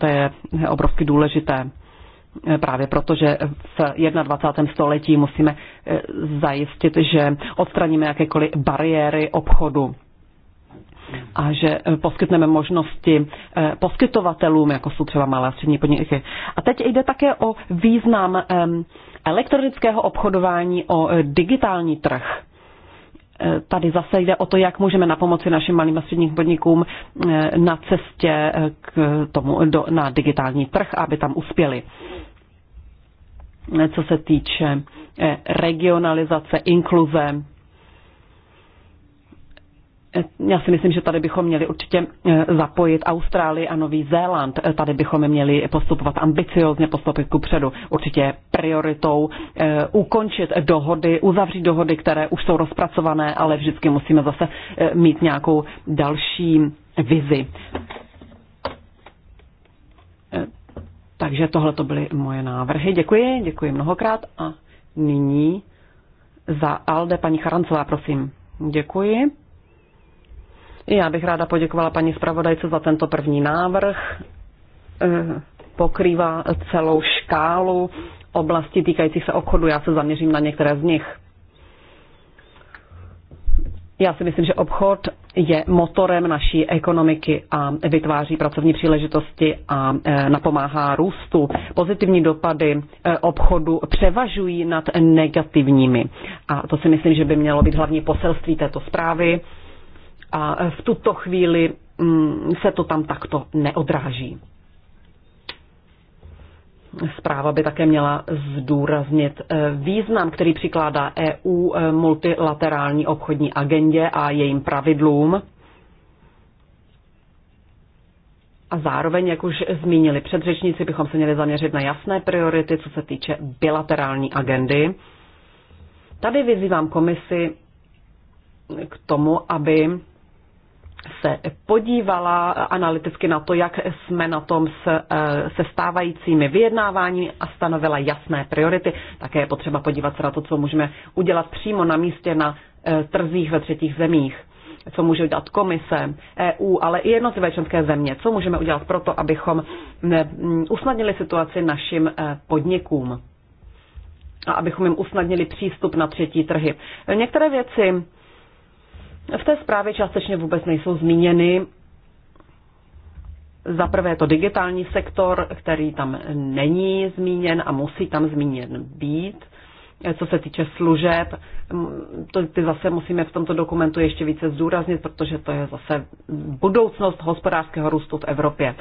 To je obrovsky důležité. Právě proto, že v 21. století musíme zajistit, že odstraníme jakékoliv bariéry obchodu a že eh, poskytneme možnosti eh, poskytovatelům, jako jsou třeba malé a střední podniky. A teď jde také o význam elektronického obchodování, o eh, digitální trh. Tady zase jde o to, jak můžeme na pomoci našim malým a středním podnikům na cestě k tomu, do, na digitální trh, aby tam uspěli co se týče regionalizace, inkluze já si myslím, že tady bychom měli určitě eh, zapojit Austrálii a Nový Zéland. Eh, tady bychom měli postupovat ambiciozně, postupit ku předu. Určitě prioritou eh, ukončit dohody, uzavřít dohody, které už jsou rozpracované, ale vždycky musíme zase mít nějakou další vizi. Takže tohle to byly moje návrhy. Děkuji, děkuji mnohokrát a nyní za Alde paní Charancová, prosím. Děkuji. Já bych ráda poděkovala paní zpravodajce za tento první návrh. Eh, pokrývá celou škálu oblastí týkajících se obchodu. Já se zaměřím na některé z nich. Já si myslím, že obchod je motorem naší ekonomiky a vytváří pracovní příležitosti a eh, napomáhá růstu. Pozitivní dopady eh, obchodu převažují nad negativními. A to si myslím, že by mělo být hlavní poselství této zprávy a v tuto chvíli mm, se to tam takto neodráží. Zpráva by také měla zdůraznit eh, význam, který přikládá EU eh, multilaterální obchodní agendě a jejím pravidlům. A zároveň, jak už zmínili předřečníci, bychom se měli zaměřit na jasné priority, co se týče bilaterální agendy. Tady vyzývám komisi k tomu, aby se podívala analyticky na to, jak jsme na tom s, eh, se stávajícími vyjednávání a stanovila jasné priority. Také je potřeba podívat se na to, co můžeme udělat přímo na místě na eh, trzích ve třetích zemích co může udělat komise, EU, ale i jednotlivé členské země. Co můžeme udělat proto, abychom mm, usnadnili situaci našim eh, podnikům a abychom jim usnadnili přístup na třetí trhy. Některé věci v té zprávě částečně vůbec nejsou zmíněny. Za prvé je to digitální sektor, který tam není zmíněn a musí tam zmíněn být. Co se týče služeb, to, ty zase musíme v tomto dokumentu ještě více zdůraznit, protože to je zase budoucnost hospodářského růstu v Evropě.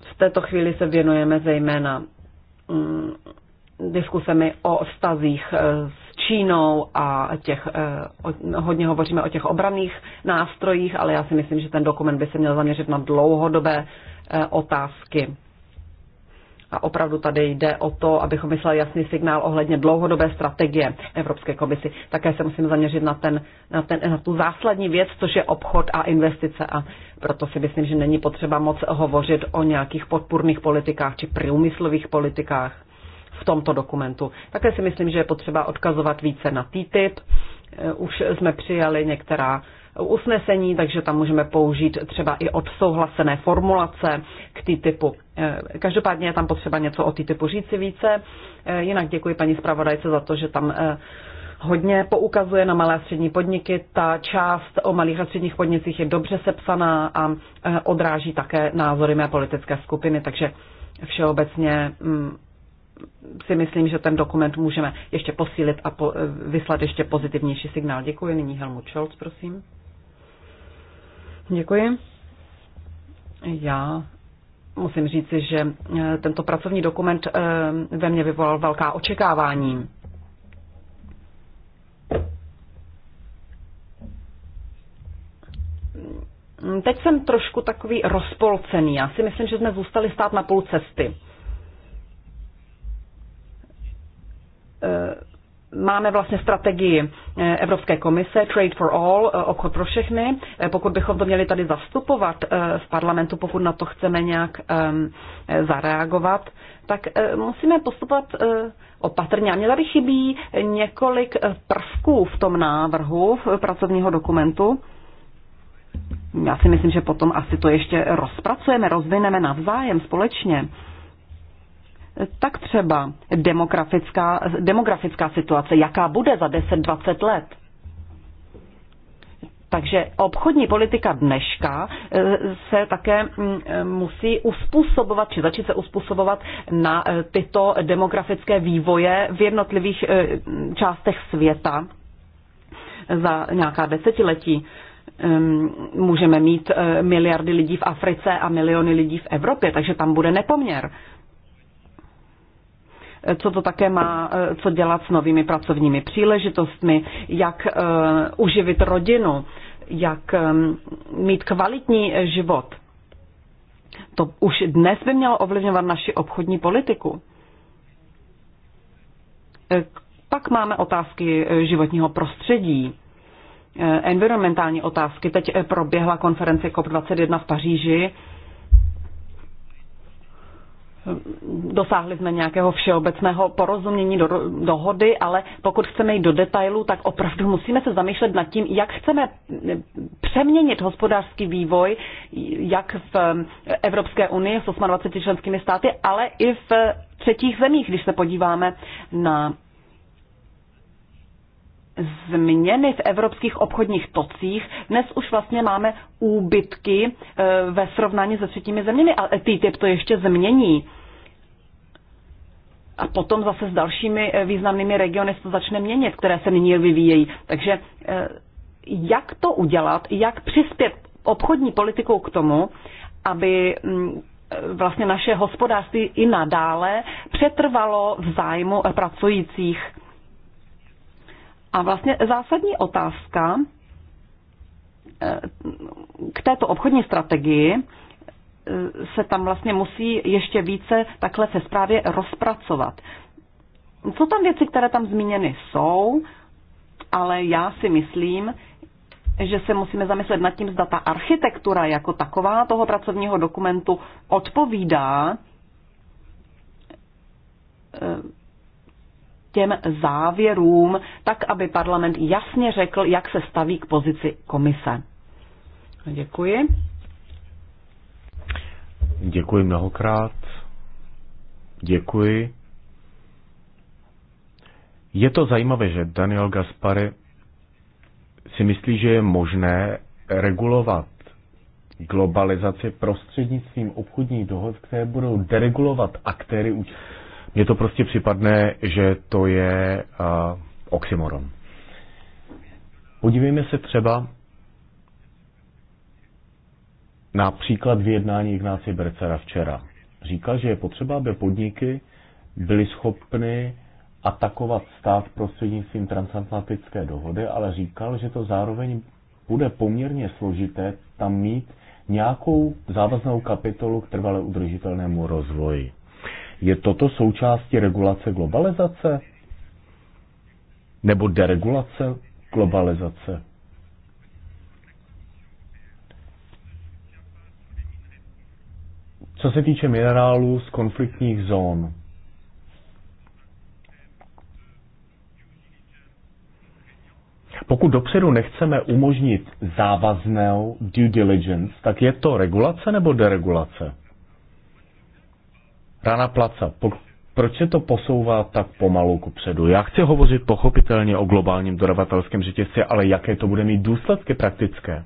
V této chvíli se věnujeme zejména diskusemi o vztazích Čínou a těch, eh, hodně hovoříme o těch obraných nástrojích, ale já si myslím, že ten dokument by se měl zaměřit na dlouhodobé eh, otázky. A opravdu tady jde o to, abychom vyslali jasný signál ohledně dlouhodobé strategie Evropské komisy. Také se musím zaměřit na, ten, na, ten, na tu zásadní věc, což je obchod a investice. A proto si myslím, že není potřeba moc hovořit o nějakých podpůrných politikách či průmyslových politikách v tomto dokumentu. Také si myslím, že je potřeba odkazovat více na TTIP. Eh, už jsme přijali některá usnesení, takže tam můžeme použít třeba i odsouhlasené formulace k TTIPu. Eh, každopádně je tam potřeba něco o TTIPu říci více. Eh, jinak děkuji paní zpravodajce za to, že tam hodně poukazuje na malé a střední podniky. Ta část o malých a středních podnicích je dobře sepsaná a odráží také názory mé politické skupiny, takže všeobecně mm, si myslím, že ten dokument můžeme ještě posílit a po, eh, vyslat ještě pozitivnější signál. Děkuji. Nyní Helmut Scholz, prosím. Děkuji. Já musím říci, že eh, tento pracovní dokument eh, ve mně vyvolal velká očekávání. Teď jsem trošku takový rozpolcený. Já si myslím, že jsme zůstali stát na půl cesty Eh, máme vlastně strategii eh, Evropské komise Trade for All, eh, obchod pro všechny. Pokud bychom to měli tady zastupovat v parlamentu, pokud na to chceme nějak ehm, zareagovat, tak musíme postupovat opatrně. A mě tady chybí několik prvků v tom návrhu v pracovního dokumentu. Já si myslím, že potom asi to ještě rozpracujeme, rozvineme navzájem společně tak třeba demografická, demografická situace, jaká bude za 10-20 let. Takže obchodní politika dneška e, se také e, musí uspůsobovat, či začít se uspůsobovat na e, tyto demografické vývoje v jednotlivých částech světa za nějaká desetiletí. Můžeme mít miliardy lidí v Africe a miliony lidí v Evropě, takže tam bude nepoměr co to také má eh, co dělat s novými pracovními příležitostmi, jak eh, uživit rodinu, jak eh, mít kvalitní život. To už dnes by mělo ovlivňovat naši obchodní politiku. Pak máme otázky životního prostředí, environmentální otázky. Teď proběhla konference COP21 v Paříži dosáhli jsme nějakého všeobecného porozumění do, dohody, ale pokud chceme jít do detailů, tak opravdu musíme se zamýšlet nad tím, jak chceme eh, přeměnit hospodářský vývoj, jak v eh, Evropské unii s 28 členskými státy, ale i v eh, třetích zemích, když se podíváme na změny v evropských obchodních tocích. Dnes už vlastně máme úbytky ve srovnání se třetími zeměmi, ale TTIP to ještě změní a potom zase s dalšími eh, významnými regiony se to začne měnit, které se nyní vyvíjejí. Takže eh, jak to udělat, jak přispět obchodní politikou k tomu, aby mm, eh, vlastně naše hospodářství i nadále přetrvalo v zájmu pracujících. A vlastně zásadní otázka k této obchodní strategii se tam vlastně musí ještě více takhle se zprávě rozpracovat. Jsou tam věci, které tam zmíněny jsou, ale já si myslím, že se musíme zamyslet nad tím, zda ta architektura jako taková toho pracovního dokumentu odpovídá eh, těm závěrům, tak aby parlament jasně řekl, jak se staví k pozici komise. Děkuji. Děkuji mnohokrát. Děkuji. Je to zajímavé, že Daniel Gaspary si myslí, že je možné regulovat globalizaci prostřednictvím obchodních dohod, které budou deregulovat aktéry. Mně to prostě připadne, že to je uh, oxymoron. Podívejme se třeba Například v jednání Ignáci Bercera včera. Říkal, že je potřeba, aby podniky byly schopny atakovat stát prostřednictvím transatlantické dohody, ale říkal, že to zároveň bude poměrně složité tam mít nějakou závaznou kapitolu k trvale udržitelnému rozvoji. Je toto součástí regulace globalizace? Nebo deregulace globalizace? Co se týče minerálů z konfliktních zón, Pokud dopředu nechceme umožnit závaznou due diligence, tak je to regulace nebo deregulace? Rana placa, proč se to posouvá tak pomalu kupředu? Já chci hovořit pochopitelně o globálním dodavatelském řetězci, ale jaké to bude mít důsledky praktické?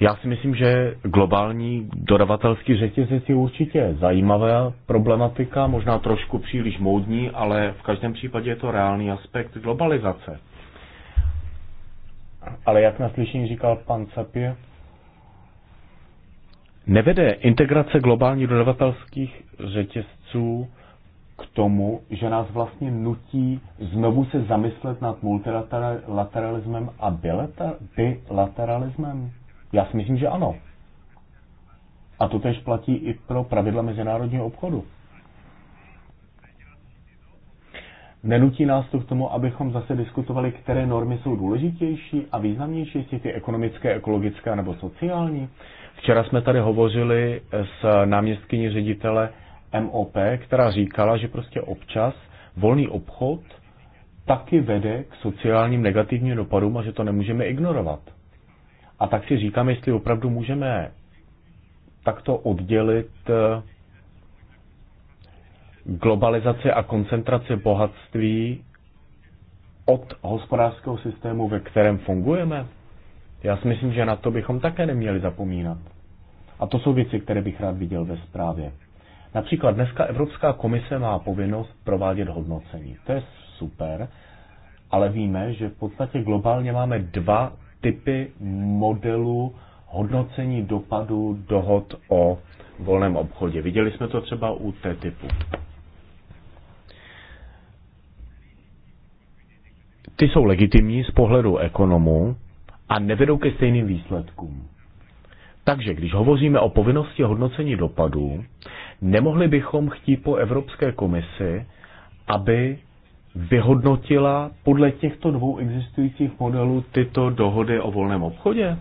Já si myslím, že globální dodavatelský řetězec je určitě zajímavá problematika, možná trošku příliš módní, ale v každém případě je to reálný aspekt globalizace. Ale jak na slyšení říkal pan Cepě, nevede integrace globálních dodavatelských řetězců k tomu, že nás vlastně nutí znovu se zamyslet nad multilateralismem a bilateralismem? Já si myslím, že ano. A to tež platí i pro pravidla mezinárodního obchodu. Nenutí nás to k tomu, abychom zase diskutovali, které normy jsou důležitější a významnější, jestli ty ekonomické, ekologické nebo sociální. Včera jsme tady hovořili s náměstkyní ředitele MOP, která říkala, že prostě občas volný obchod taky vede k sociálním negativním dopadům a že to nemůžeme ignorovat. A tak si říkám, jestli opravdu můžeme takto oddělit eh, globalizaci a koncentraci bohatství od hospodářského systému, ve kterém fungujeme? Já si myslím, že na to bychom také neměli zapomínat. A to jsou věci, které bych rád viděl ve zprávě. Například dneska Evropská komise má povinnost provádět hodnocení. To je super, ale víme, že v podstatě globálně máme dva typy modelů hodnocení dopadu dohod o volném obchodě. Viděli jsme to třeba u té typu Ty jsou legitimní z pohledu ekonomů a nevedou ke stejným výsledkům. Takže když hovoříme o povinnosti hodnocení dopadů, nemohli bychom chtít po Evropské komisi, aby vyhodnotila podle těchto dvou existujících modelů tyto dohody o volném obchodě?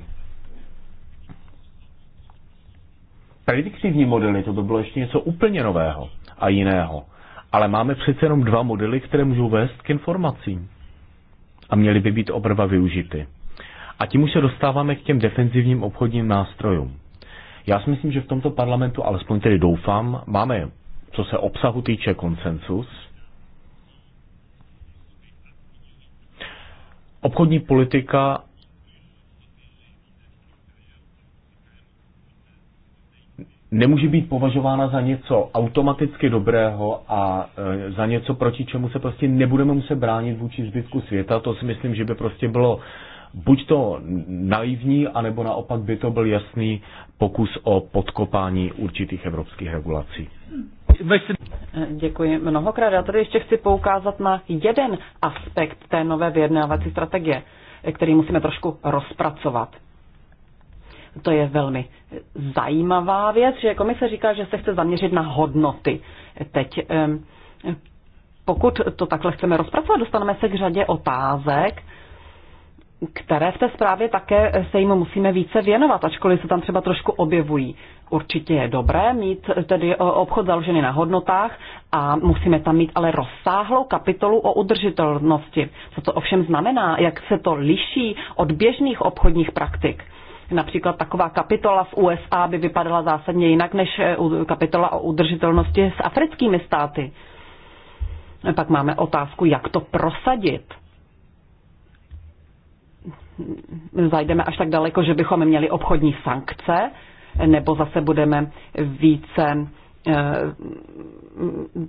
Prediktivní modely, to by bylo ještě něco úplně nového a jiného. Ale máme přece jenom dva modely, které můžou vést k informacím. A měly by být oba využity. A tím už se dostáváme k těm defenzivním obchodním nástrojům. Já si myslím, že v tomto parlamentu, alespoň tedy doufám, máme, co se obsahu týče konsensus, Obchodní politika nemůže být považována za něco automaticky dobrého a e, za něco, proti čemu se prostě nebudeme muset bránit vůči zbytku světa. To si myslím, že by prostě bylo buď to naivní, anebo naopak by to byl jasný pokus o podkopání určitých evropských regulací. Eh, děkuji mnohokrát. Já tady ještě chci poukázat na jeden aspekt té nové vyjednávací strategie, eh, který musíme trošku rozpracovat. To je velmi zajímavá věc, že komise říká, že se chce zaměřit na hodnoty. Teď eh, pokud to takhle chceme rozpracovat, dostaneme se k řadě otázek, které v té zprávě také eh, se jim musíme více věnovat, ačkoliv se tam třeba trošku objevují. Určitě je dobré mít eh, tedy eh, obchod založený na hodnotách a musíme tam mít ale rozsáhlou kapitolu o udržitelnosti. Co to ovšem znamená, jak se to liší od běžných obchodních praktik? Například taková kapitola v USA by vypadala zásadně jinak než kapitola o udržitelnosti s africkými státy. Pak máme otázku, jak to prosadit zajdeme až tak daleko, že bychom měli obchodní sankce, nebo zase budeme více eh,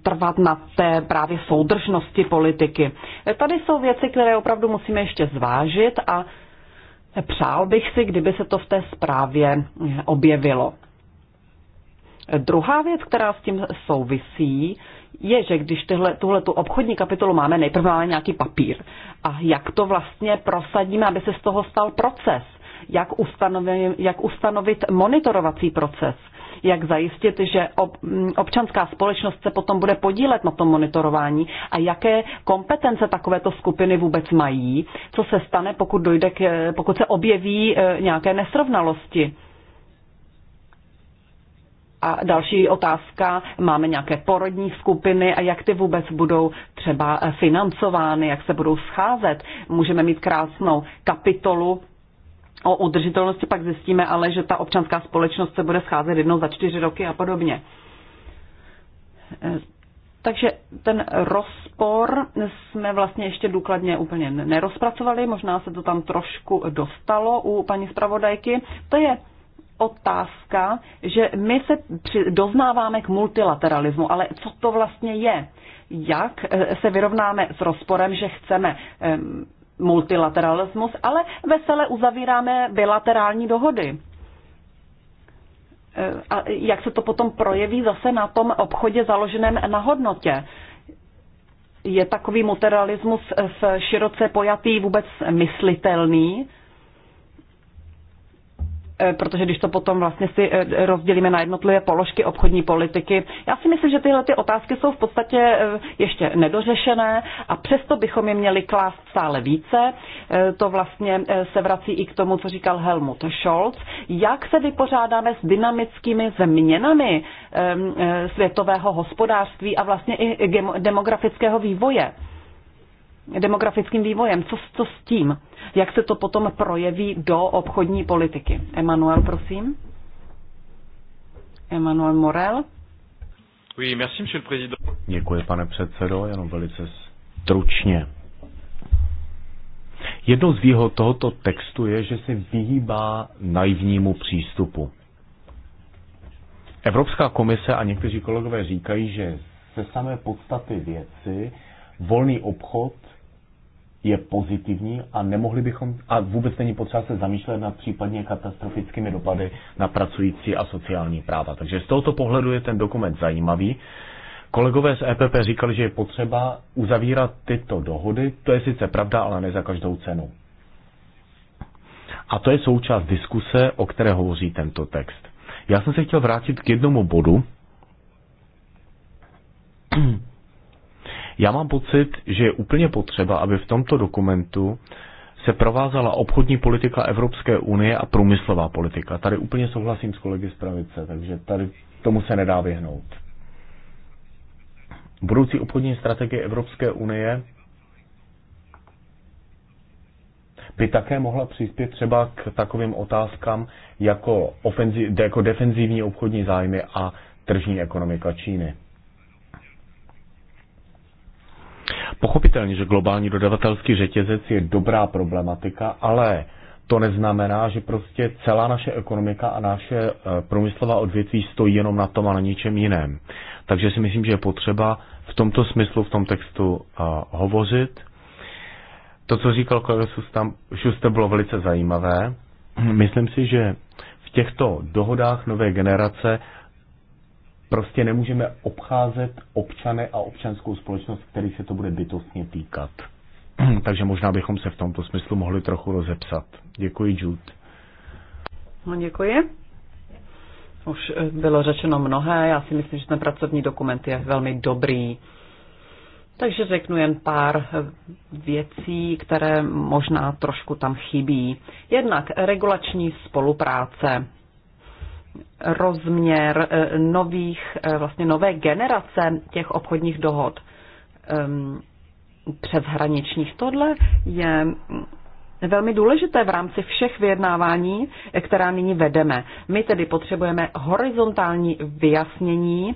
trvat na té právě soudržnosti politiky. Tady jsou věci, které opravdu musíme ještě zvážit a přál bych si, kdyby se to v té zprávě objevilo. Druhá věc, která s tím souvisí, je, že když tyhle, tuhle tu obchodní kapitolu máme, nejprve máme nějaký papír. A jak to vlastně prosadíme, aby se z toho stal proces? Jak, ustanovi, jak ustanovit monitorovací proces? Jak zajistit, že ob, mm, občanská společnost se potom bude podílet na tom monitorování a jaké kompetence takovéto skupiny vůbec mají? Co se stane, pokud, dojde k, eh, pokud se objeví eh, nějaké nesrovnalosti? A další otázka, máme nějaké porodní skupiny a jak ty vůbec budou třeba eh, financovány, jak se budou scházet. Můžeme mít krásnou kapitolu o udržitelnosti, pak zjistíme ale, že ta občanská společnost se bude scházet jednou za čtyři roky a podobně. Eh, takže ten rozpor jsme vlastně ještě důkladně úplně nerozpracovali, možná se to tam trošku dostalo u paní zpravodajky. To je otázka, že my se doznáváme k multilateralismu, ale co to vlastně je? Jak eh, se vyrovnáme s rozporem, že chceme eh, multilateralismus, ale vesele uzavíráme bilaterální dohody? Eh, a jak se to potom projeví zase na tom obchodě založeném na hodnotě? Je takový multilateralismus v široce pojatý vůbec myslitelný? Eh, protože když to potom vlastně si eh, rozdělíme na jednotlivé položky obchodní politiky. Já si myslím, že tyhle ty otázky jsou v podstatě eh, ještě nedořešené a přesto bychom je měli klást stále více. To vlastně se vrací i k tomu, co říkal Helmut Scholz. Jak se vypořádáme s dynamickými změnami světového hospodářství a vlastně i demografického vývoje? demografickým vývojem. Co, co s tím? Jak se to potom projeví do obchodní politiky? Emanuel, prosím. Emanuel Morel. Děkuji, pane předsedo, jenom velice stručně. Jednou z výhod tohoto textu je, že se vyhýbá naivnímu přístupu. Evropská komise a někteří kolegové říkají, že ze samé podstaty věci volný obchod je pozitivní a nemohli bychom, a vůbec není potřeba se zamýšlet nad případně katastrofickými dopady na pracující a sociální práva. Takže z tohoto pohledu je ten dokument zajímavý. Kolegové z EPP říkali, že je potřeba uzavírat tyto dohody. To je sice pravda, ale ne za každou cenu. A to je součást diskuse, o které hovoří tento text. Já jsem se chtěl vrátit k jednomu bodu, já mám pocit, že je úplně potřeba, aby v tomto dokumentu se provázala obchodní politika Evropské unie a průmyslová politika. Tady úplně souhlasím s kolegy z pravice, takže tady tomu se nedá vyhnout. Budoucí obchodní strategie Evropské unie by také mohla přispět třeba k takovým otázkám jako, ofenzi, jako defenzivní obchodní zájmy a tržní ekonomika Číny. Pochopitelně, že globální dodavatelský řetězec je dobrá problematika, ale to neznamená, že prostě celá naše ekonomika a naše eh, průmyslová odvětví stojí jenom na tom a na ničem jiném. Takže si myslím, že je potřeba v tomto smyslu v tom textu eh, hovořit. To, co říkal kolega Šuste, bylo velice zajímavé. Myslím si, že v těchto dohodách nové generace prostě nemůžeme obcházet občany a občanskou společnost, který se to bude bytostně týkat. Takže možná bychom se v tomto smyslu mohli trochu rozepsat. Děkuji, Jude. No, děkuji. Už bylo řečeno mnohé, já si myslím, že ten pracovní dokument je velmi dobrý. Takže řeknu jen pár věcí, které možná trošku tam chybí. Jednak regulační spolupráce rozměr eh, nových, eh, vlastně nové generace těch obchodních dohod ehm, přeshraničních. Tohle je velmi důležité v rámci všech vyjednávání, eh, která nyní vedeme. My tedy potřebujeme horizontální vyjasnění,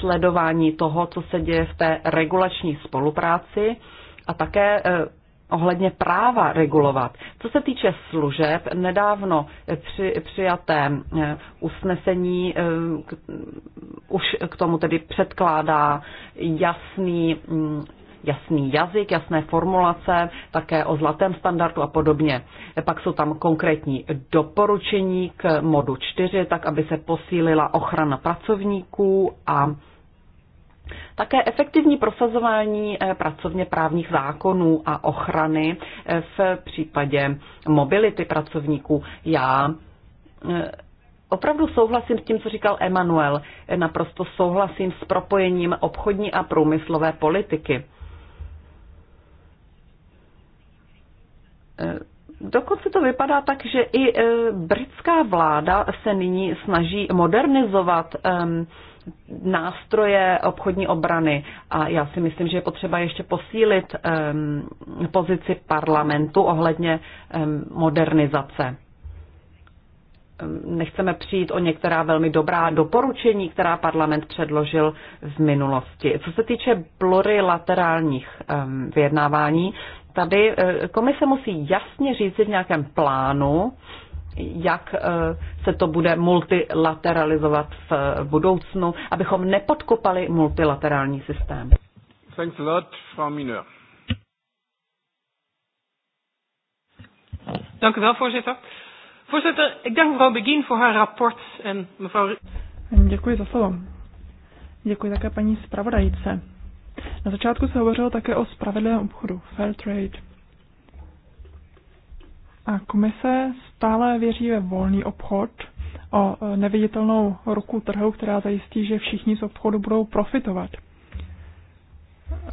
sledování toho, co se děje v té regulační spolupráci a také ohledně práva regulovat. Co se týče služeb, nedávno při, přijaté eh, usnesení eh, už k tomu tedy předkládá jasný mm, jasný jazyk, jasné formulace, také o zlatém standardu a podobně. Pak jsou tam konkrétní doporučení k modu 4, tak aby se posílila ochrana pracovníků a také efektivní prosazování eh, pracovně právních zákonů a ochrany eh, v případě mobility pracovníků. Já eh, opravdu souhlasím s tím, co říkal Emanuel. Naprosto souhlasím s propojením obchodní a průmyslové politiky. Dokonce to vypadá tak, že i britská vláda se nyní snaží modernizovat ehm, nástroje obchodní obrany. A já si myslím, že je potřeba ještě posílit um, pozici parlamentu ohledně um, modernizace. Nechceme přijít o některá velmi dobrá doporučení, která parlament předložil v minulosti. Co se týče plurilaterálních um, vyjednávání, tady e, komise musí jasně říct v nějakém plánu, jak eh, se to bude multilateralizovat v budoucnu, abychom nepodkopali multilaterální systém. Thanks a lot, Frau Dank u wel, voorzitter. Voorzitter, ik dank mevrouw Begin voor haar rapport en mevrouw... Děkuji za slovo. Děkuji také paní zpravodajice. Na začátku se hovořilo také o spravedlivém obchodu, fair trade. A komise stále věří ve volný obchod, o e, neviditelnou ruku trhu, která zajistí, že všichni z obchodu budou profitovat.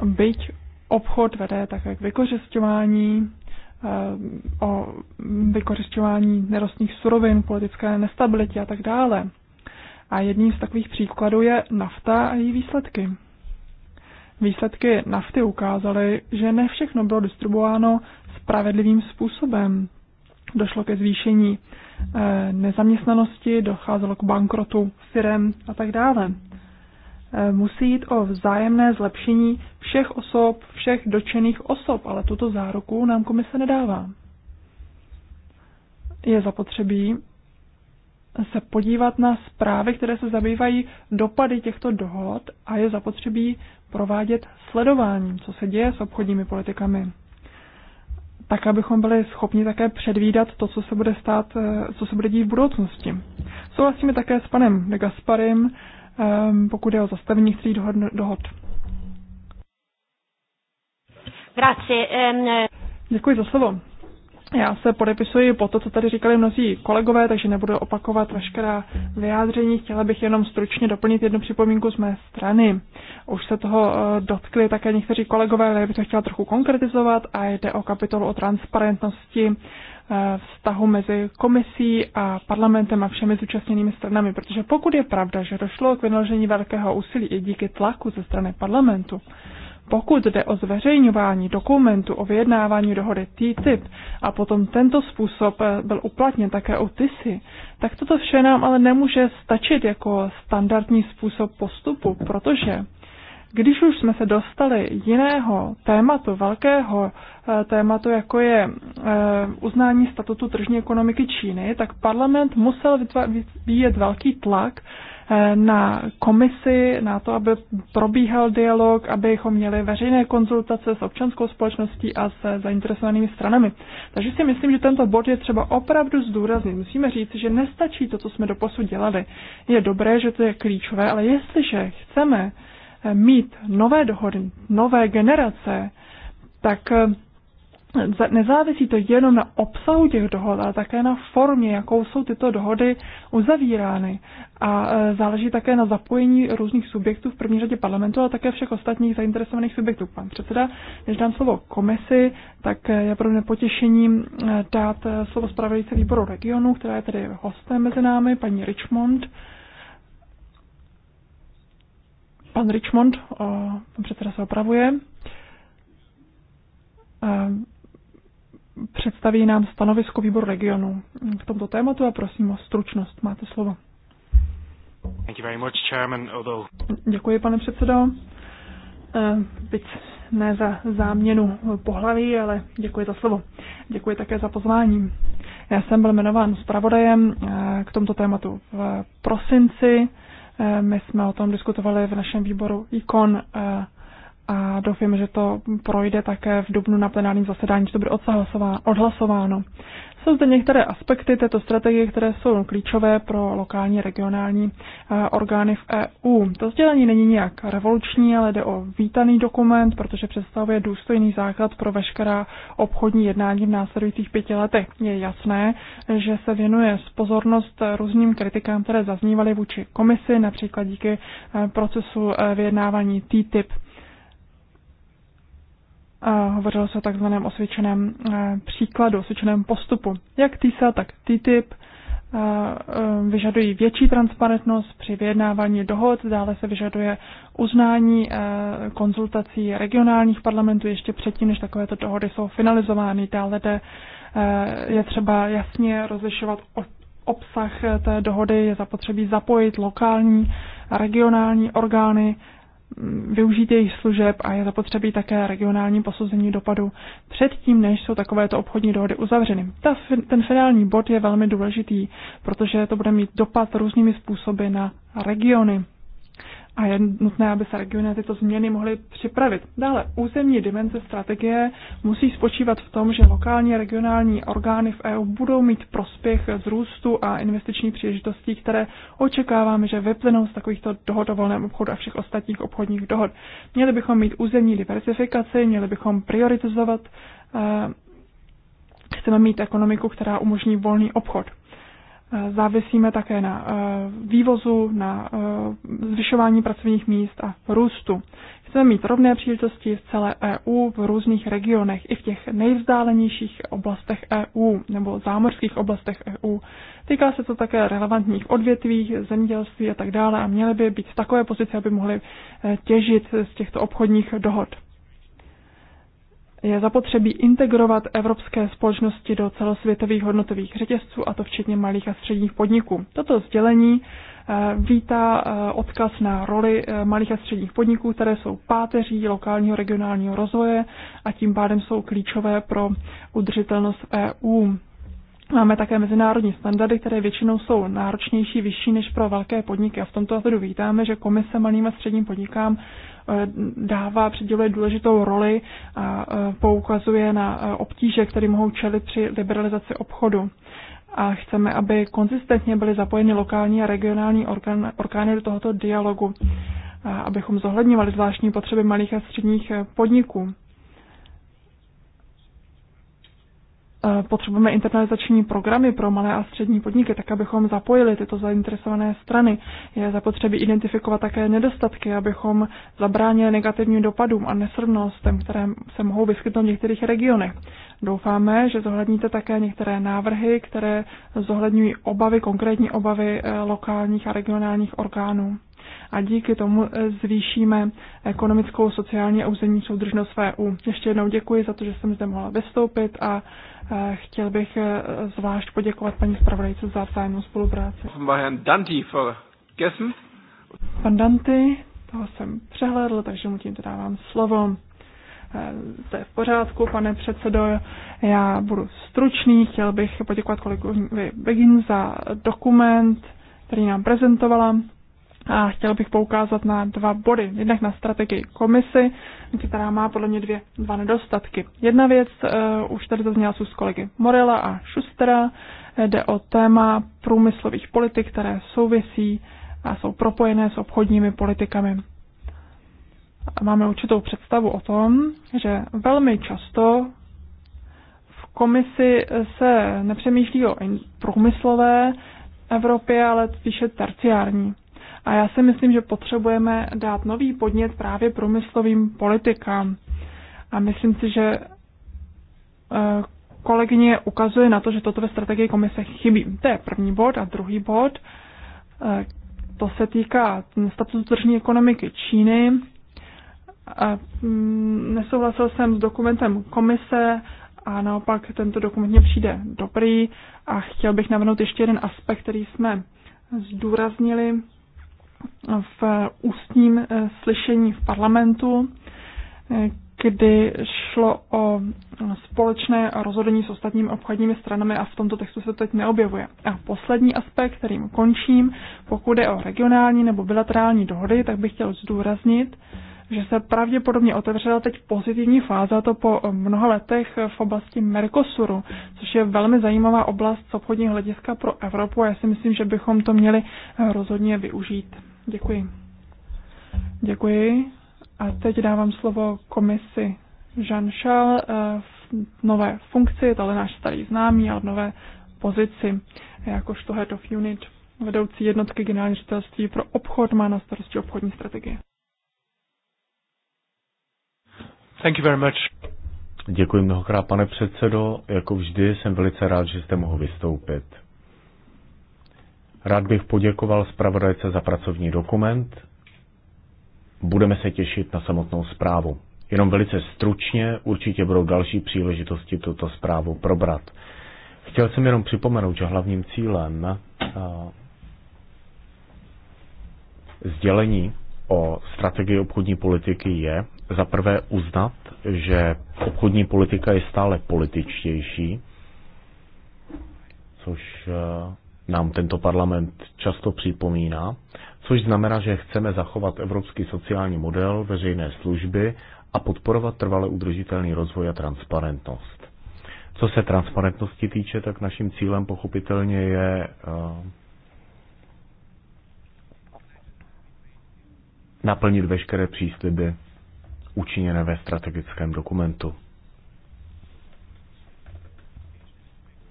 Byť obchod vede také k vykořišťování, e, o vykořišťování nerostných surovin, politické nestabilitě a tak dále. A jedním z takových příkladů je nafta a její výsledky. Výsledky nafty ukázaly, že ne všechno bylo distribuováno spravedlivým způsobem, došlo ke zvýšení eh, nezaměstnanosti, docházelo k bankrotu firem a tak dále. Eh, musí jít o vzájemné zlepšení všech osob, všech dočených osob, ale tuto záruku nám komise nedává. Je zapotřebí se podívat na zprávy, které se zabývají dopady těchto dohod a je zapotřebí provádět sledování, co se děje s obchodními politikami tak abychom byli schopni také předvídat to, co se bude stát, eh, co se bude dít v budoucnosti. Souhlasíme také s panem de Gasparim, ehm, pokud je o zastavení některých dohod. Grazie. Ehm, Děkuji za slovo. Já se podepisuji po to, co tady říkali mnozí kolegové, takže nebudu opakovat veškerá vyjádření. Chtěla bych jenom stručně doplnit jednu připomínku z mé strany. Už se toho eh, dotkli také někteří kolegové, ale bych to chtěla trochu konkretizovat a jde o kapitolu o transparentnosti eh, vztahu mezi komisí a parlamentem a všemi zúčastněnými stranami, protože pokud je pravda, že došlo k vynaložení velkého úsilí i díky tlaku ze strany parlamentu, pokud jde o zveřejňování dokumentu o vyjednávání dohody TTIP a potom tento způsob eh, byl uplatněn také u TISY, tak toto vše nám ale nemůže stačit jako standardní způsob postupu, protože když už jsme se dostali jiného tématu, velkého eh, tématu, jako je eh, uznání statutu tržní ekonomiky Číny, tak parlament musel vyvíjet velký tlak Eh, na komisi, na to, aby probíhal dialog, abychom měli veřejné konzultace s občanskou společností a se zainteresovanými stranami. Takže si myslím, že tento bod je třeba opravdu zdůraznit. Musíme říct, že nestačí to, co jsme doposud dělali. Je dobré, že to je klíčové, ale jestliže chceme eh, mít nové dohody, nové generace, tak eh, nezávisí to jenom na obsahu těch dohod, ale také na formě, jakou jsou tyto dohody uzavírány. A e, záleží také na zapojení různých subjektů, v první řadě parlamentu, ale také všech ostatních zainteresovaných subjektů. Pan předseda, než dám slovo komisi, tak e, je pro mě potěšením e, dát slovo zpravodajce výboru regionu, která je tedy hostem mezi námi, paní Richmond. Pan Richmond, pan předseda se opravuje představí nám stanovisko výboru regionu v tomto tématu a prosím o stručnost. Máte slovo. Thank you very much, Chairman, although... Děkuji, pane předsedo. Eh, byť ne za záměnu pohlaví, ale děkuji za slovo. Děkuji také za pozvání. Já jsem byl jmenován zpravodajem eh, k tomto tématu v prosinci. Eh, my jsme o tom diskutovali v našem výboru ikon a doufám, že to projde také v dubnu na plenárním zasedání, že to bude odhlasováno. Jsou zde některé aspekty této strategie, které jsou klíčové pro lokální regionální orgány v EU. To sdělení není nijak revoluční, ale jde o vítaný dokument, protože představuje důstojný základ pro veškerá obchodní jednání v následujících pěti letech. Je jasné, že se věnuje pozornost různým kritikám, které zaznívaly vůči komisi, například díky procesu vyjednávání TTIP hovořilo se o takzvaném osvědčeném eh, příkladu, osvědčeném postupu. Jak TISA, tak TTIP eh, eh, vyžadují větší transparentnost při vyjednávání dohod, dále se vyžaduje uznání konzultací regionálních parlamentů ještě předtím, než takovéto dohody jsou finalizovány. Dále je třeba jasně rozlišovat obsah té dohody, je zapotřebí zapojit lokální a regionální orgány využít jejich služeb a je zapotřebí také regionální posouzení dopadu předtím, než jsou takovéto obchodní dohody uzavřeny. Ta, ten finální bod je velmi důležitý, protože to bude mít dopad různými způsoby na regiony a je nutné, aby se regiony tyto změny mohly připravit. Dále, územní dimenze strategie musí spočívat v tom, že lokální a regionální orgány v EU budou mít prospěch z růstu a investiční příležitostí, které očekáváme, že vyplynou z takovýchto dohod o volném obchodu a všech ostatních obchodních dohod. Měli bychom mít územní diversifikaci, měli bychom prioritizovat. Eh, chceme mít ekonomiku, která umožní volný obchod. Eh, závisíme také na eh, vývozu, na eh, zvyšování pracovních míst a růstu. Chceme mít rovné příležitosti v celé EU, v různých regionech, i v těch nejvzdálenějších oblastech EU nebo zámořských oblastech EU. Týká se to také relevantních odvětví, zemědělství a tak dále a měly by být v takové pozici, aby mohly těžit z těchto obchodních dohod je zapotřebí integrovat evropské společnosti do celosvětových hodnotových řetězců, a to včetně malých a středních podniků. Toto sdělení eh, vítá eh, odkaz na roli eh, malých a středních podniků, které jsou páteří lokálního regionálního rozvoje a tím pádem jsou klíčové pro udržitelnost EU. Máme také mezinárodní standardy, které většinou jsou náročnější, vyšší než pro velké podniky. A v tomto ohledu vítáme, že Komise malým a středním podnikám Eh, dává, přiděluje důležitou roli a eh, poukazuje na eh, obtíže, které mohou čelit při liberalizaci obchodu. A chceme, aby konzistentně byly zapojeny lokální a regionální orgány do tohoto dialogu, abychom zohledňovali zvláštní potřeby malých a středních podniků. potřebujeme internalizační programy pro malé a střední podniky, tak abychom zapojili tyto zainteresované strany. Je zapotřebí identifikovat také nedostatky, abychom zabránili negativním dopadům a nesrovnostem, které se mohou vyskytnout v některých regionech. Doufáme, že zohledníte také některé návrhy, které zohledňují obavy, konkrétní obavy eh, lokálních a regionálních orgánů a díky tomu eh, zvýšíme ekonomickou, sociální a územní soudržnost VU. E Ještě jednou děkuji za to, že jsem zde mohla vystoupit a eh, chtěl bych eh, zvlášť poděkovat paní zpravodajce za vzájemnou spolupráci. Pan Danty, toho jsem přehlédl, takže mu tímto dávám slovo. To je v pořádku, pane předsedo. Já budu stručný. Chtěl bych poděkovat kolegovi Begin za dokument, který nám prezentovala. A chtěla bych poukázat na dva body. Jednak na strategii komisy, která má podle mě dvě, dva nedostatky. Jedna věc, uh, už tady zazněla jsou s kolegy Morela a Schustera, eh, jde o téma průmyslových politik, které souvisí a jsou propojené s obchodními politikami. A máme určitou představu o tom, že velmi často v komisi se nepřemýšlí o průmyslové Evropě, ale spíše terciární a já si myslím, že potřebujeme dát nový podnět právě průmyslovým politikám. A myslím si, že eh, kolegyně ukazuje na to, že toto ve strategii komise chybí. To je první bod. A druhý bod, eh, to se týká statusu tržní ekonomiky Číny. A mm, nesouhlasil jsem s dokumentem komise a naopak tento dokument mě přijde dobrý a chtěl bych navrhnout ještě jeden aspekt, který jsme zdůraznili v ústním eh, slyšení v parlamentu, eh, kdy šlo o společné rozhodení s ostatními obchodními stranami a v tomto textu se teď neobjevuje. A poslední aspekt, kterým končím, pokud je o regionální nebo bilaterální dohody, tak bych chtěl zdůraznit, že se pravděpodobně otevřela teď pozitivní fáze, a to po mnoha letech v oblasti Mercosuru, což je velmi zajímavá oblast z obchodního hlediska pro Evropu a já si myslím, že bychom to měli eh, rozhodně využít. Děkuji. Děkuji. A teď dávám slovo komisi Jean Charles eh, v nové funkci, je to náš starý známý, ale v nové pozici, jakožto Head of Unit, vedoucí jednotky generální ředitelství pro obchod, má na starosti obchodní strategie. Thank you very much. Děkuji mnohokrát, pane předsedo. Jako vždy jsem velice rád, že jste mohl vystoupit. Rád bych poděkoval zpravodajce za pracovní dokument. Budeme se těšit na samotnou zprávu. Jenom velice stručně, určitě budou další příležitosti tuto zprávu probrat. Chtěl jsem jenom připomenout, že hlavním cílem sdělení o strategii obchodní politiky je, za prvé uznat, že obchodní politika je stále političtější, což eh, nám tento parlament často připomíná, což znamená, že chceme zachovat evropský sociální model veřejné služby a podporovat trvale udržitelný rozvoj a transparentnost. Co se transparentnosti týče, tak naším cílem pochopitelně je eh, naplnit veškeré přísliby učiněné ve strategickém dokumentu.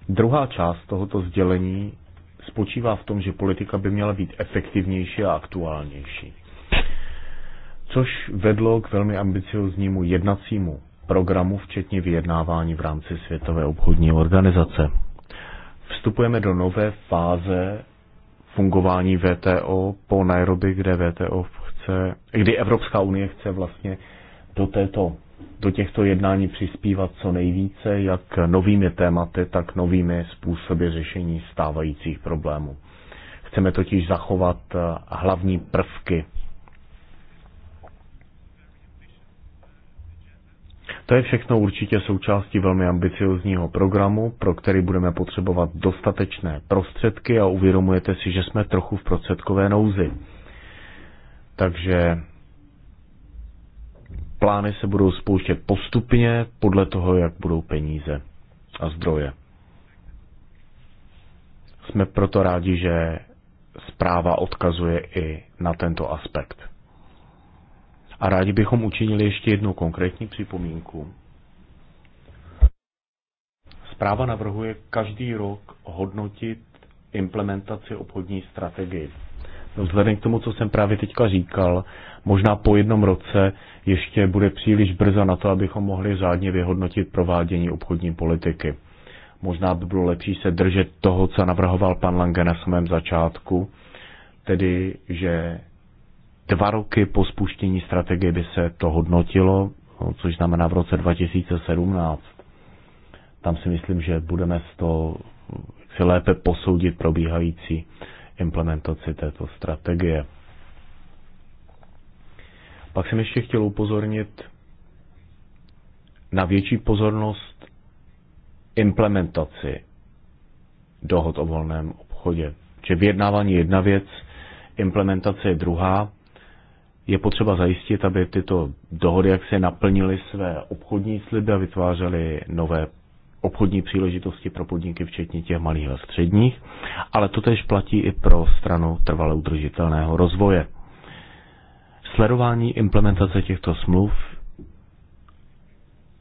Druhá část tohoto sdělení spočívá v tom, že politika by měla být efektivnější a aktuálnější. Což vedlo k velmi ambicioznímu jednacímu programu, včetně vyjednávání v rámci Světové obchodní organizace. Vstupujeme do nové fáze fungování VTO po Nairobi, kde VTO chce, kdy Evropská unie chce vlastně do, této, do těchto jednání přispívat co nejvíce, jak novými tématy, tak novými způsoby řešení stávajících problémů. Chceme totiž zachovat eh, hlavní prvky. To je všechno určitě součástí velmi ambiciozního programu, pro který budeme potřebovat dostatečné prostředky a uvědomujete si, že jsme trochu v prostředkové nouzi. Takže Plány se budou spouštět postupně podle toho, jak budou peníze a zdroje. Jsme proto rádi, že zpráva odkazuje i na tento aspekt. A rádi bychom učinili ještě jednu konkrétní připomínku. Zpráva navrhuje každý rok hodnotit implementaci obchodní strategie. No, vzhledem k tomu, co jsem právě teďka říkal, možná po jednom roce ještě bude příliš brzo na to, abychom mohli řádně vyhodnotit provádění obchodní politiky. Možná by bylo lepší se držet toho, co navrhoval pan Lange na samém začátku, tedy že dva roky po spuštění strategie by se to hodnotilo, což znamená v roce 2017. Tam si myslím, že budeme z toho si lépe posoudit probíhající implementaci této strategie. Pak jsem ještě chtěl upozornit na větší pozornost implementaci dohod o volném obchodě. Že vyjednávání je jedna věc, implementace je druhá. Je potřeba zajistit, aby tyto dohody jak se naplnily své obchodní sliby a vytvářely nové obchodní příležitosti pro podniky, včetně těch malých a středních, ale to tež platí i pro stranu trvale udržitelného rozvoje. Sledování implementace těchto smluv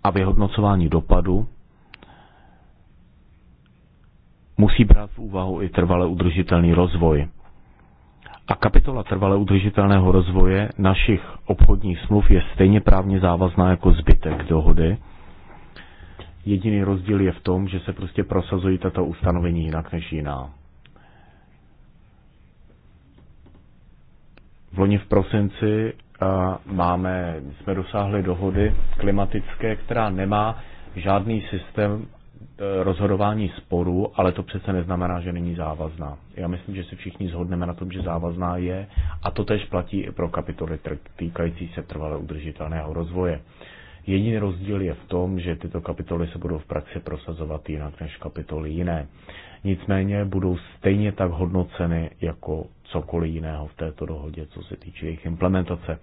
a vyhodnocování dopadu musí brát v úvahu i trvale udržitelný rozvoj. A kapitola trvale udržitelného rozvoje našich obchodních smluv je stejně právně závazná jako zbytek dohody. Jediný rozdíl je v tom, že se prostě prosazují tato ustanovení jinak než jiná. v loni v prosinci máme, jsme dosáhli dohody klimatické, která nemá žádný systém e, rozhodování sporů, ale to přece neznamená, že není závazná. Já myslím, že se všichni zhodneme na tom, že závazná je a to tež platí i pro kapitoly týkající se trvale udržitelného rozvoje. Jediný rozdíl je v tom, že tyto kapitoly se budou v praxi prosazovat jinak než kapitoly jiné nicméně budou stejně tak hodnoceny jako cokoliv jiného v této dohodě, co se týče jejich implementace.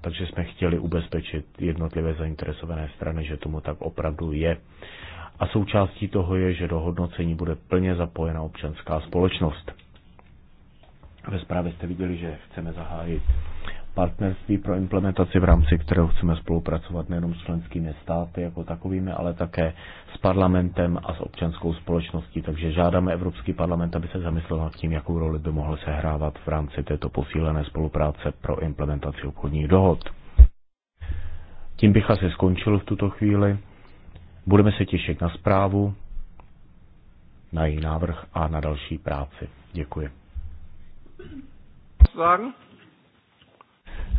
Takže jsme chtěli ubezpečit jednotlivé zainteresované strany, že tomu tak opravdu je. A součástí toho je, že do hodnocení bude plně zapojena občanská společnost. Ve zprávě jste viděli, že chceme zahájit partnerství pro implementaci, v rámci kterého chceme spolupracovat nejenom s členskými státy jako takovými, ale také s parlamentem a s občanskou společností. Takže žádáme Evropský parlament, aby se zamyslel nad tím, jakou roli by mohl sehrávat v rámci této posílené spolupráce pro implementaci obchodních dohod. Tím bych asi skončil v tuto chvíli. Budeme se těšit na zprávu, na její návrh a na další práci. Děkuji. Sagen?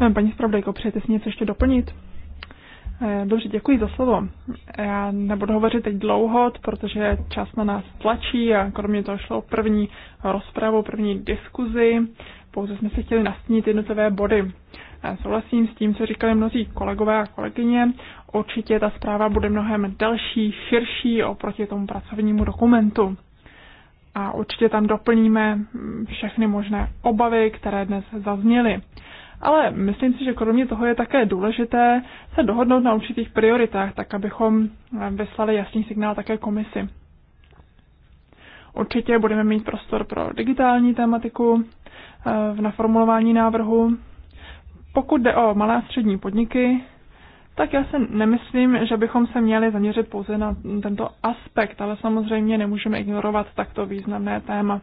Eh, paní zpravodajko, přejete si něco ještě doplnit? Eh, dobře, děkuji za slovo. Já nebudu hovořit teď dlouho, protože čas na nás tlačí a kromě toho šlo o první rozpravu, první diskuzi. Pouze jsme se chtěli nastínit jednotlivé body. Já eh, souhlasím s tím, co říkali mnozí kolegové a kolegyně. Určitě ta zpráva bude mnohem delší, širší oproti tomu pracovnímu dokumentu. A určitě tam doplníme mm, všechny možné obavy, které dnes zazněly ale myslím si, že kromě toho je také důležité se dohodnout na určitých prioritách, tak abychom eh, vyslali jasný signál také komisi. Určitě budeme mít prostor pro digitální tématiku eh, v naformulování návrhu. Pokud jde o malé a střední podniky, tak já si nemyslím, že bychom se měli zaměřit pouze na tento aspekt, ale samozřejmě nemůžeme ignorovat takto významné téma.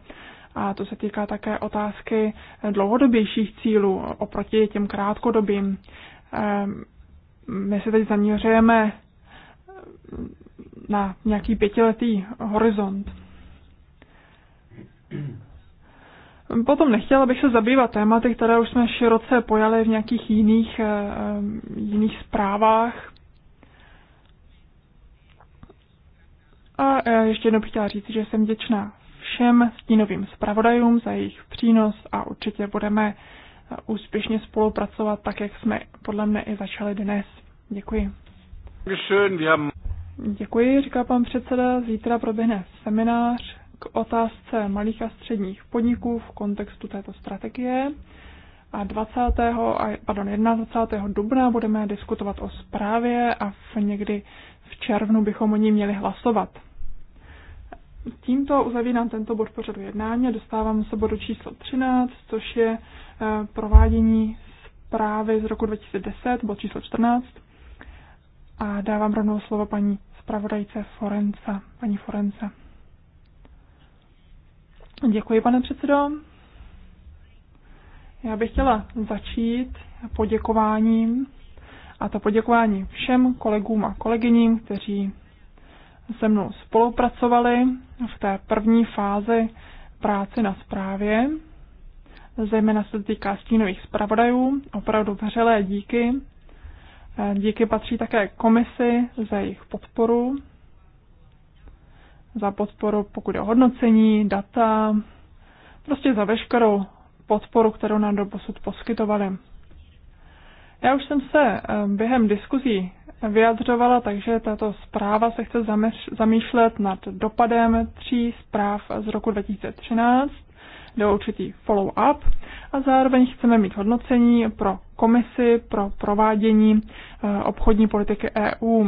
A to se týká také otázky dlouhodobějších cílů oproti těm krátkodobým. Ehm, my se teď zaměřujeme na nějaký pětiletý horizont. Potom nechtěla bych se zabývat tématy, které už jsme široce pojali v nějakých jiných, ehm, jiných zprávách. A eh, ještě jednou bych chtěla říct, že jsem děčná všem stínovým zpravodajům za jejich přínos a určitě budeme úspěšně spolupracovat tak, jak jsme podle mne i začali dnes. Děkuji. Děkuji, říká pan předseda. Zítra proběhne seminář k otázce malých a středních podniků v kontextu této strategie. A 20. A, pardon, 21. dubna budeme diskutovat o zprávě a v někdy v červnu bychom o ní měli hlasovat tímto uzavírám tento bod pořadu jednání a dostávám se bodu číslo 13, což je eh, provádění zprávy z roku 2010, bod číslo 14. A dávám rovnou slovo paní zpravodajce Forenca, paní Forence. Děkuji, pane předsedo. Já bych chtěla začít poděkováním a to poděkování všem kolegům a kolegyním, kteří se mnou spolupracovali v té první fázi práce na zprávě, zejména se týká stínových zpravodajů. Opravdu vřelé díky. Díky patří také komisi za jejich podporu, za podporu pokud je o hodnocení, data, prostě za veškerou podporu, kterou nám do posud poskytovali. Já už jsem se eh, během diskuzí vyjadřovala, takže tato zpráva se chce zamýšlet nad dopadem tří zpráv z roku 2013 do určitý follow-up a zároveň chceme mít hodnocení pro komisi pro provádění eh, obchodní politiky EU.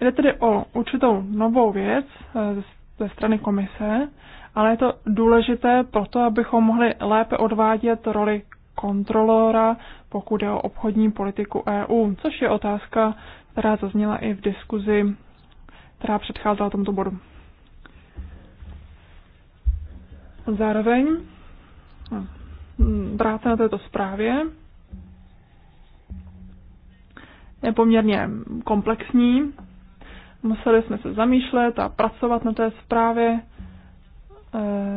Jde tedy o určitou novou věc eh, ze strany komise, ale je to důležité proto, abychom mohli lépe odvádět roli kontrolora, pokud je o obchodní politiku EU, což je otázka, která zazněla i v diskuzi, která předcházela tomuto bodu. Zároveň hm, práce na této zprávě je poměrně komplexní. Museli jsme se zamýšlet a pracovat na té zprávě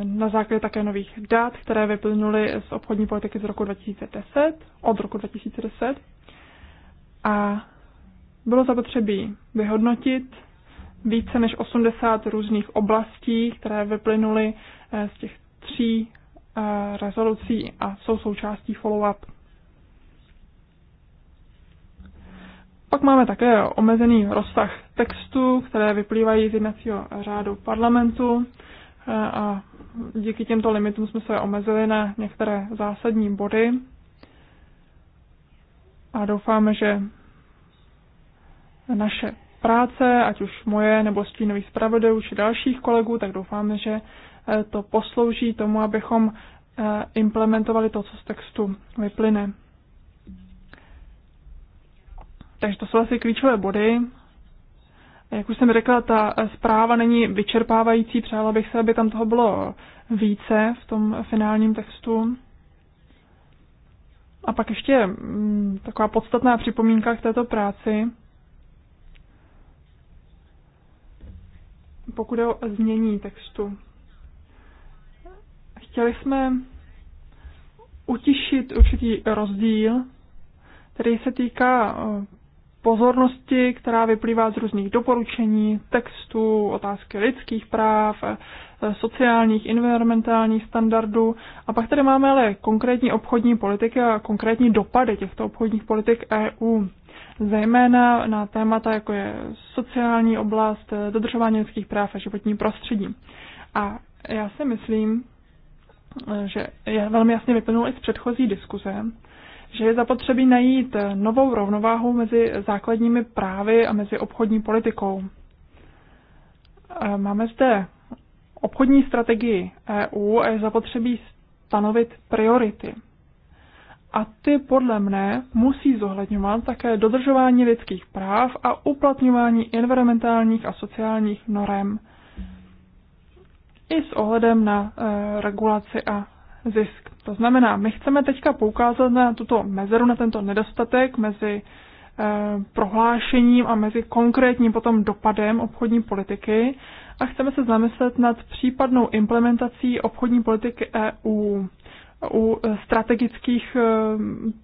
na základě také nových dat, které vyplnuly z obchodní politiky z roku 2010, od roku 2010. A bylo zapotřebí vyhodnotit více než 80 různých oblastí, které vyplynuly eh, z těch tří eh, rezolucí a jsou součástí follow-up. Pak máme také omezený rozsah textu, které vyplývají z jednacího řádu parlamentu. Eh, a díky těmto limitům jsme se omezili na některé zásadní body a doufáme, že naše práce, ať už moje nebo stínových zpravodajů či dalších kolegů, tak doufáme, že eh, to poslouží tomu, abychom eh, implementovali to, co z textu vyplyne. Takže to jsou asi klíčové body, jak už jsem řekla, ta zpráva není vyčerpávající, přála bych se, aby tam toho bylo více v tom finálním textu. A pak ještě mm, taková podstatná připomínka k této práci. Pokud je o změní textu. Chtěli jsme utišit určitý rozdíl, který se týká pozornosti, která vyplývá z různých doporučení, textů, otázky lidských práv, eh, sociálních, environmentálních standardů. A pak tady máme ale konkrétní obchodní politiky a konkrétní dopady těchto obchodních politik EU. Zejména na témata, jako je sociální oblast, eh, dodržování lidských práv a životní prostředí. A já si myslím, eh, že je velmi jasně vyplnul i z předchozí diskuze, že je zapotřebí najít novou rovnováhu mezi základními právy a mezi obchodní politikou. Eh, máme zde obchodní strategii EU a je zapotřebí stanovit priority. A ty podle mne musí zohledňovat také dodržování lidských práv a uplatňování environmentálních a sociálních norem i s ohledem na eh, regulaci a zisk. To znamená, my chceme teďka poukázat na tuto mezeru, na tento nedostatek mezi eh, prohlášením a mezi konkrétním potom dopadem obchodní politiky a chceme se zamyslet nad případnou implementací obchodní politiky EU u eh, strategických eh,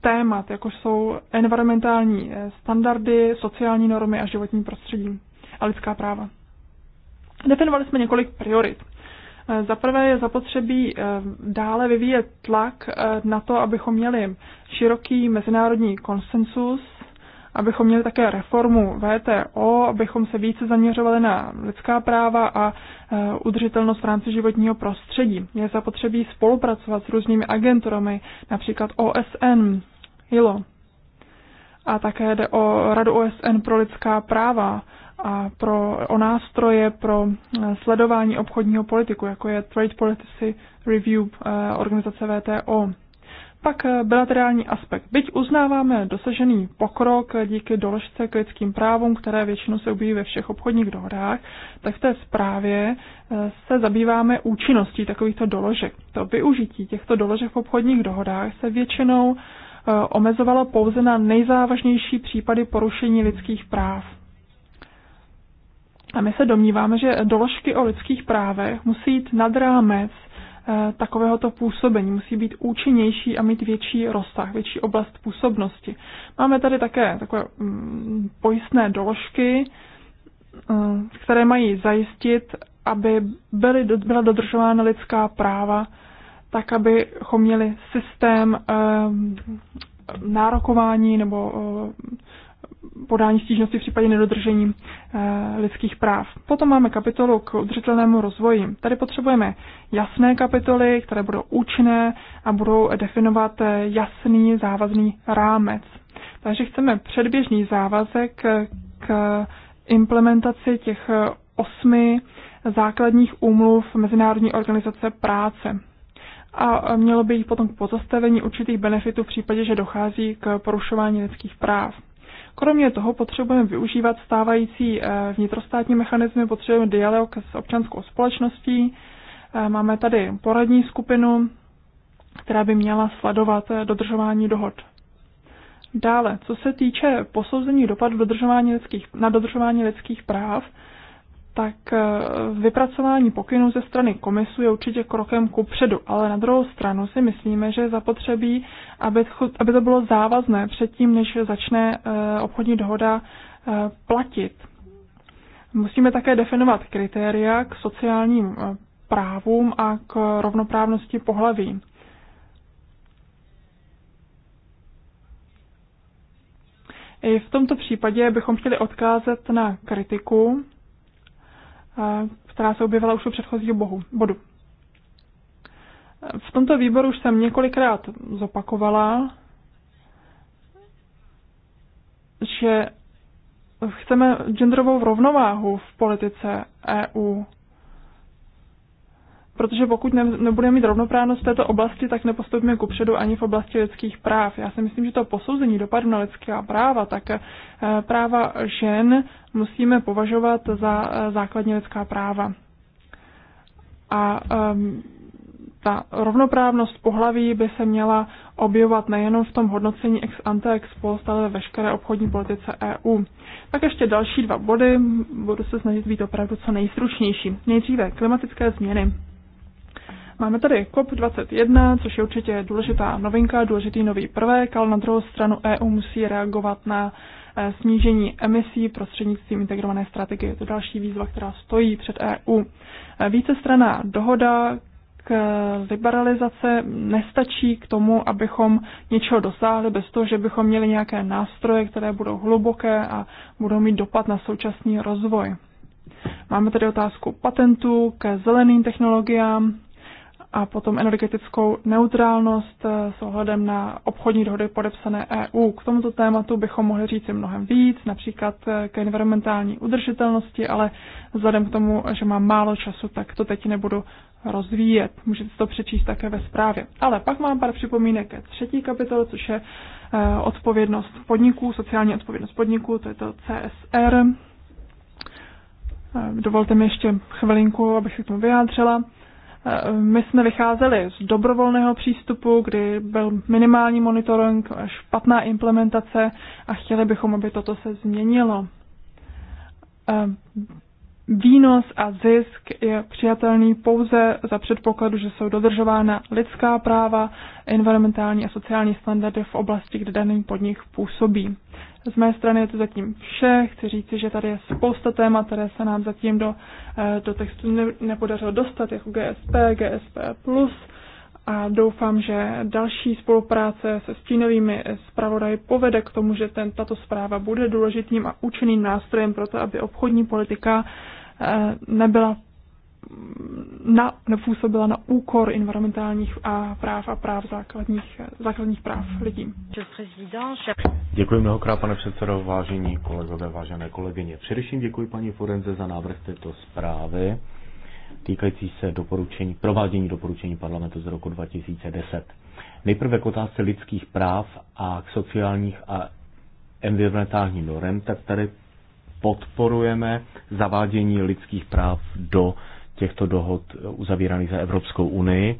témat, jako jsou environmentální standardy, sociální normy a životní prostředí a lidská práva. Definovali jsme několik priorit. Eh, za prvé je zapotřebí eh, dále vyvíjet tlak eh, na to, abychom měli široký mezinárodní konsensus, abychom měli také reformu VTO, abychom se více zaměřovali na lidská práva a udržitelnost v rámci životního prostředí. Je zapotřebí spolupracovat s různými agenturami, například OSN, ILO. A také jde o Radu OSN pro lidská práva, a pro, o nástroje pro eh, sledování obchodního politiku, jako je Trade Policy Review eh, organizace VTO. Pak eh, bilaterální aspekt. Byť uznáváme dosažený pokrok díky doložce k lidským právům, které většinou se objeví ve všech obchodních dohodách, tak v té zprávě se zabýváme účinností takovýchto doložek. To využití těchto doložek v obchodních dohodách se většinou omezovalo pouze na nejzávažnější případy porušení lidských práv. A my se domníváme, že doložky o lidských právech musí jít nad rámec eh, takovéhoto působení, musí být účinnější a mít větší rozsah, větší oblast působnosti. Máme tady také takové mm, pojistné doložky, eh, které mají zajistit, aby byly, byla dodržována lidská práva, tak abychom měli systém eh, nárokování nebo podání stížnosti v případě nedodržení eh, lidských práv. Potom máme kapitolu k udržitelnému rozvoji. Tady potřebujeme jasné kapitoly, které budou účinné a budou definovat eh, jasný závazný rámec. Takže chceme předběžný závazek eh, k implementaci těch osmi základních úmluv Mezinárodní organizace práce a mělo by jít potom k pozastavení určitých benefitů v případě, že dochází k porušování lidských práv. Kromě toho potřebujeme využívat stávající eh, vnitrostátní mechanismy, potřebujeme dialog s občanskou společností. Eh, máme tady poradní skupinu, která by měla sledovat eh, dodržování dohod. Dále, co se týče posouzení dopadu dodržování lidských, na dodržování lidských práv, tak eh, vypracování pokynů ze strany komisu je určitě krokem ku předu, ale na druhou stranu si myslíme, že je zapotřebí, aby to bylo závazné předtím, než začne eh, obchodní dohoda eh, platit. Musíme také definovat kritéria k sociálním právům a k rovnoprávnosti pohlaví. I v tomto případě bychom chtěli odkázat na kritiku která se objevila už u předchozího bohu, bodu. V tomto výboru už jsem několikrát zopakovala, že chceme genderovou rovnováhu v politice EU protože pokud ne, nebudeme mít rovnoprávnost v této oblasti, tak nepostoupíme kupředu ani v oblasti lidských práv. Já si myslím, že to posouzení dopadu na lidská práva, tak eh, práva žen musíme považovat za eh, základní lidská práva. A um, ta rovnoprávnost pohlaví by se měla objevovat nejenom v tom hodnocení ex ante, ex post, ale ve veškeré obchodní politice EU. Pak ještě další dva body, budu se snažit být opravdu co nejstručnější. Nejdříve klimatické změny. Máme tady COP21, což je určitě důležitá novinka, důležitý nový prvek, ale na druhou stranu EU musí reagovat na eh, snížení emisí prostřednictvím integrované strategie. Je to další výzva, která stojí před EU. Eh, strana dohoda k eh, liberalizace nestačí k tomu, abychom něčeho dosáhli bez toho, že bychom měli nějaké nástroje, které budou hluboké a budou mít dopad na současný rozvoj. Máme tady otázku patentů ke zeleným technologiám, a potom energetickou neutrálnost eh, s ohledem na obchodní dohody podepsané EU. K tomuto tématu bychom mohli říct mnohem víc, například eh, k environmentální udržitelnosti, ale vzhledem k tomu, že mám málo času, tak to teď nebudu rozvíjet. Můžete to přečíst také ve zprávě. Ale pak mám pár připomínek ke třetí kapitole, což je eh, odpovědnost podniků, sociální odpovědnost podniků, to je to CSR. Dovolte mi ještě chvilinku, abych se k tomu vyjádřila. My jsme vycházeli z dobrovolného přístupu, kdy byl minimální monitoring, špatná implementace a chtěli bychom, aby toto se změnilo. Eh, výnos a zisk je přijatelný pouze za předpokladu, že jsou dodržována lidská práva, environmentální a sociální standardy v oblasti, kde daný podnik působí. Z mé strany je to zatím vše. Chci říci, že tady je spousta témat, které se nám zatím do, eh, do textu ne, nepodařilo dostat, jako GSP, GSP+, a doufám, že další spolupráce se stínovými zpravodaji povede k tomu, že ten, tato zpráva bude důležitým a účinným nástrojem pro to, aby obchodní politika eh, nebyla na, nepůsobila na úkor environmentálních a práv a práv základních, základních práv lidí. Děkuji mnohokrát, pane předsedo, vážení kolegové, vážené kolegyně. Především děkuji paní Forenze za návrh této zprávy týkající se doporučení, provádění doporučení parlamentu z roku 2010. Nejprve k otázce lidských práv a k sociálních a environmentálním norem, tak tady podporujeme zavádění lidských práv do těchto dohod uzavíraných za Evropskou unii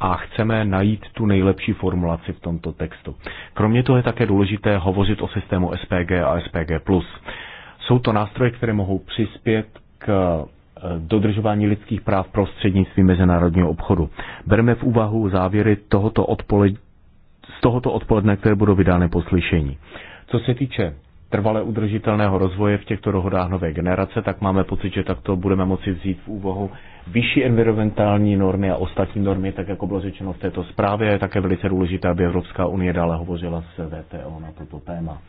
a chceme najít tu nejlepší formulaci v tomto textu. Kromě toho je také důležité hovořit o systému SPG a SPG+. Jsou to nástroje, které mohou přispět k eh, dodržování lidských práv prostřednictvím mezinárodního obchodu. Bereme v úvahu závěry tohoto odpoledne, z tohoto odpoledne, které budou vydány po slyšení. Co se týče trvale udržitelného rozvoje v těchto dohodách nové generace, tak máme pocit, že takto budeme moci vzít v úvahu vyšší environmentální normy a ostatní normy, tak jako bylo řečeno v této zprávě. Je také velice důležité, aby Evropská unie dále hovořila s VTO na toto téma.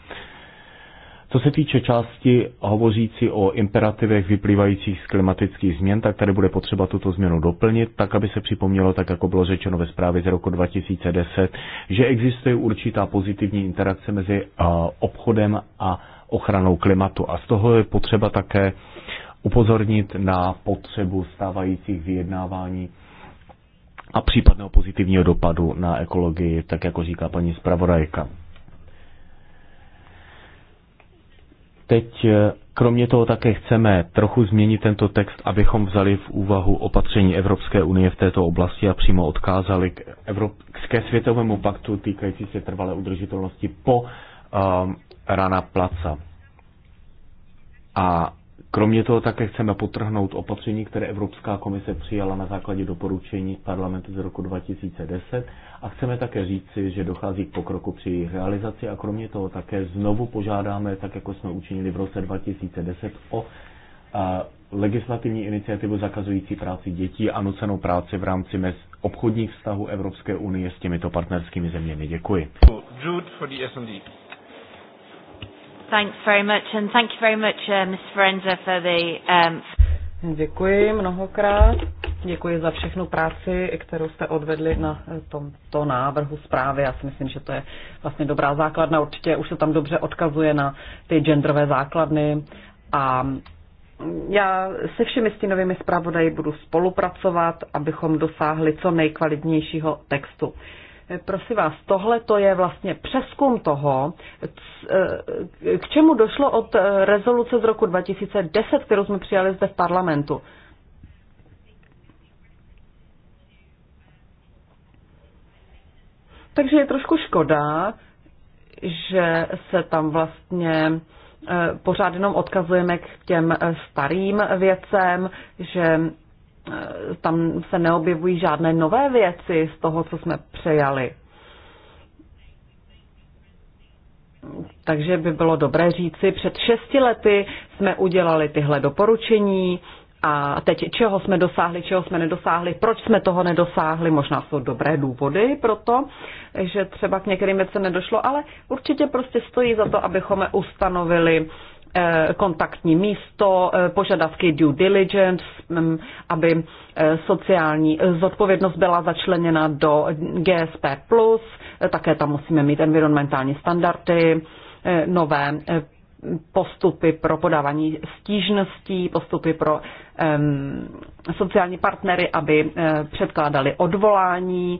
Co se týče části hovořící o imperativech vyplývajících z klimatických změn, tak tady bude potřeba tuto změnu doplnit, tak aby se připomnělo, tak jako bylo řečeno ve zprávě z roku 2010, že existuje určitá pozitivní interakce mezi obchodem a ochranou klimatu. A z toho je potřeba také upozornit na potřebu stávajících vyjednávání a případného pozitivního dopadu na ekologii, tak jako říká paní zpravodajka. Teď eh, kromě toho také chceme trochu změnit tento text, abychom vzali v úvahu opatření Evropské unie v této oblasti a přímo odkázali k, Evrop- světovému paktu týkající se trvalé udržitelnosti po um, rana placa. A Kromě toho také chceme potrhnout opatření, které Evropská komise přijala na základě doporučení parlamentu z roku 2010 a chceme také říci, že dochází k pokroku při jejich realizaci a kromě toho také znovu požádáme, tak jako jsme učinili v roce 2010, o a, legislativní iniciativu zakazující práci dětí a nucenou práci v rámci mez obchodních vztahů Evropské unie s těmito partnerskými zeměmi. Děkuji. Jude for the Thanks very much and thank you very much, uh, Ms. Forenza, for the... Um... Děkuji mnohokrát. Děkuji za všechnu práci, kterou jste odvedli na eh, tomto návrhu zprávy. Já si myslím, že to je vlastně dobrá základna. Určitě už se tam dobře odkazuje na ty genderové základny. A mm, já se všemi stínovými zpravodaji budu spolupracovat, abychom dosáhli co nejkvalitnějšího textu prosím vás, tohle to je vlastně přeskum toho, k čemu došlo od rezoluce z roku 2010, kterou jsme přijali zde v parlamentu. Takže je trošku škoda, že se tam vlastně eh, pořád jenom odkazujeme k těm eh, starým věcem, že Eh, tam se neobjevují žádné nové věci z toho, co jsme přejali. Takže by bylo dobré říci, před šesti lety jsme udělali tyhle doporučení a teď čeho jsme dosáhli, čeho jsme nedosáhli, proč jsme toho nedosáhli, možná jsou dobré důvody pro to, že třeba k některým věcem nedošlo, ale určitě prostě stojí za to, abychom ustanovili Eh, kontaktní místo, eh, požadavky due diligence, mm, aby eh, sociální zodpovědnost byla začleněna do GSP+, také tam musíme mít environmentální standardy, nové postupy pro podávání stížností, postupy pro um, sociální partnery, aby uh, předkládali odvolání, uh,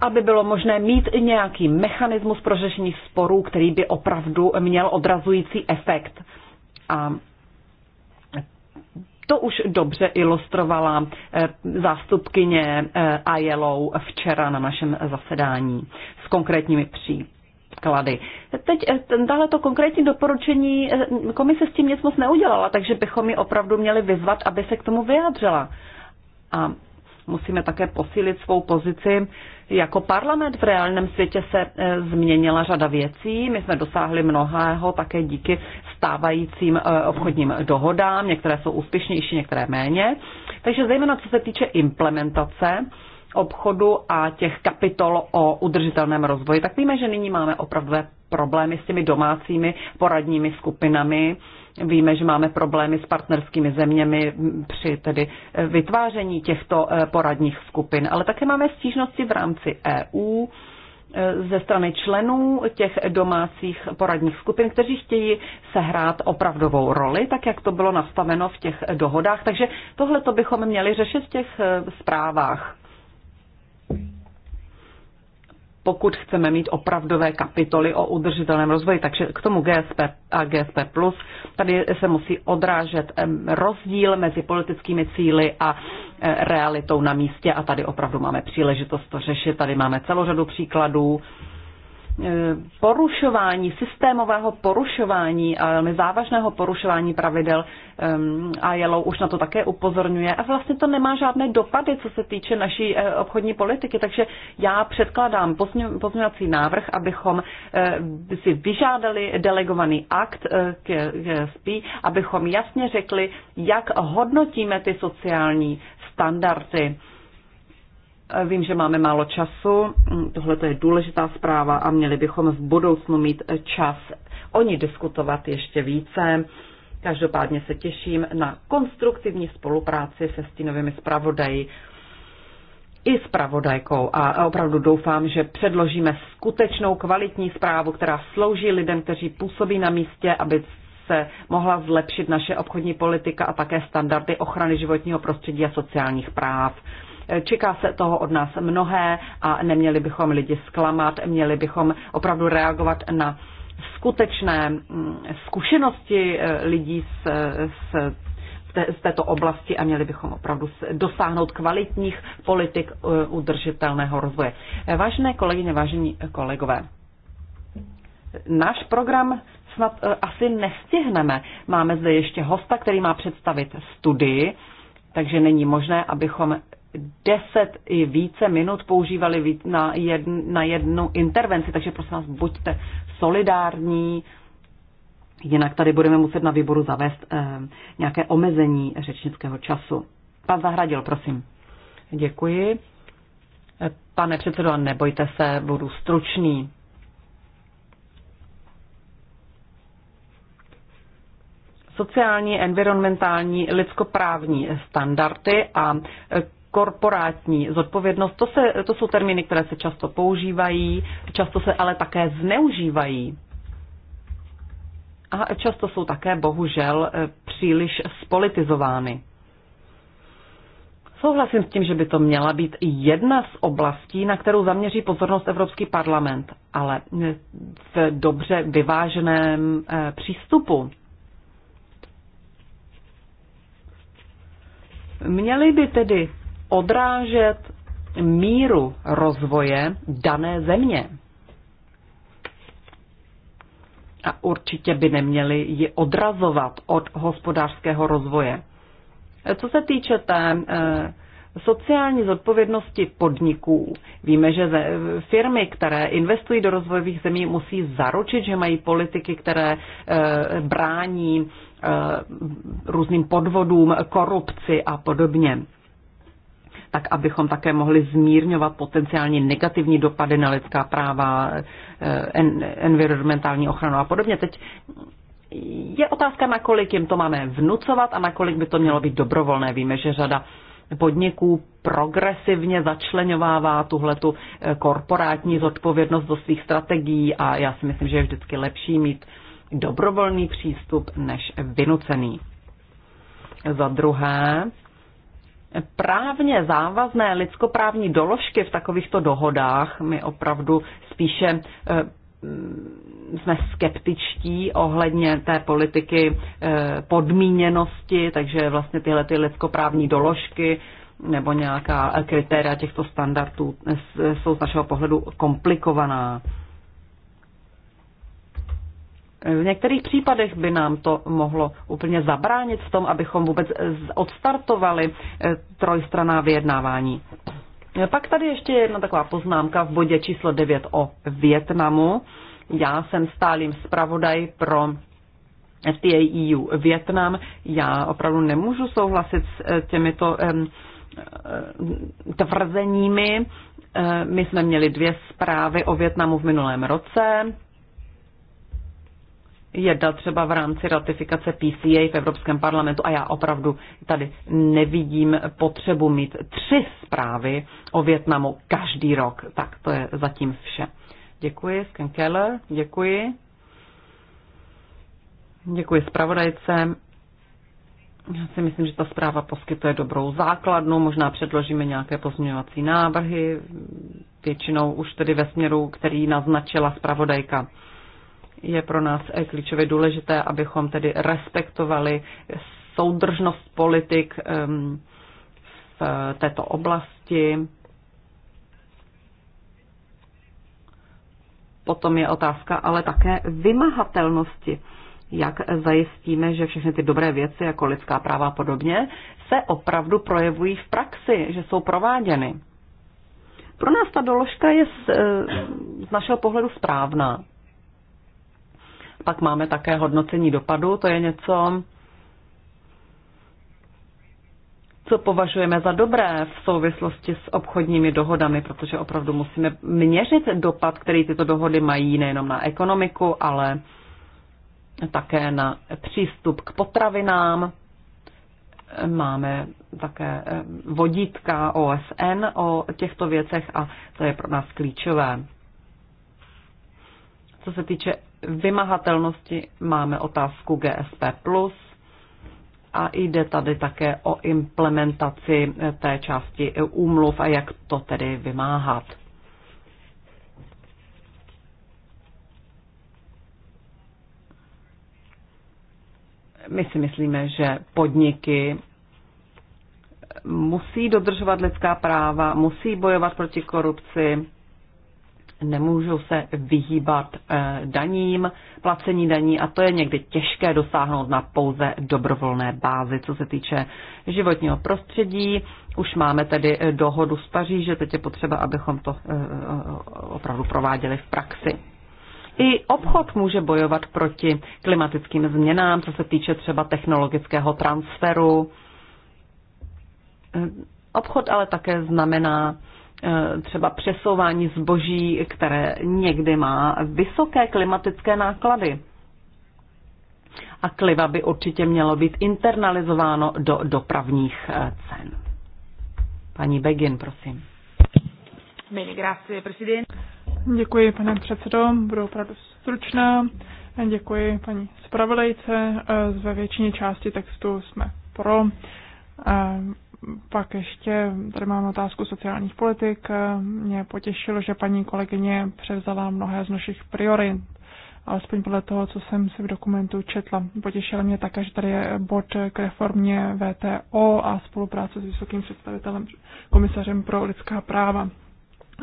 aby bylo možné mít nějaký mechanismus pro řešení sporů, který by opravdu měl odrazující efekt. A to už dobře ilustrovala eh, zástupkyně eh, ILO včera na našem zasedání s konkrétními příklady. Teď eh, to konkrétní doporučení komise s tím nic moc neudělala, takže bychom ji opravdu měli vyzvat, aby se k tomu vyjádřila. A musíme také posílit svou pozici jako parlament v reálném světě se e, změnila řada věcí. My jsme dosáhli mnohého také díky stávajícím e, obchodním dohodám. Některé jsou úspěšnější, některé méně. Takže zejména co se týče implementace obchodu a těch kapitol o udržitelném rozvoji, tak víme, že nyní máme opravdu problémy s těmi domácími poradními skupinami, Víme, že máme problémy s partnerskými zeměmi při tedy eh, vytváření těchto eh, poradních skupin, ale také máme stížnosti v rámci EU eh, ze strany členů těch domácích poradních skupin, kteří chtějí sehrát opravdovou roli, tak jak to bylo nastaveno v těch dohodách. Takže tohle to bychom měli řešit v těch zprávách pokud chceme mít opravdové kapitoly o udržitelném rozvoji. Takže k tomu GSP a GSP+, plus, tady se musí odrážet rozdíl mezi politickými cíly a e, realitou na místě a tady opravdu máme příležitost to řešit. Tady máme celou řadu příkladů porušování, systémového porušování a velmi závažného porušování pravidel a Jelou už na to také upozorňuje a vlastně to nemá žádné dopady, co se týče naší eh, obchodní politiky, takže já předkládám pozměňovací návrh, abychom eh, si vyžádali delegovaný akt eh, k GSP, abychom jasně řekli, jak hodnotíme ty sociální standardy Vím, že máme málo času, tohle je důležitá zpráva a měli bychom v budoucnu mít čas o ní diskutovat ještě více. Každopádně se těším na konstruktivní spolupráci se stínovými zpravodaji i pravodajkou a opravdu doufám, že předložíme skutečnou kvalitní zprávu, která slouží lidem, kteří působí na místě, aby se mohla zlepšit naše obchodní politika a také standardy ochrany životního prostředí a sociálních práv Čeká se toho od nás mnohé a neměli bychom lidi zklamat, měli bychom opravdu reagovat na skutečné mm, zkušenosti eh, lidí z, z z této oblasti a měli bychom opravdu dosáhnout kvalitních politik eh, udržitelného rozvoje. Eh, vážené kolegyně, vážení kolegové, náš program snad asi nestihneme. Máme zde ještě hosta, který má představit studii, takže není možné, abychom deset i více minut používali na, jedn, na jednu intervenci, takže prosím vás, buďte solidární, jinak tady budeme muset na výboru zavést eh, nějaké omezení řečnického času. Pan Zahradil, prosím. Děkuji. Pane předsedo, nebojte se, budu stručný. Sociální, environmentální, lidskoprávní standardy a korporátní zodpovědnost. To, se, to jsou termíny, které se často používají, často se ale také zneužívají. A často jsou také bohužel eh, příliš spolitizovány. Souhlasím s tím, že by to měla být jedna z oblastí, na kterou zaměří pozornost Evropský parlament, ale eh, v dobře vyváženém eh, přístupu. Měly by tedy odrážet míru rozvoje dané země. A určitě by neměli ji odrazovat od hospodářského rozvoje. Co se týče té eh, sociální zodpovědnosti podniků, víme, že firmy, které investují do rozvojových zemí, musí zaručit, že mají politiky, které eh, brání eh, různým podvodům, korupci a podobně tak abychom také mohli zmírňovat potenciálně negativní dopady na lidská práva, eh, en, environmentální ochranu a podobně. Teď je otázka, nakolik jim to máme vnucovat a nakolik by to mělo být dobrovolné. Víme, že řada podniků progresivně začlenovává tuhletu eh, korporátní zodpovědnost do svých strategií a já si myslím, že je vždycky lepší mít dobrovolný přístup než vynucený. Za druhé, právně závazné lidskoprávní doložky v takovýchto dohodách, my opravdu spíše eh, mm, jsme skeptičtí ohledně té politiky eh, podmíněnosti, takže vlastně tyhle ty lidskoprávní doložky nebo nějaká kritéria těchto standardů eh, jsou z našeho pohledu komplikovaná. V některých případech by nám to mohlo úplně zabránit v tom, abychom vůbec odstartovali eh, trojstraná vyjednávání. Eh, pak tady ještě jedna taková poznámka v bodě číslo 9 o Větnamu. Já jsem stálým zpravodaj pro FTA EU Větnam. Já opravdu nemůžu souhlasit s eh, těmito tvrzeními. My jsme měli dvě zprávy o Větnamu v minulém roce jednat třeba v rámci ratifikace PCA v Evropském parlamentu a já opravdu tady nevidím potřebu mít tři zprávy o Větnamu každý rok. Tak to je zatím vše. Děkuji, Sken Keller, děkuji. Děkuji zpravodajce. Já si myslím, že ta zpráva poskytuje dobrou základnu, možná předložíme nějaké pozměňovací návrhy, většinou už tedy ve směru, který naznačila zpravodajka je pro nás eh, klíčově důležité, abychom tedy respektovali soudržnost politik v této oblasti. Potom je otázka ale také vymahatelnosti. Jak zajistíme, že všechny ty dobré věci, jako lidská práva a podobně, se opravdu projevují v praxi, že jsou prováděny. Pro nás ta doložka je z, eh, z našeho pohledu správná. Pak máme také hodnocení dopadu, to je něco, co považujeme za dobré v souvislosti s obchodními dohodami, protože opravdu musíme měřit dopad, který tyto dohody mají nejenom na ekonomiku, ale také na přístup k potravinám. Máme také eh, vodítka OSN o těchto věcech a to je pro nás klíčové. Co se týče vymahatelnosti máme otázku GSP+, a jde tady také o implementaci té části úmluv a jak to tedy vymáhat. My si myslíme, že podniky musí dodržovat lidská práva, musí bojovat proti korupci, nemůžu se vyhýbat eh, daním, placení daní a to je někdy těžké dosáhnout na pouze dobrovolné bázi, co se týče životního prostředí. Už máme tedy eh, dohodu z Paříže, teď je potřeba, abychom to eh, opravdu prováděli v praxi. I obchod může bojovat proti klimatickým změnám, co se týče třeba technologického transferu. Obchod ale také znamená Eh, třeba přesouvání zboží, které někdy má vysoké klimatické náklady. A kliva by určitě mělo být internalizováno do dopravních eh, cen. Paní Begin, prosím. Děkuji, pane předsedo, budu opravdu stručná. Děkuji paní zpravodajce. Eh, ve většině části textu jsme pro pak ještě tady mám otázku sociálních politik. Mě potěšilo, že paní kolegyně převzala mnohé z našich priorit, alespoň podle toho, co jsem si v dokumentu četla. Potěšilo mě také, že tady je bod k reformě VTO a spolupráce s vysokým představitelem komisařem pro lidská práva.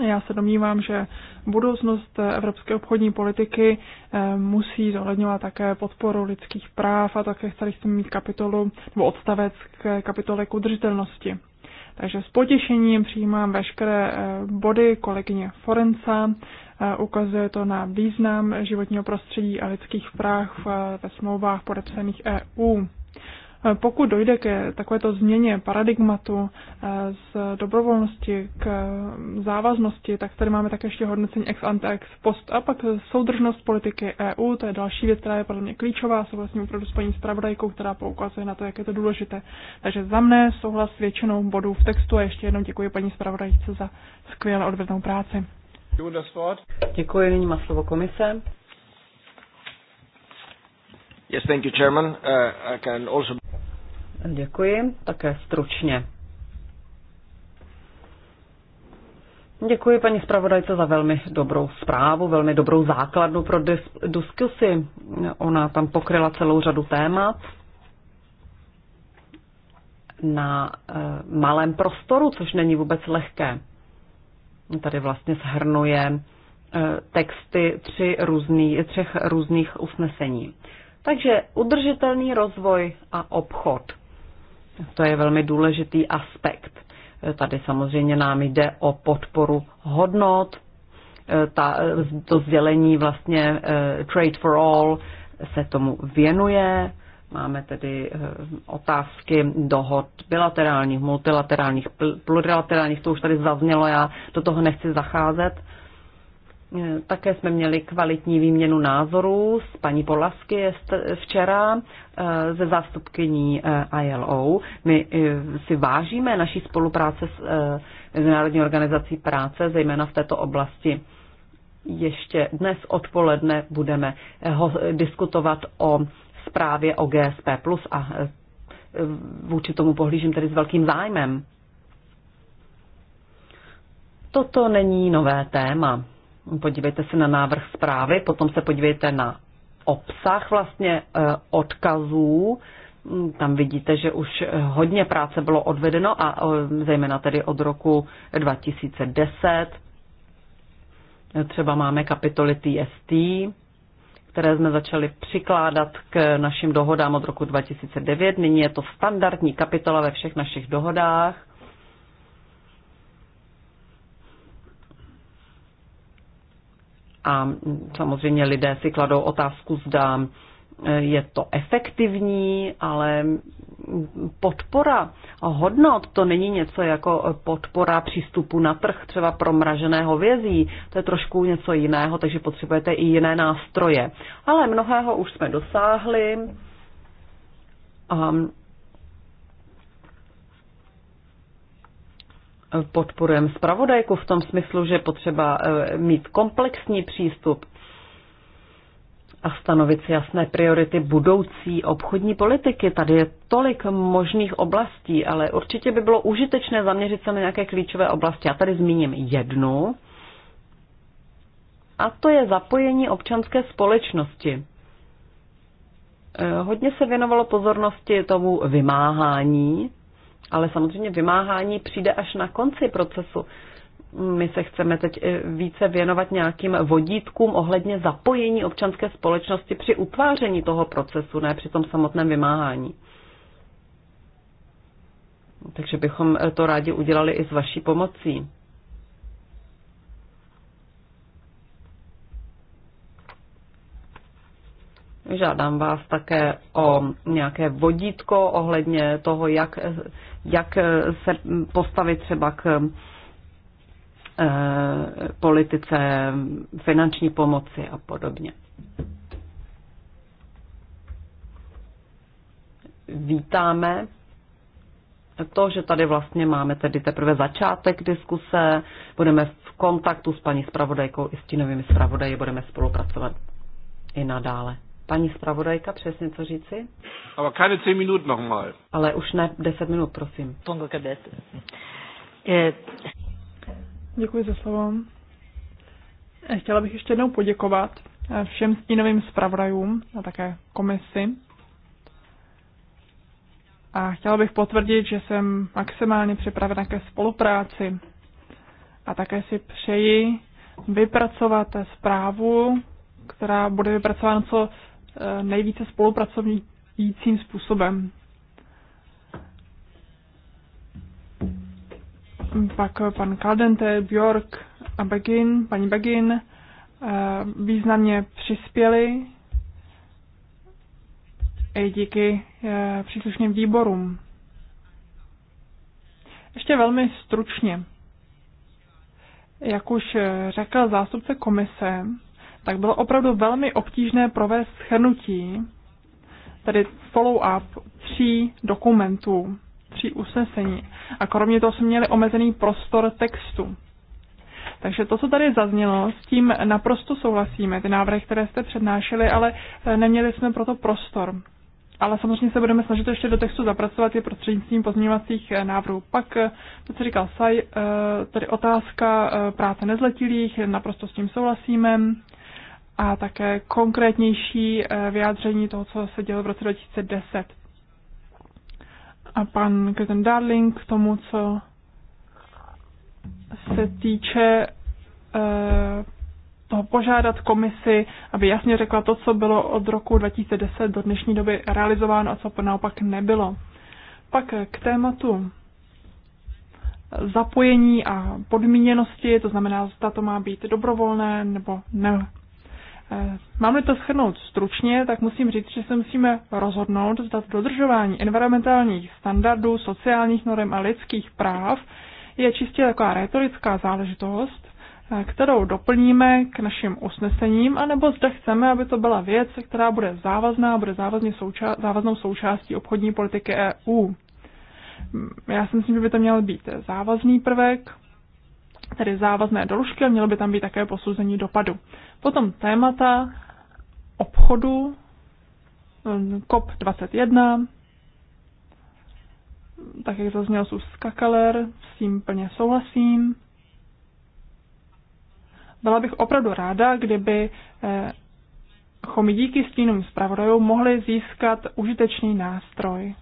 Já se domnívám, že budoucnost evropské obchodní politiky eh, musí zohledňovat také podporu lidských práv a také chtěli jsme mít kapitolu nebo odstavec k kapitole k udržitelnosti. Takže s potěšením přijímám veškeré eh, body kolegyně Forenca. Eh, ukazuje to na význam životního prostředí a lidských práv ve smlouvách podepsaných EU. Pokud dojde k takovéto změně paradigmatu eh, z dobrovolnosti k mm, závaznosti, tak tady máme také ještě hodnocení ex ante ex post a pak soudržnost politiky EU, to je další věc, která je podle mě klíčová, vlastně opravdu s paní zpravodajkou, která poukazuje na to, jak je to důležité. Takže za mne souhlas s většinou bodů v textu a ještě jednou děkuji paní zpravodajce za skvěle odvednou práci. Děkuji, nyní má slovo komise. Yes, thank you, Chairman. Uh, I can also... Děkuji, také stručně. Děkuji paní zpravodajce za velmi dobrou zprávu, velmi dobrou základnu pro dis- diskusi. Ona tam pokryla celou řadu témat na e, malém prostoru, což není vůbec lehké. Tady vlastně shrnuje e, texty tři různý, třech různých usnesení. Takže udržitelný rozvoj a obchod. To je velmi důležitý aspekt. Tady samozřejmě nám jde o podporu hodnot, e, ta, e, to sdělení vlastně e, Trade for All se tomu věnuje. Máme tedy otázky dohod bilaterálních, multilaterálních, plurilaterálních, to už tady zaznělo, já do toho nechci zacházet. Eh, také jsme měli kvalitní výměnu názorů s paní Polasky včera ze eh, zástupkyní eh, ILO. My si vážíme naší spolupráce s Mezinárodní organizací práce, zejména v této oblasti. Ještě dnes odpoledne budeme diskutovat o zprávě o GSP+, a vůči tomu pohlížím tedy s velkým zájmem. Toto není nové téma podívejte se na návrh zprávy, potom se podívejte na obsah vlastně eh, odkazů. Mm, tam vidíte, že už hodně práce bylo odvedeno a zejména tedy od roku 2010. Třeba máme kapitoly TST, které jsme začali přikládat k našim dohodám od roku 2009. Nyní je to standardní kapitola ve všech našich dohodách. A samozřejmě lidé si kladou otázku, zda e, je to efektivní, ale podpora hodnot to není něco jako e, podpora přístupu na trh třeba pro mraženého vězí. to je trošku něco jiného, takže potřebujete i jiné nástroje. Ale mnohého už jsme dosáhli podporujeme zpravodajku v tom smyslu, že potřeba eh, mít komplexní přístup a stanovit si jasné priority budoucí obchodní politiky. Tady je tolik možných oblastí, ale určitě by bylo užitečné zaměřit se na nějaké klíčové oblasti. Já tady zmíním jednu, a to je zapojení občanské společnosti. Eh, hodně se věnovalo pozornosti tomu vymáhání ale samozřejmě vymáhání přijde až na konci procesu. My se chceme teď eh, více věnovat nějakým vodítkům ohledně zapojení občanské společnosti při utváření toho procesu, ne při tom samotném vymáhání. Takže bychom eh, to rádi udělali i s vaší pomocí. Žádám vás také o nějaké vodítko ohledně toho, jak eh, jak eh, se postavit třeba k eh, politice finanční pomoci a podobně. Vítáme to, že tady vlastně máme tedy teprve začátek diskuse, budeme v kontaktu s paní spravodajkou i s stínovými spravodaji, budeme spolupracovat i nadále. Paní zpravodajka, přesně co říci? Ale keine 10 minut nochmal. Ale už ne 10 minut, prosím. Eh. Děkuji za slovo. Eh, chtěla bych ještě jednou poděkovat eh, všem stínovým zpravodajům a také komisi. A chtěla bych potvrdit, že jsem maximálně připravena ke spolupráci a také si přeji vypracovat zprávu, která bude vypracována co Eh, nejvíce spolupracujícím způsobem. Pak eh, pan Kaldente, Bjork a Begin, paní Begin eh, významně přispěli i díky příslušným výborům. Ještě velmi stručně. Jak už řekl zástupce komise, tak bylo opravdu velmi obtížné provést shrnutí, tedy follow-up tří dokumentů, tří usnesení. A kromě toho jsme měli omezený prostor textu. Takže to, co tady zaznělo, s tím naprosto souhlasíme, ty návrhy, které jste přednášeli, ale eh, neměli jsme proto prostor. Ale samozřejmě se budeme snažit ještě do textu zapracovat i prostřednictvím pozměňovacích eh, návrhů. Pak, eh, to, co říkal Saj, tedy otázka práce nezletilých, naprosto s tím souhlasíme a také konkrétnější eh, vyjádření toho, co se dělo v roce 2010. A pan Kristen Darling k tomu, co se týče eh, toho požádat komisi, aby jasně řekla to, co bylo od roku 2010 do dnešní doby realizováno a co naopak nebylo. Pak eh, k tématu zapojení a podmíněnosti, to znamená, zda to má být dobrovolné nebo ne, Eh, máme to schrnout stručně, tak musím říct, že se musíme rozhodnout, zda dodržování environmentálních standardů, sociálních norm a lidských práv je čistě taková retorická záležitost, eh, kterou doplníme k našim usnesením, anebo zde chceme, aby to byla věc, která bude závazná, bude závazně souča- závaznou součástí obchodní politiky EU. Mm, já si myslím, že by to měl být závazný prvek, tedy závazné doložky a mělo by tam být také posouzení dopadu. Potom témata obchodu, mm, COP21, tak jak zazněl z Kakaler, s tím plně souhlasím. Byla bych opravdu ráda, kdyby eh, chomi díky stínům zpravodajů mohli získat užitečný nástroj.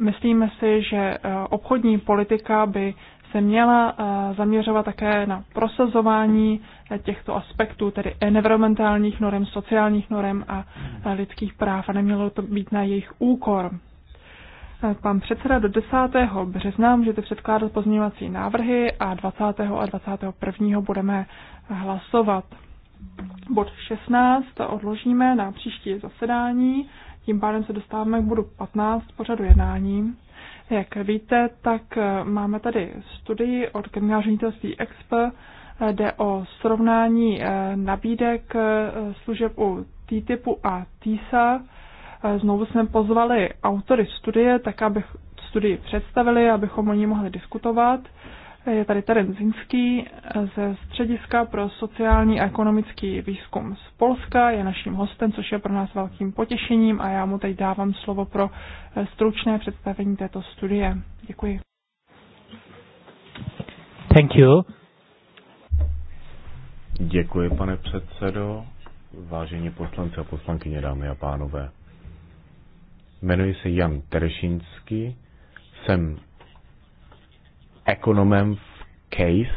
Myslíme si, že eh, obchodní politika by se měla eh, zaměřovat také na prosazování eh, těchto aspektů, tedy environmentálních norem, sociálních norem a eh, lidských práv a nemělo to být na jejich úkor. Pan předseda do 10. března můžete předkládat pozměňovací návrhy a 20. a 21. budeme hlasovat. Bod 16 odložíme na příští zasedání, tím pádem se dostáváme k bodu 15 pořadu jednání jak víte, tak eh, máme tady studii od generální Expo, eh, jde o srovnání eh, nabídek služeb u T-typu a TISA. Znovu jsme pozvali autory studie, tak abych studii představili, abychom o ní mohli diskutovat. Je tady Terence Zinský ze Střediska pro sociální a ekonomický výzkum z Polska. Je naším hostem, což je pro nás velkým potěšením a já mu teď dávám slovo pro eh, stručné představení této studie. Děkuji. Thank you. Děkuji, pane předsedo. Vážení poslanci a poslankyně, dámy a pánové. Jmenuji se Jan Terešínský, jsem ekonomem v CASE,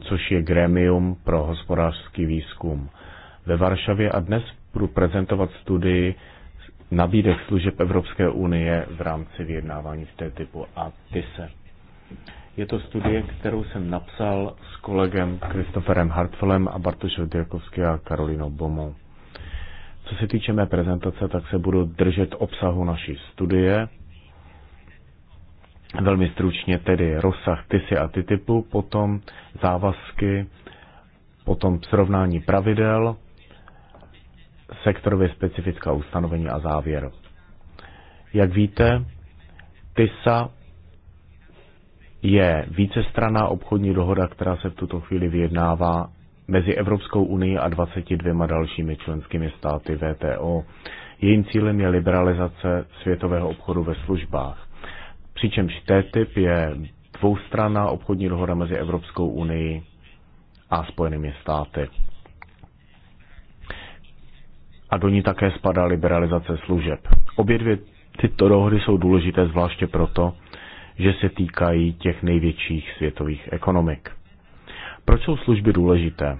což je Gremium pro hospodářský výzkum ve Varšavě a dnes budu prezentovat studii nabídek služeb Evropské unie v rámci vyjednávání v té typu a TISE. Je to studie, kterou jsem napsal s kolegem Kristoferem Hartfelem a Bartošem Dirkovským a Karolinou Bomou. Co se týče mé prezentace, tak se budu držet obsahu naší studie, Velmi stručně tedy rozsah TISy a typu potom závazky, potom srovnání pravidel, sektorově specifická ustanovení a závěr. Jak víte, TISA je vícestraná obchodní dohoda, která se v tuto chvíli vyjednává mezi Evropskou unii a 22 dalšími členskými státy VTO. Jejím cílem je liberalizace světového obchodu ve službách. Přičemž TTIP je dvoustranná obchodní dohoda mezi Evropskou unii a Spojenými státy. A do ní také spadá liberalizace služeb. Obě dvě tyto dohody jsou důležité zvláště proto, že se týkají těch největších světových ekonomik. Proč jsou služby důležité?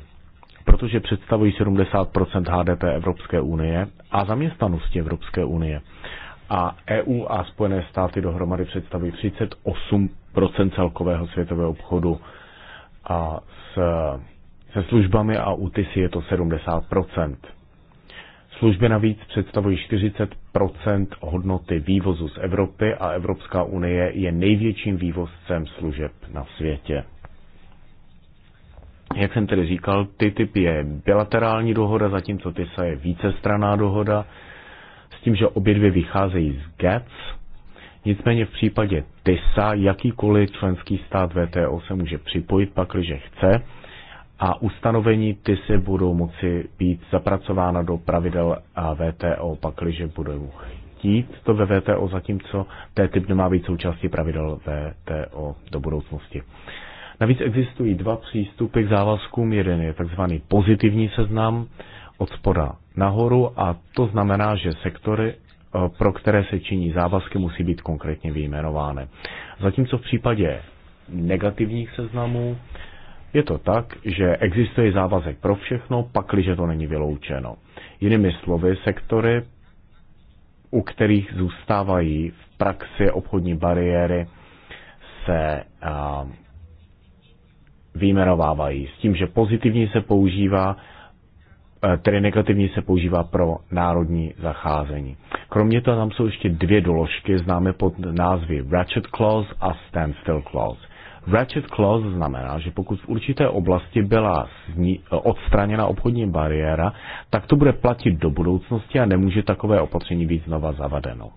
Protože představují 70 HDP Evropské unie a zaměstnanosti Evropské unie a EU a Spojené státy dohromady představují 38 celkového světového obchodu a s, se službami a u TISy je to 70 Služby navíc představují 40 hodnoty vývozu z Evropy a Evropská unie je největším vývozcem služeb na světě. Jak jsem tedy říkal, TTIP je bilaterální dohoda, zatímco TISA je vícestraná dohoda s tím, že obě dvě vycházejí z GATS. E Nicméně v případě TISA e jakýkoliv členský stát VTO se může připojit, pakliže chce, a ustanovení TISy e budou moci být zapracována do pravidel VTO, pakliže budou chtít. To ve VTO zatímco TTIP nemá být součástí pravidel VTO do budoucnosti. Navíc existují dva přístupy k závazkům. Jeden je takzvaný pozitivní seznam, od spoda nahoru a to znamená, že sektory, eh, pro které se činí závazky, musí být konkrétně vyjmenovány. Zatímco v případě negativních seznamů je to tak, že existuje závazek pro všechno, pakliže to není vyloučeno. Jinými slovy, sektory, u kterých zůstávají v praxi obchodní bariéry, se a, eh, vyjmenovávají s tím, že pozitivní se používá Eh, tedy negativní se používá pro národní zacházení. Kromě toho tam jsou ještě dvě doložky známé pod názvy Ratchet Clause a Standstill Clause. Ratchet Clause znamená, že pokud v určité oblasti byla eh, odstraněna obchodní bariéra, tak to bude platit do budoucnosti a nemůže takové opatření být znova zavadeno.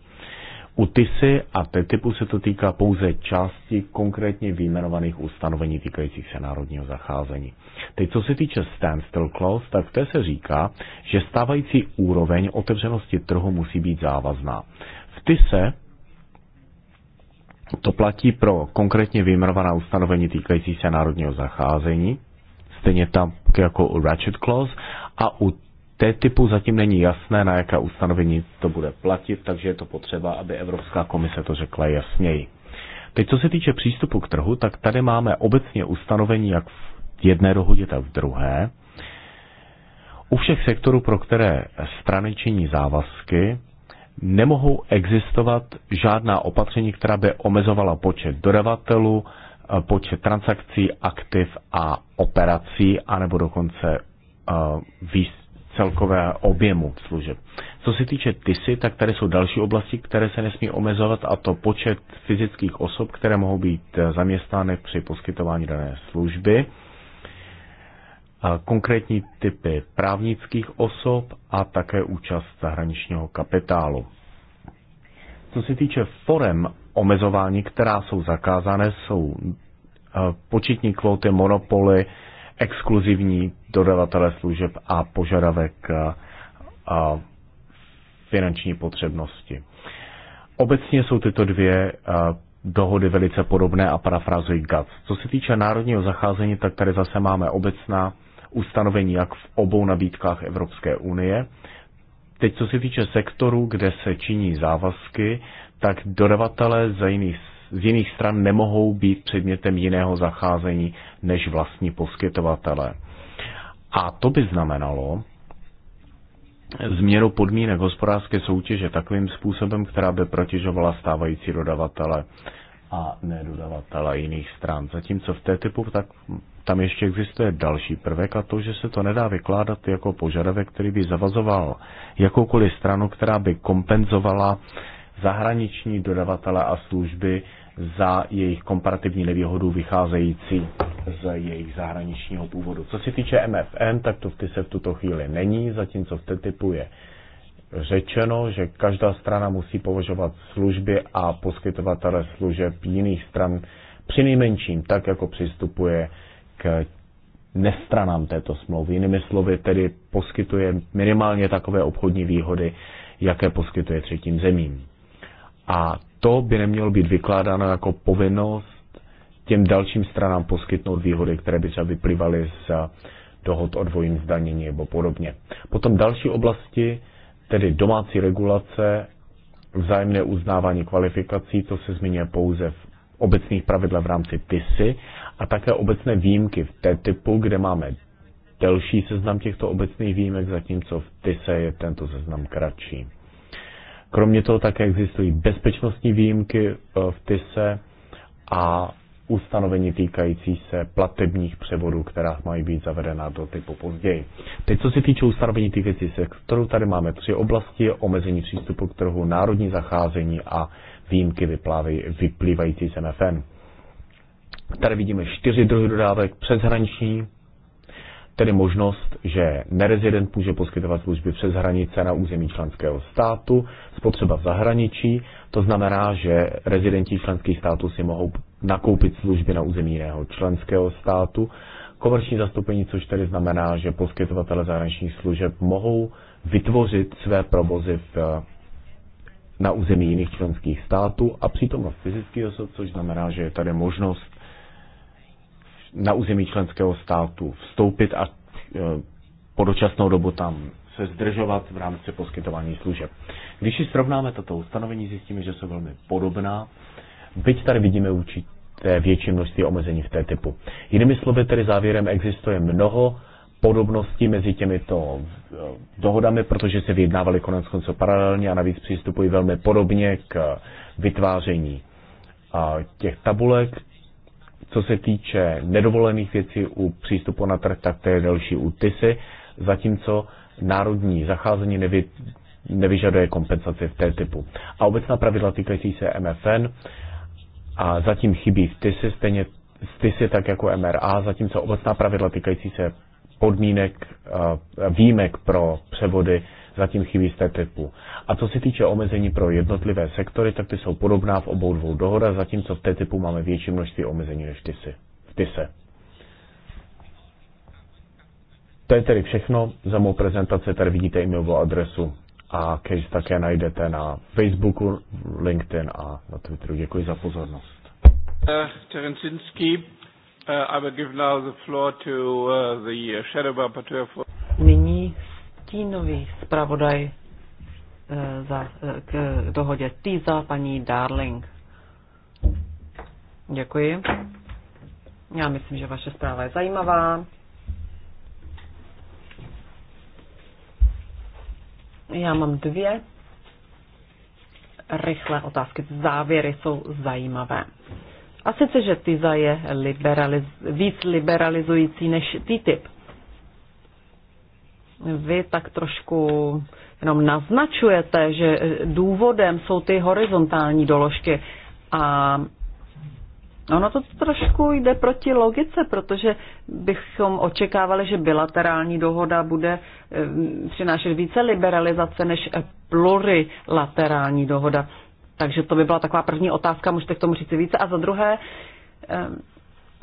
U TISy a TTIPu e se to týká pouze části konkrétně vyjmenovaných ustanovení týkajících se národního zacházení. Teď, co se týče standstill clause, tak v té se říká, že stávající úroveň otevřenosti trhu musí být závazná. V TISe to platí pro konkrétně vyjmenovaná ustanovení týkající se národního zacházení, stejně tam jako u Ratchet Clause a u té typu zatím není jasné, na jaká ustanovení to bude platit, takže je to potřeba, aby Evropská komise to řekla jasněji. Teď, co se týče přístupu k trhu, tak tady máme obecně ustanovení jak v jedné dohodě, tak v druhé. U všech sektorů, pro které strany činí závazky, nemohou existovat žádná opatření, která by omezovala počet dodavatelů, počet transakcí, aktiv a operací, anebo dokonce eh, výs celkové objemu služeb. Co se týče TISy, tak tady jsou další oblasti, které se nesmí omezovat, a to počet fyzických osob, které mohou být eh, zaměstnány při poskytování dané služby, konkrétní typy právnických osob a také účast zahraničního kapitálu. Co se týče forem omezování, která jsou zakázané, jsou eh, početní kvóty, monopoly, exkluzivní dodavatele služeb a požadavek a, a finanční potřebnosti. Obecně jsou tyto dvě a, dohody velice podobné a parafrázují GATS. Co se týče národního zacházení, tak tady zase máme obecná ustanovení jak v obou nabídkách Evropské unie. Teď co se týče sektoru, kde se činí závazky, tak dodavatelé za jiných z jiných stran nemohou být předmětem jiného zacházení než vlastní poskytovatele. A to by znamenalo změnu podmínek hospodářské soutěže takovým způsobem, která by protěžovala stávající dodavatele a nedodavatele jiných stran. Zatímco v té typu tak tam ještě existuje další prvek a to, že se to nedá vykládat jako požadavek, který by zavazoval jakoukoliv stranu, která by kompenzovala zahraniční dodavatele a služby za jejich komparativní nevýhodu vycházející z jejich zahraničního původu. Co se týče MFN, tak to v ty se v tuto chvíli není, zatímco v TTIPu je řečeno, že každá strana musí považovat služby a poskytovatele služeb jiných stran při nejmenším, tak jako přistupuje k nestranám této smlouvy. Jinými slovy, tedy poskytuje minimálně takové obchodní výhody, jaké poskytuje třetím zemím. A to by nemělo být vykládáno jako povinnost těm dalším stranám poskytnout výhody, které by třeba vyplývaly z dohod o dvojím zdanění nebo podobně. Potom další oblasti, tedy domácí regulace, vzájemné uznávání kvalifikací, to se zmiňuje pouze v obecných pravidlech v rámci TISy a také obecné výjimky v té typu, kde máme delší seznam těchto obecných výjimek, zatímco v TISe je tento seznam kratší. Kromě toho také existují bezpečnostní výjimky eh, v TISE a ustanovení týkající se platebních převodů, která mají být zavedena do typu později. Teď, co se týče ustanovení týkající se sektoru, tady máme tři oblasti, omezení přístupu k trhu, národní zacházení a výjimky vyplývající z MFN. Tady vidíme čtyři druhy dodávek, přeshraniční, tedy možnost, že nerezident může poskytovat služby přes hranice na území členského státu, spotřeba v zahraničí, to znamená, že rezidenti členských států si mohou nakoupit služby na území jiného členského státu, komerční zastoupení, což tedy znamená, že poskytovatele zahraničních služeb mohou vytvořit své provozy v, na území jiných členských států a přítomnost fyzických osob, což znamená, že je tady možnost na území členského státu vstoupit a e, po dočasnou dobu tam se zdržovat v rámci poskytování služeb. Když si srovnáme tato ustanovení, zjistíme, že jsou velmi podobná, byť tady vidíme určité větší množství omezení v té typu. Jinými slovy, tedy závěrem existuje mnoho podobností mezi těmito e, dohodami, protože se vyjednávali konec konců paralelně a navíc přistupují velmi podobně k vytváření těch tabulek, co se týče nedovolených věcí u přístupu na trh, tak to je další u TISy, zatímco národní zacházení nevy, nevyžaduje kompenzaci v té typu. A obecná pravidla týkající se MFN a zatím chybí v TISy, stejně v TISy tak jako MRA, zatímco obecná pravidla týkající se podmínek, výjimek pro převody zatím chybí z té typu. A co se týče omezení pro jednotlivé sektory, tak ty jsou podobná v obou dvou dohodách, zatímco v té typu máme větší množství omezení než tysy, v TISE. To je tedy všechno. Za mou prezentaci tady vidíte e-mailovou adresu a case také najdete na Facebooku, LinkedIn a na Twitteru. Děkuji za pozornost. Uh, Terencinski, eh, I will give now the floor to eh, the shadow rapporteur stínový zpravodaj eh, za, eh, k dohodě TISA, paní Darling. Děkuji. Já myslím, že vaše zpráva je zajímavá. Já mám dvě rychlé otázky. Závěry jsou zajímavé. A sice, že TISA je liberaliz- víc liberalizující než TTIP vy tak trošku jenom naznačujete, že důvodem jsou ty horizontální doložky. A ono to trošku jde proti logice, protože bychom očekávali, že bilaterální dohoda bude eh, přinášet více liberalizace než plurilaterální dohoda. Takže to by byla taková první otázka, můžete k tomu říct více. A za druhé, eh,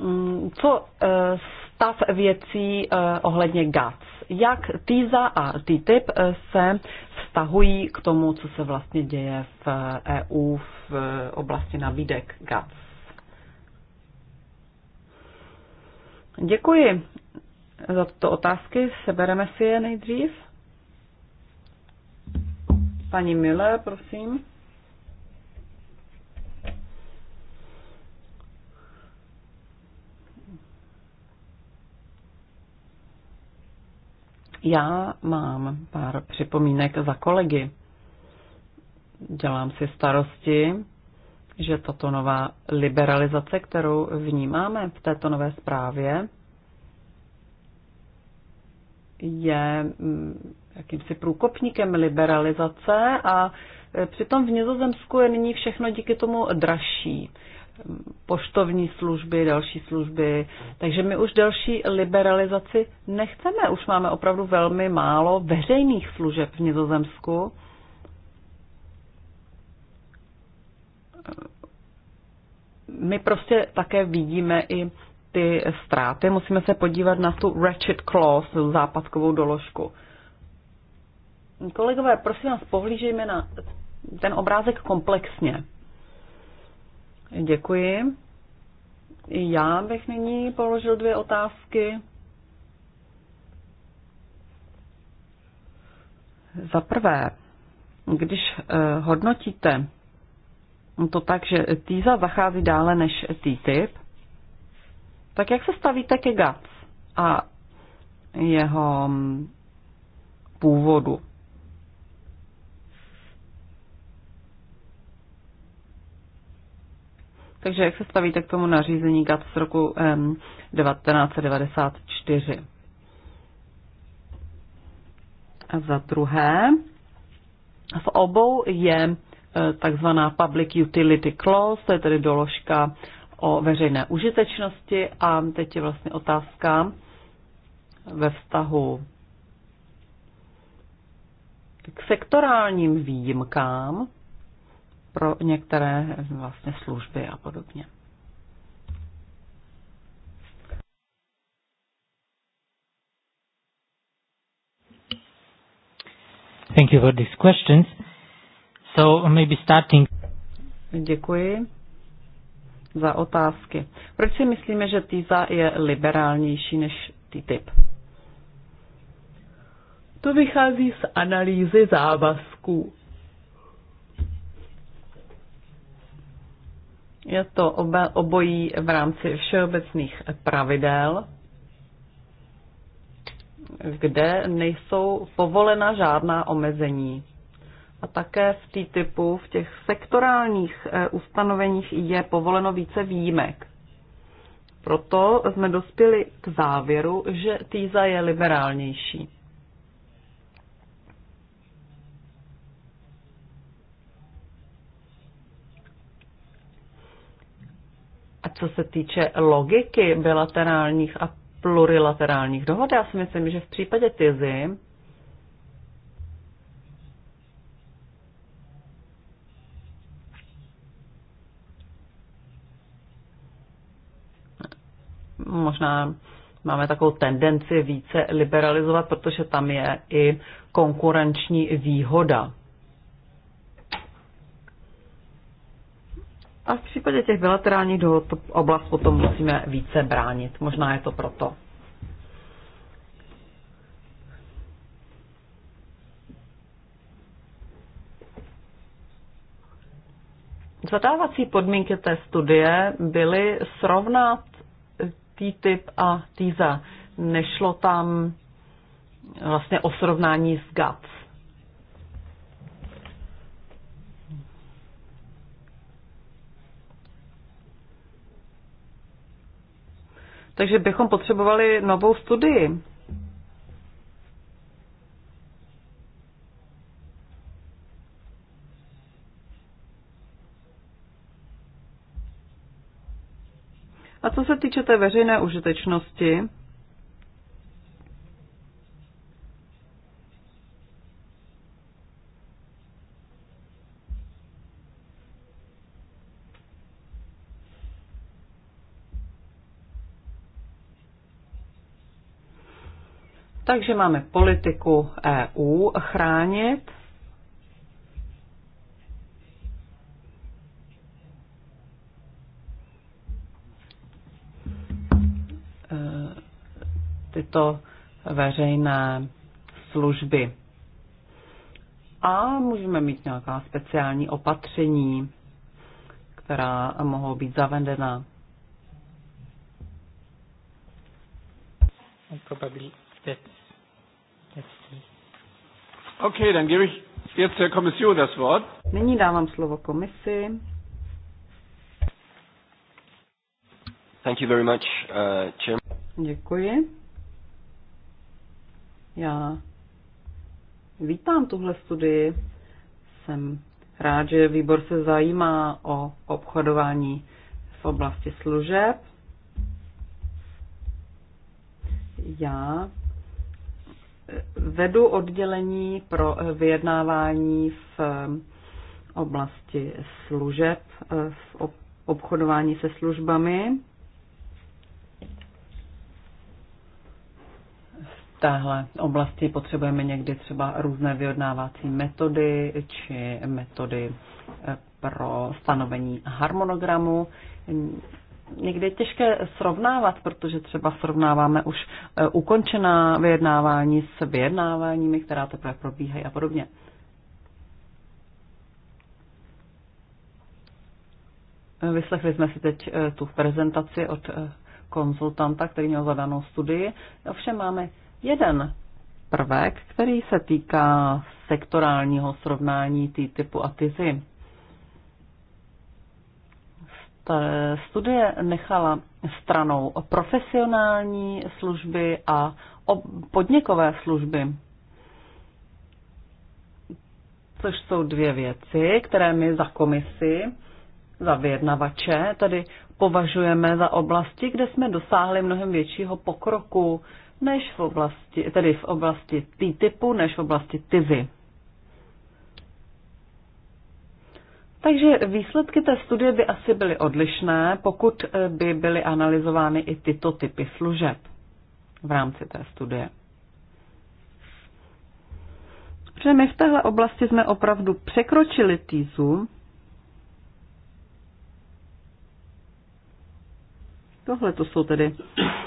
mm, co eh, stav věcí eh, ohledně GATS. Jak TISA a TTIP eh, se vztahují k tomu, co se vlastně děje v EU eh, e v oblasti nabídek GATS? Děkuji za tyto otázky. Sebereme si je nejdřív. Paní Miller, prosím. Já mám pár připomínek za kolegy. Dělám si starosti, že tato nová liberalizace, kterou vnímáme v této nové zprávě, je mm, jakýmsi průkopníkem liberalizace a e, přitom v Nizozemsku je nyní všechno díky tomu dražší poštovní služby, další služby. Takže my už další liberalizaci nechceme. Už máme opravdu velmi málo veřejných služeb v Nizozemsku. My prostě také vidíme i ty ztráty. Musíme se podívat na tu ratchet clause, tu západkovou doložku. Kolegové, prosím vás, pohlížejme na ten obrázek komplexně. Děkuji. Já bych nyní položil dvě otázky. Za prvé, když eh, hodnotíte to tak, že TISA zachází dále než TTIP, tak jak se stavíte ke GATS a jeho mm, původu? Takže jak se stavíte k tomu nařízení GATT z roku eh, 1994? A za druhé, v obou je e, takzvaná Public Utility Clause, to je tedy doložka o veřejné užitečnosti a teď je vlastně otázka ve vztahu k sektorálním výjimkám, pro některé vlastně služby a podobně. Thank you for these questions. So maybe starting. Děkuji za otázky. Proč si myslíme, že TISA je liberálnější než TTIP? To vychází z analýzy závazků Je to oba, obojí v rámci všeobecných pravidel, kde nejsou povolena žádná omezení. A také v té typu, v těch sektorálních eh, ustanoveních je povoleno více výjimek. Proto jsme dospěli k závěru, že TISA je liberálnější. co se týče logiky bilaterálních a plurilaterálních dohod, já si myslím, že v případě TIZY možná máme takovou tendenci více liberalizovat, protože tam je i konkurenční výhoda A v případě těch bilaterálních dohod to oblast potom musíme více bránit. Možná je to proto. Zadávací podmínky té studie byly srovnat TTIP a TISA. Nešlo tam vlastně o srovnání s GATS. Takže bychom potřebovali novou studii. A co se týče té veřejné užitečnosti, Takže máme politiku EU chránit e, tyto veřejné služby. A můžeme mít nějaká speciální opatření, která mohou být zavedena. Probably Okay, dann gebe ich jetzt der Kommission das Wort. Nyní dávám slovo komisi. Thank you very much, uh, Chair. Děkuji. Já vítám tuhle studii. Jsem rád, že výbor se zajímá o obchodování v oblasti služeb. Já vedu oddělení pro vyjednávání v oblasti služeb, v obchodování se službami. V téhle oblasti potřebujeme někdy třeba různé vyjednávací metody či metody eh, pro stanovení harmonogramu někdy je těžké srovnávat, protože třeba srovnáváme už e, ukončená vyjednávání s vyjednáváními, která teprve probíhají a podobně. E, vyslechli jsme si teď e, tu prezentaci od konzultanta, který měl zadanou studii. Ovšem máme jeden prvek, který se týká sektorálního srovnání TTIPu a TIZY studie nechala stranou profesionální služby a podnikové služby. Což jsou dvě věci, které my za komisi, za vyjednavače, tedy považujeme za oblasti, kde jsme dosáhli mnohem většího pokroku než v oblasti, tedy v oblasti T-typu, než v oblasti TIZY. Takže výsledky té studie by asi byly odlišné, pokud eh, by byly analyzovány i tyto typy služeb v rámci té studie. Protože my v téhle oblasti jsme opravdu překročili týzu. Tohle to jsou tedy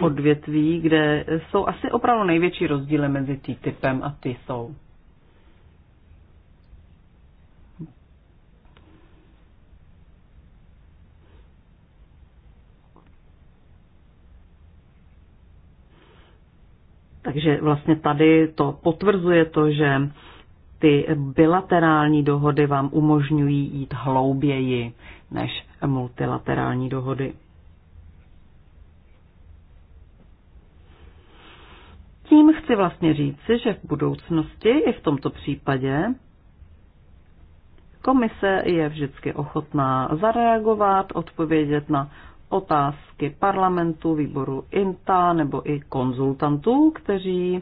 odvětví, kde jsou asi opravdu největší rozdíly mezi typem a jsou. Takže vlastně tady to potvrzuje to, že ty bilaterální dohody vám umožňují jít hlouběji než multilaterální dohody. Tím chci vlastně říci, že v budoucnosti i v tomto případě komise je vždycky ochotná zareagovat, odpovědět na otázky parlamentu, výboru INTA nebo i konzultantů, kteří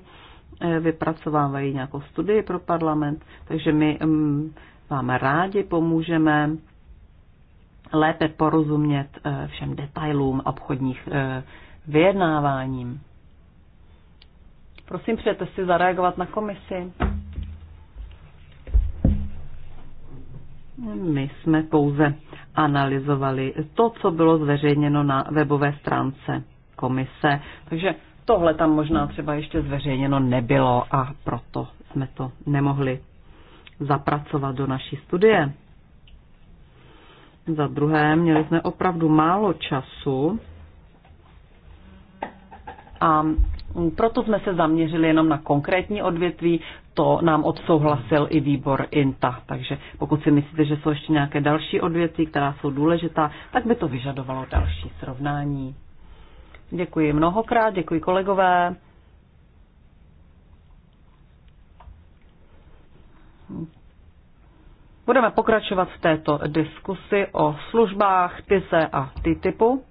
eh, vypracovávají nějakou studii pro parlament, takže my mm, vám rádi pomůžeme lépe porozumět eh, všem detailům obchodních eh, vyjednáváním. Prosím, přijete si zareagovat na komisi? My jsme pouze analyzovali to, co bylo zveřejněno na webové stránce komise. Takže tohle tam možná třeba ještě zveřejněno nebylo a proto jsme to nemohli zapracovat do naší studie. Za druhé, měli jsme opravdu málo času a proto jsme se zaměřili jenom na konkrétní odvětví, to nám odsouhlasil i výbor INTA. Takže pokud si myslíte, že jsou ještě nějaké další odvětví, která jsou důležitá, tak by to vyžadovalo další srovnání. Děkuji mnohokrát, děkuji kolegové. Budeme pokračovat v této diskusi o službách TISE a TTIPu.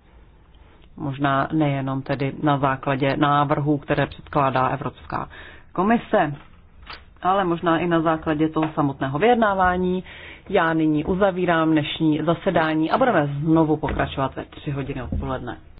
Možná nejenom tedy na základě návrhů, které předkládá Evropská komise ale možná i na základě toho samotného vyjednávání. Já nyní uzavírám dnešní zasedání a budeme znovu pokračovat ve tři hodiny odpoledne.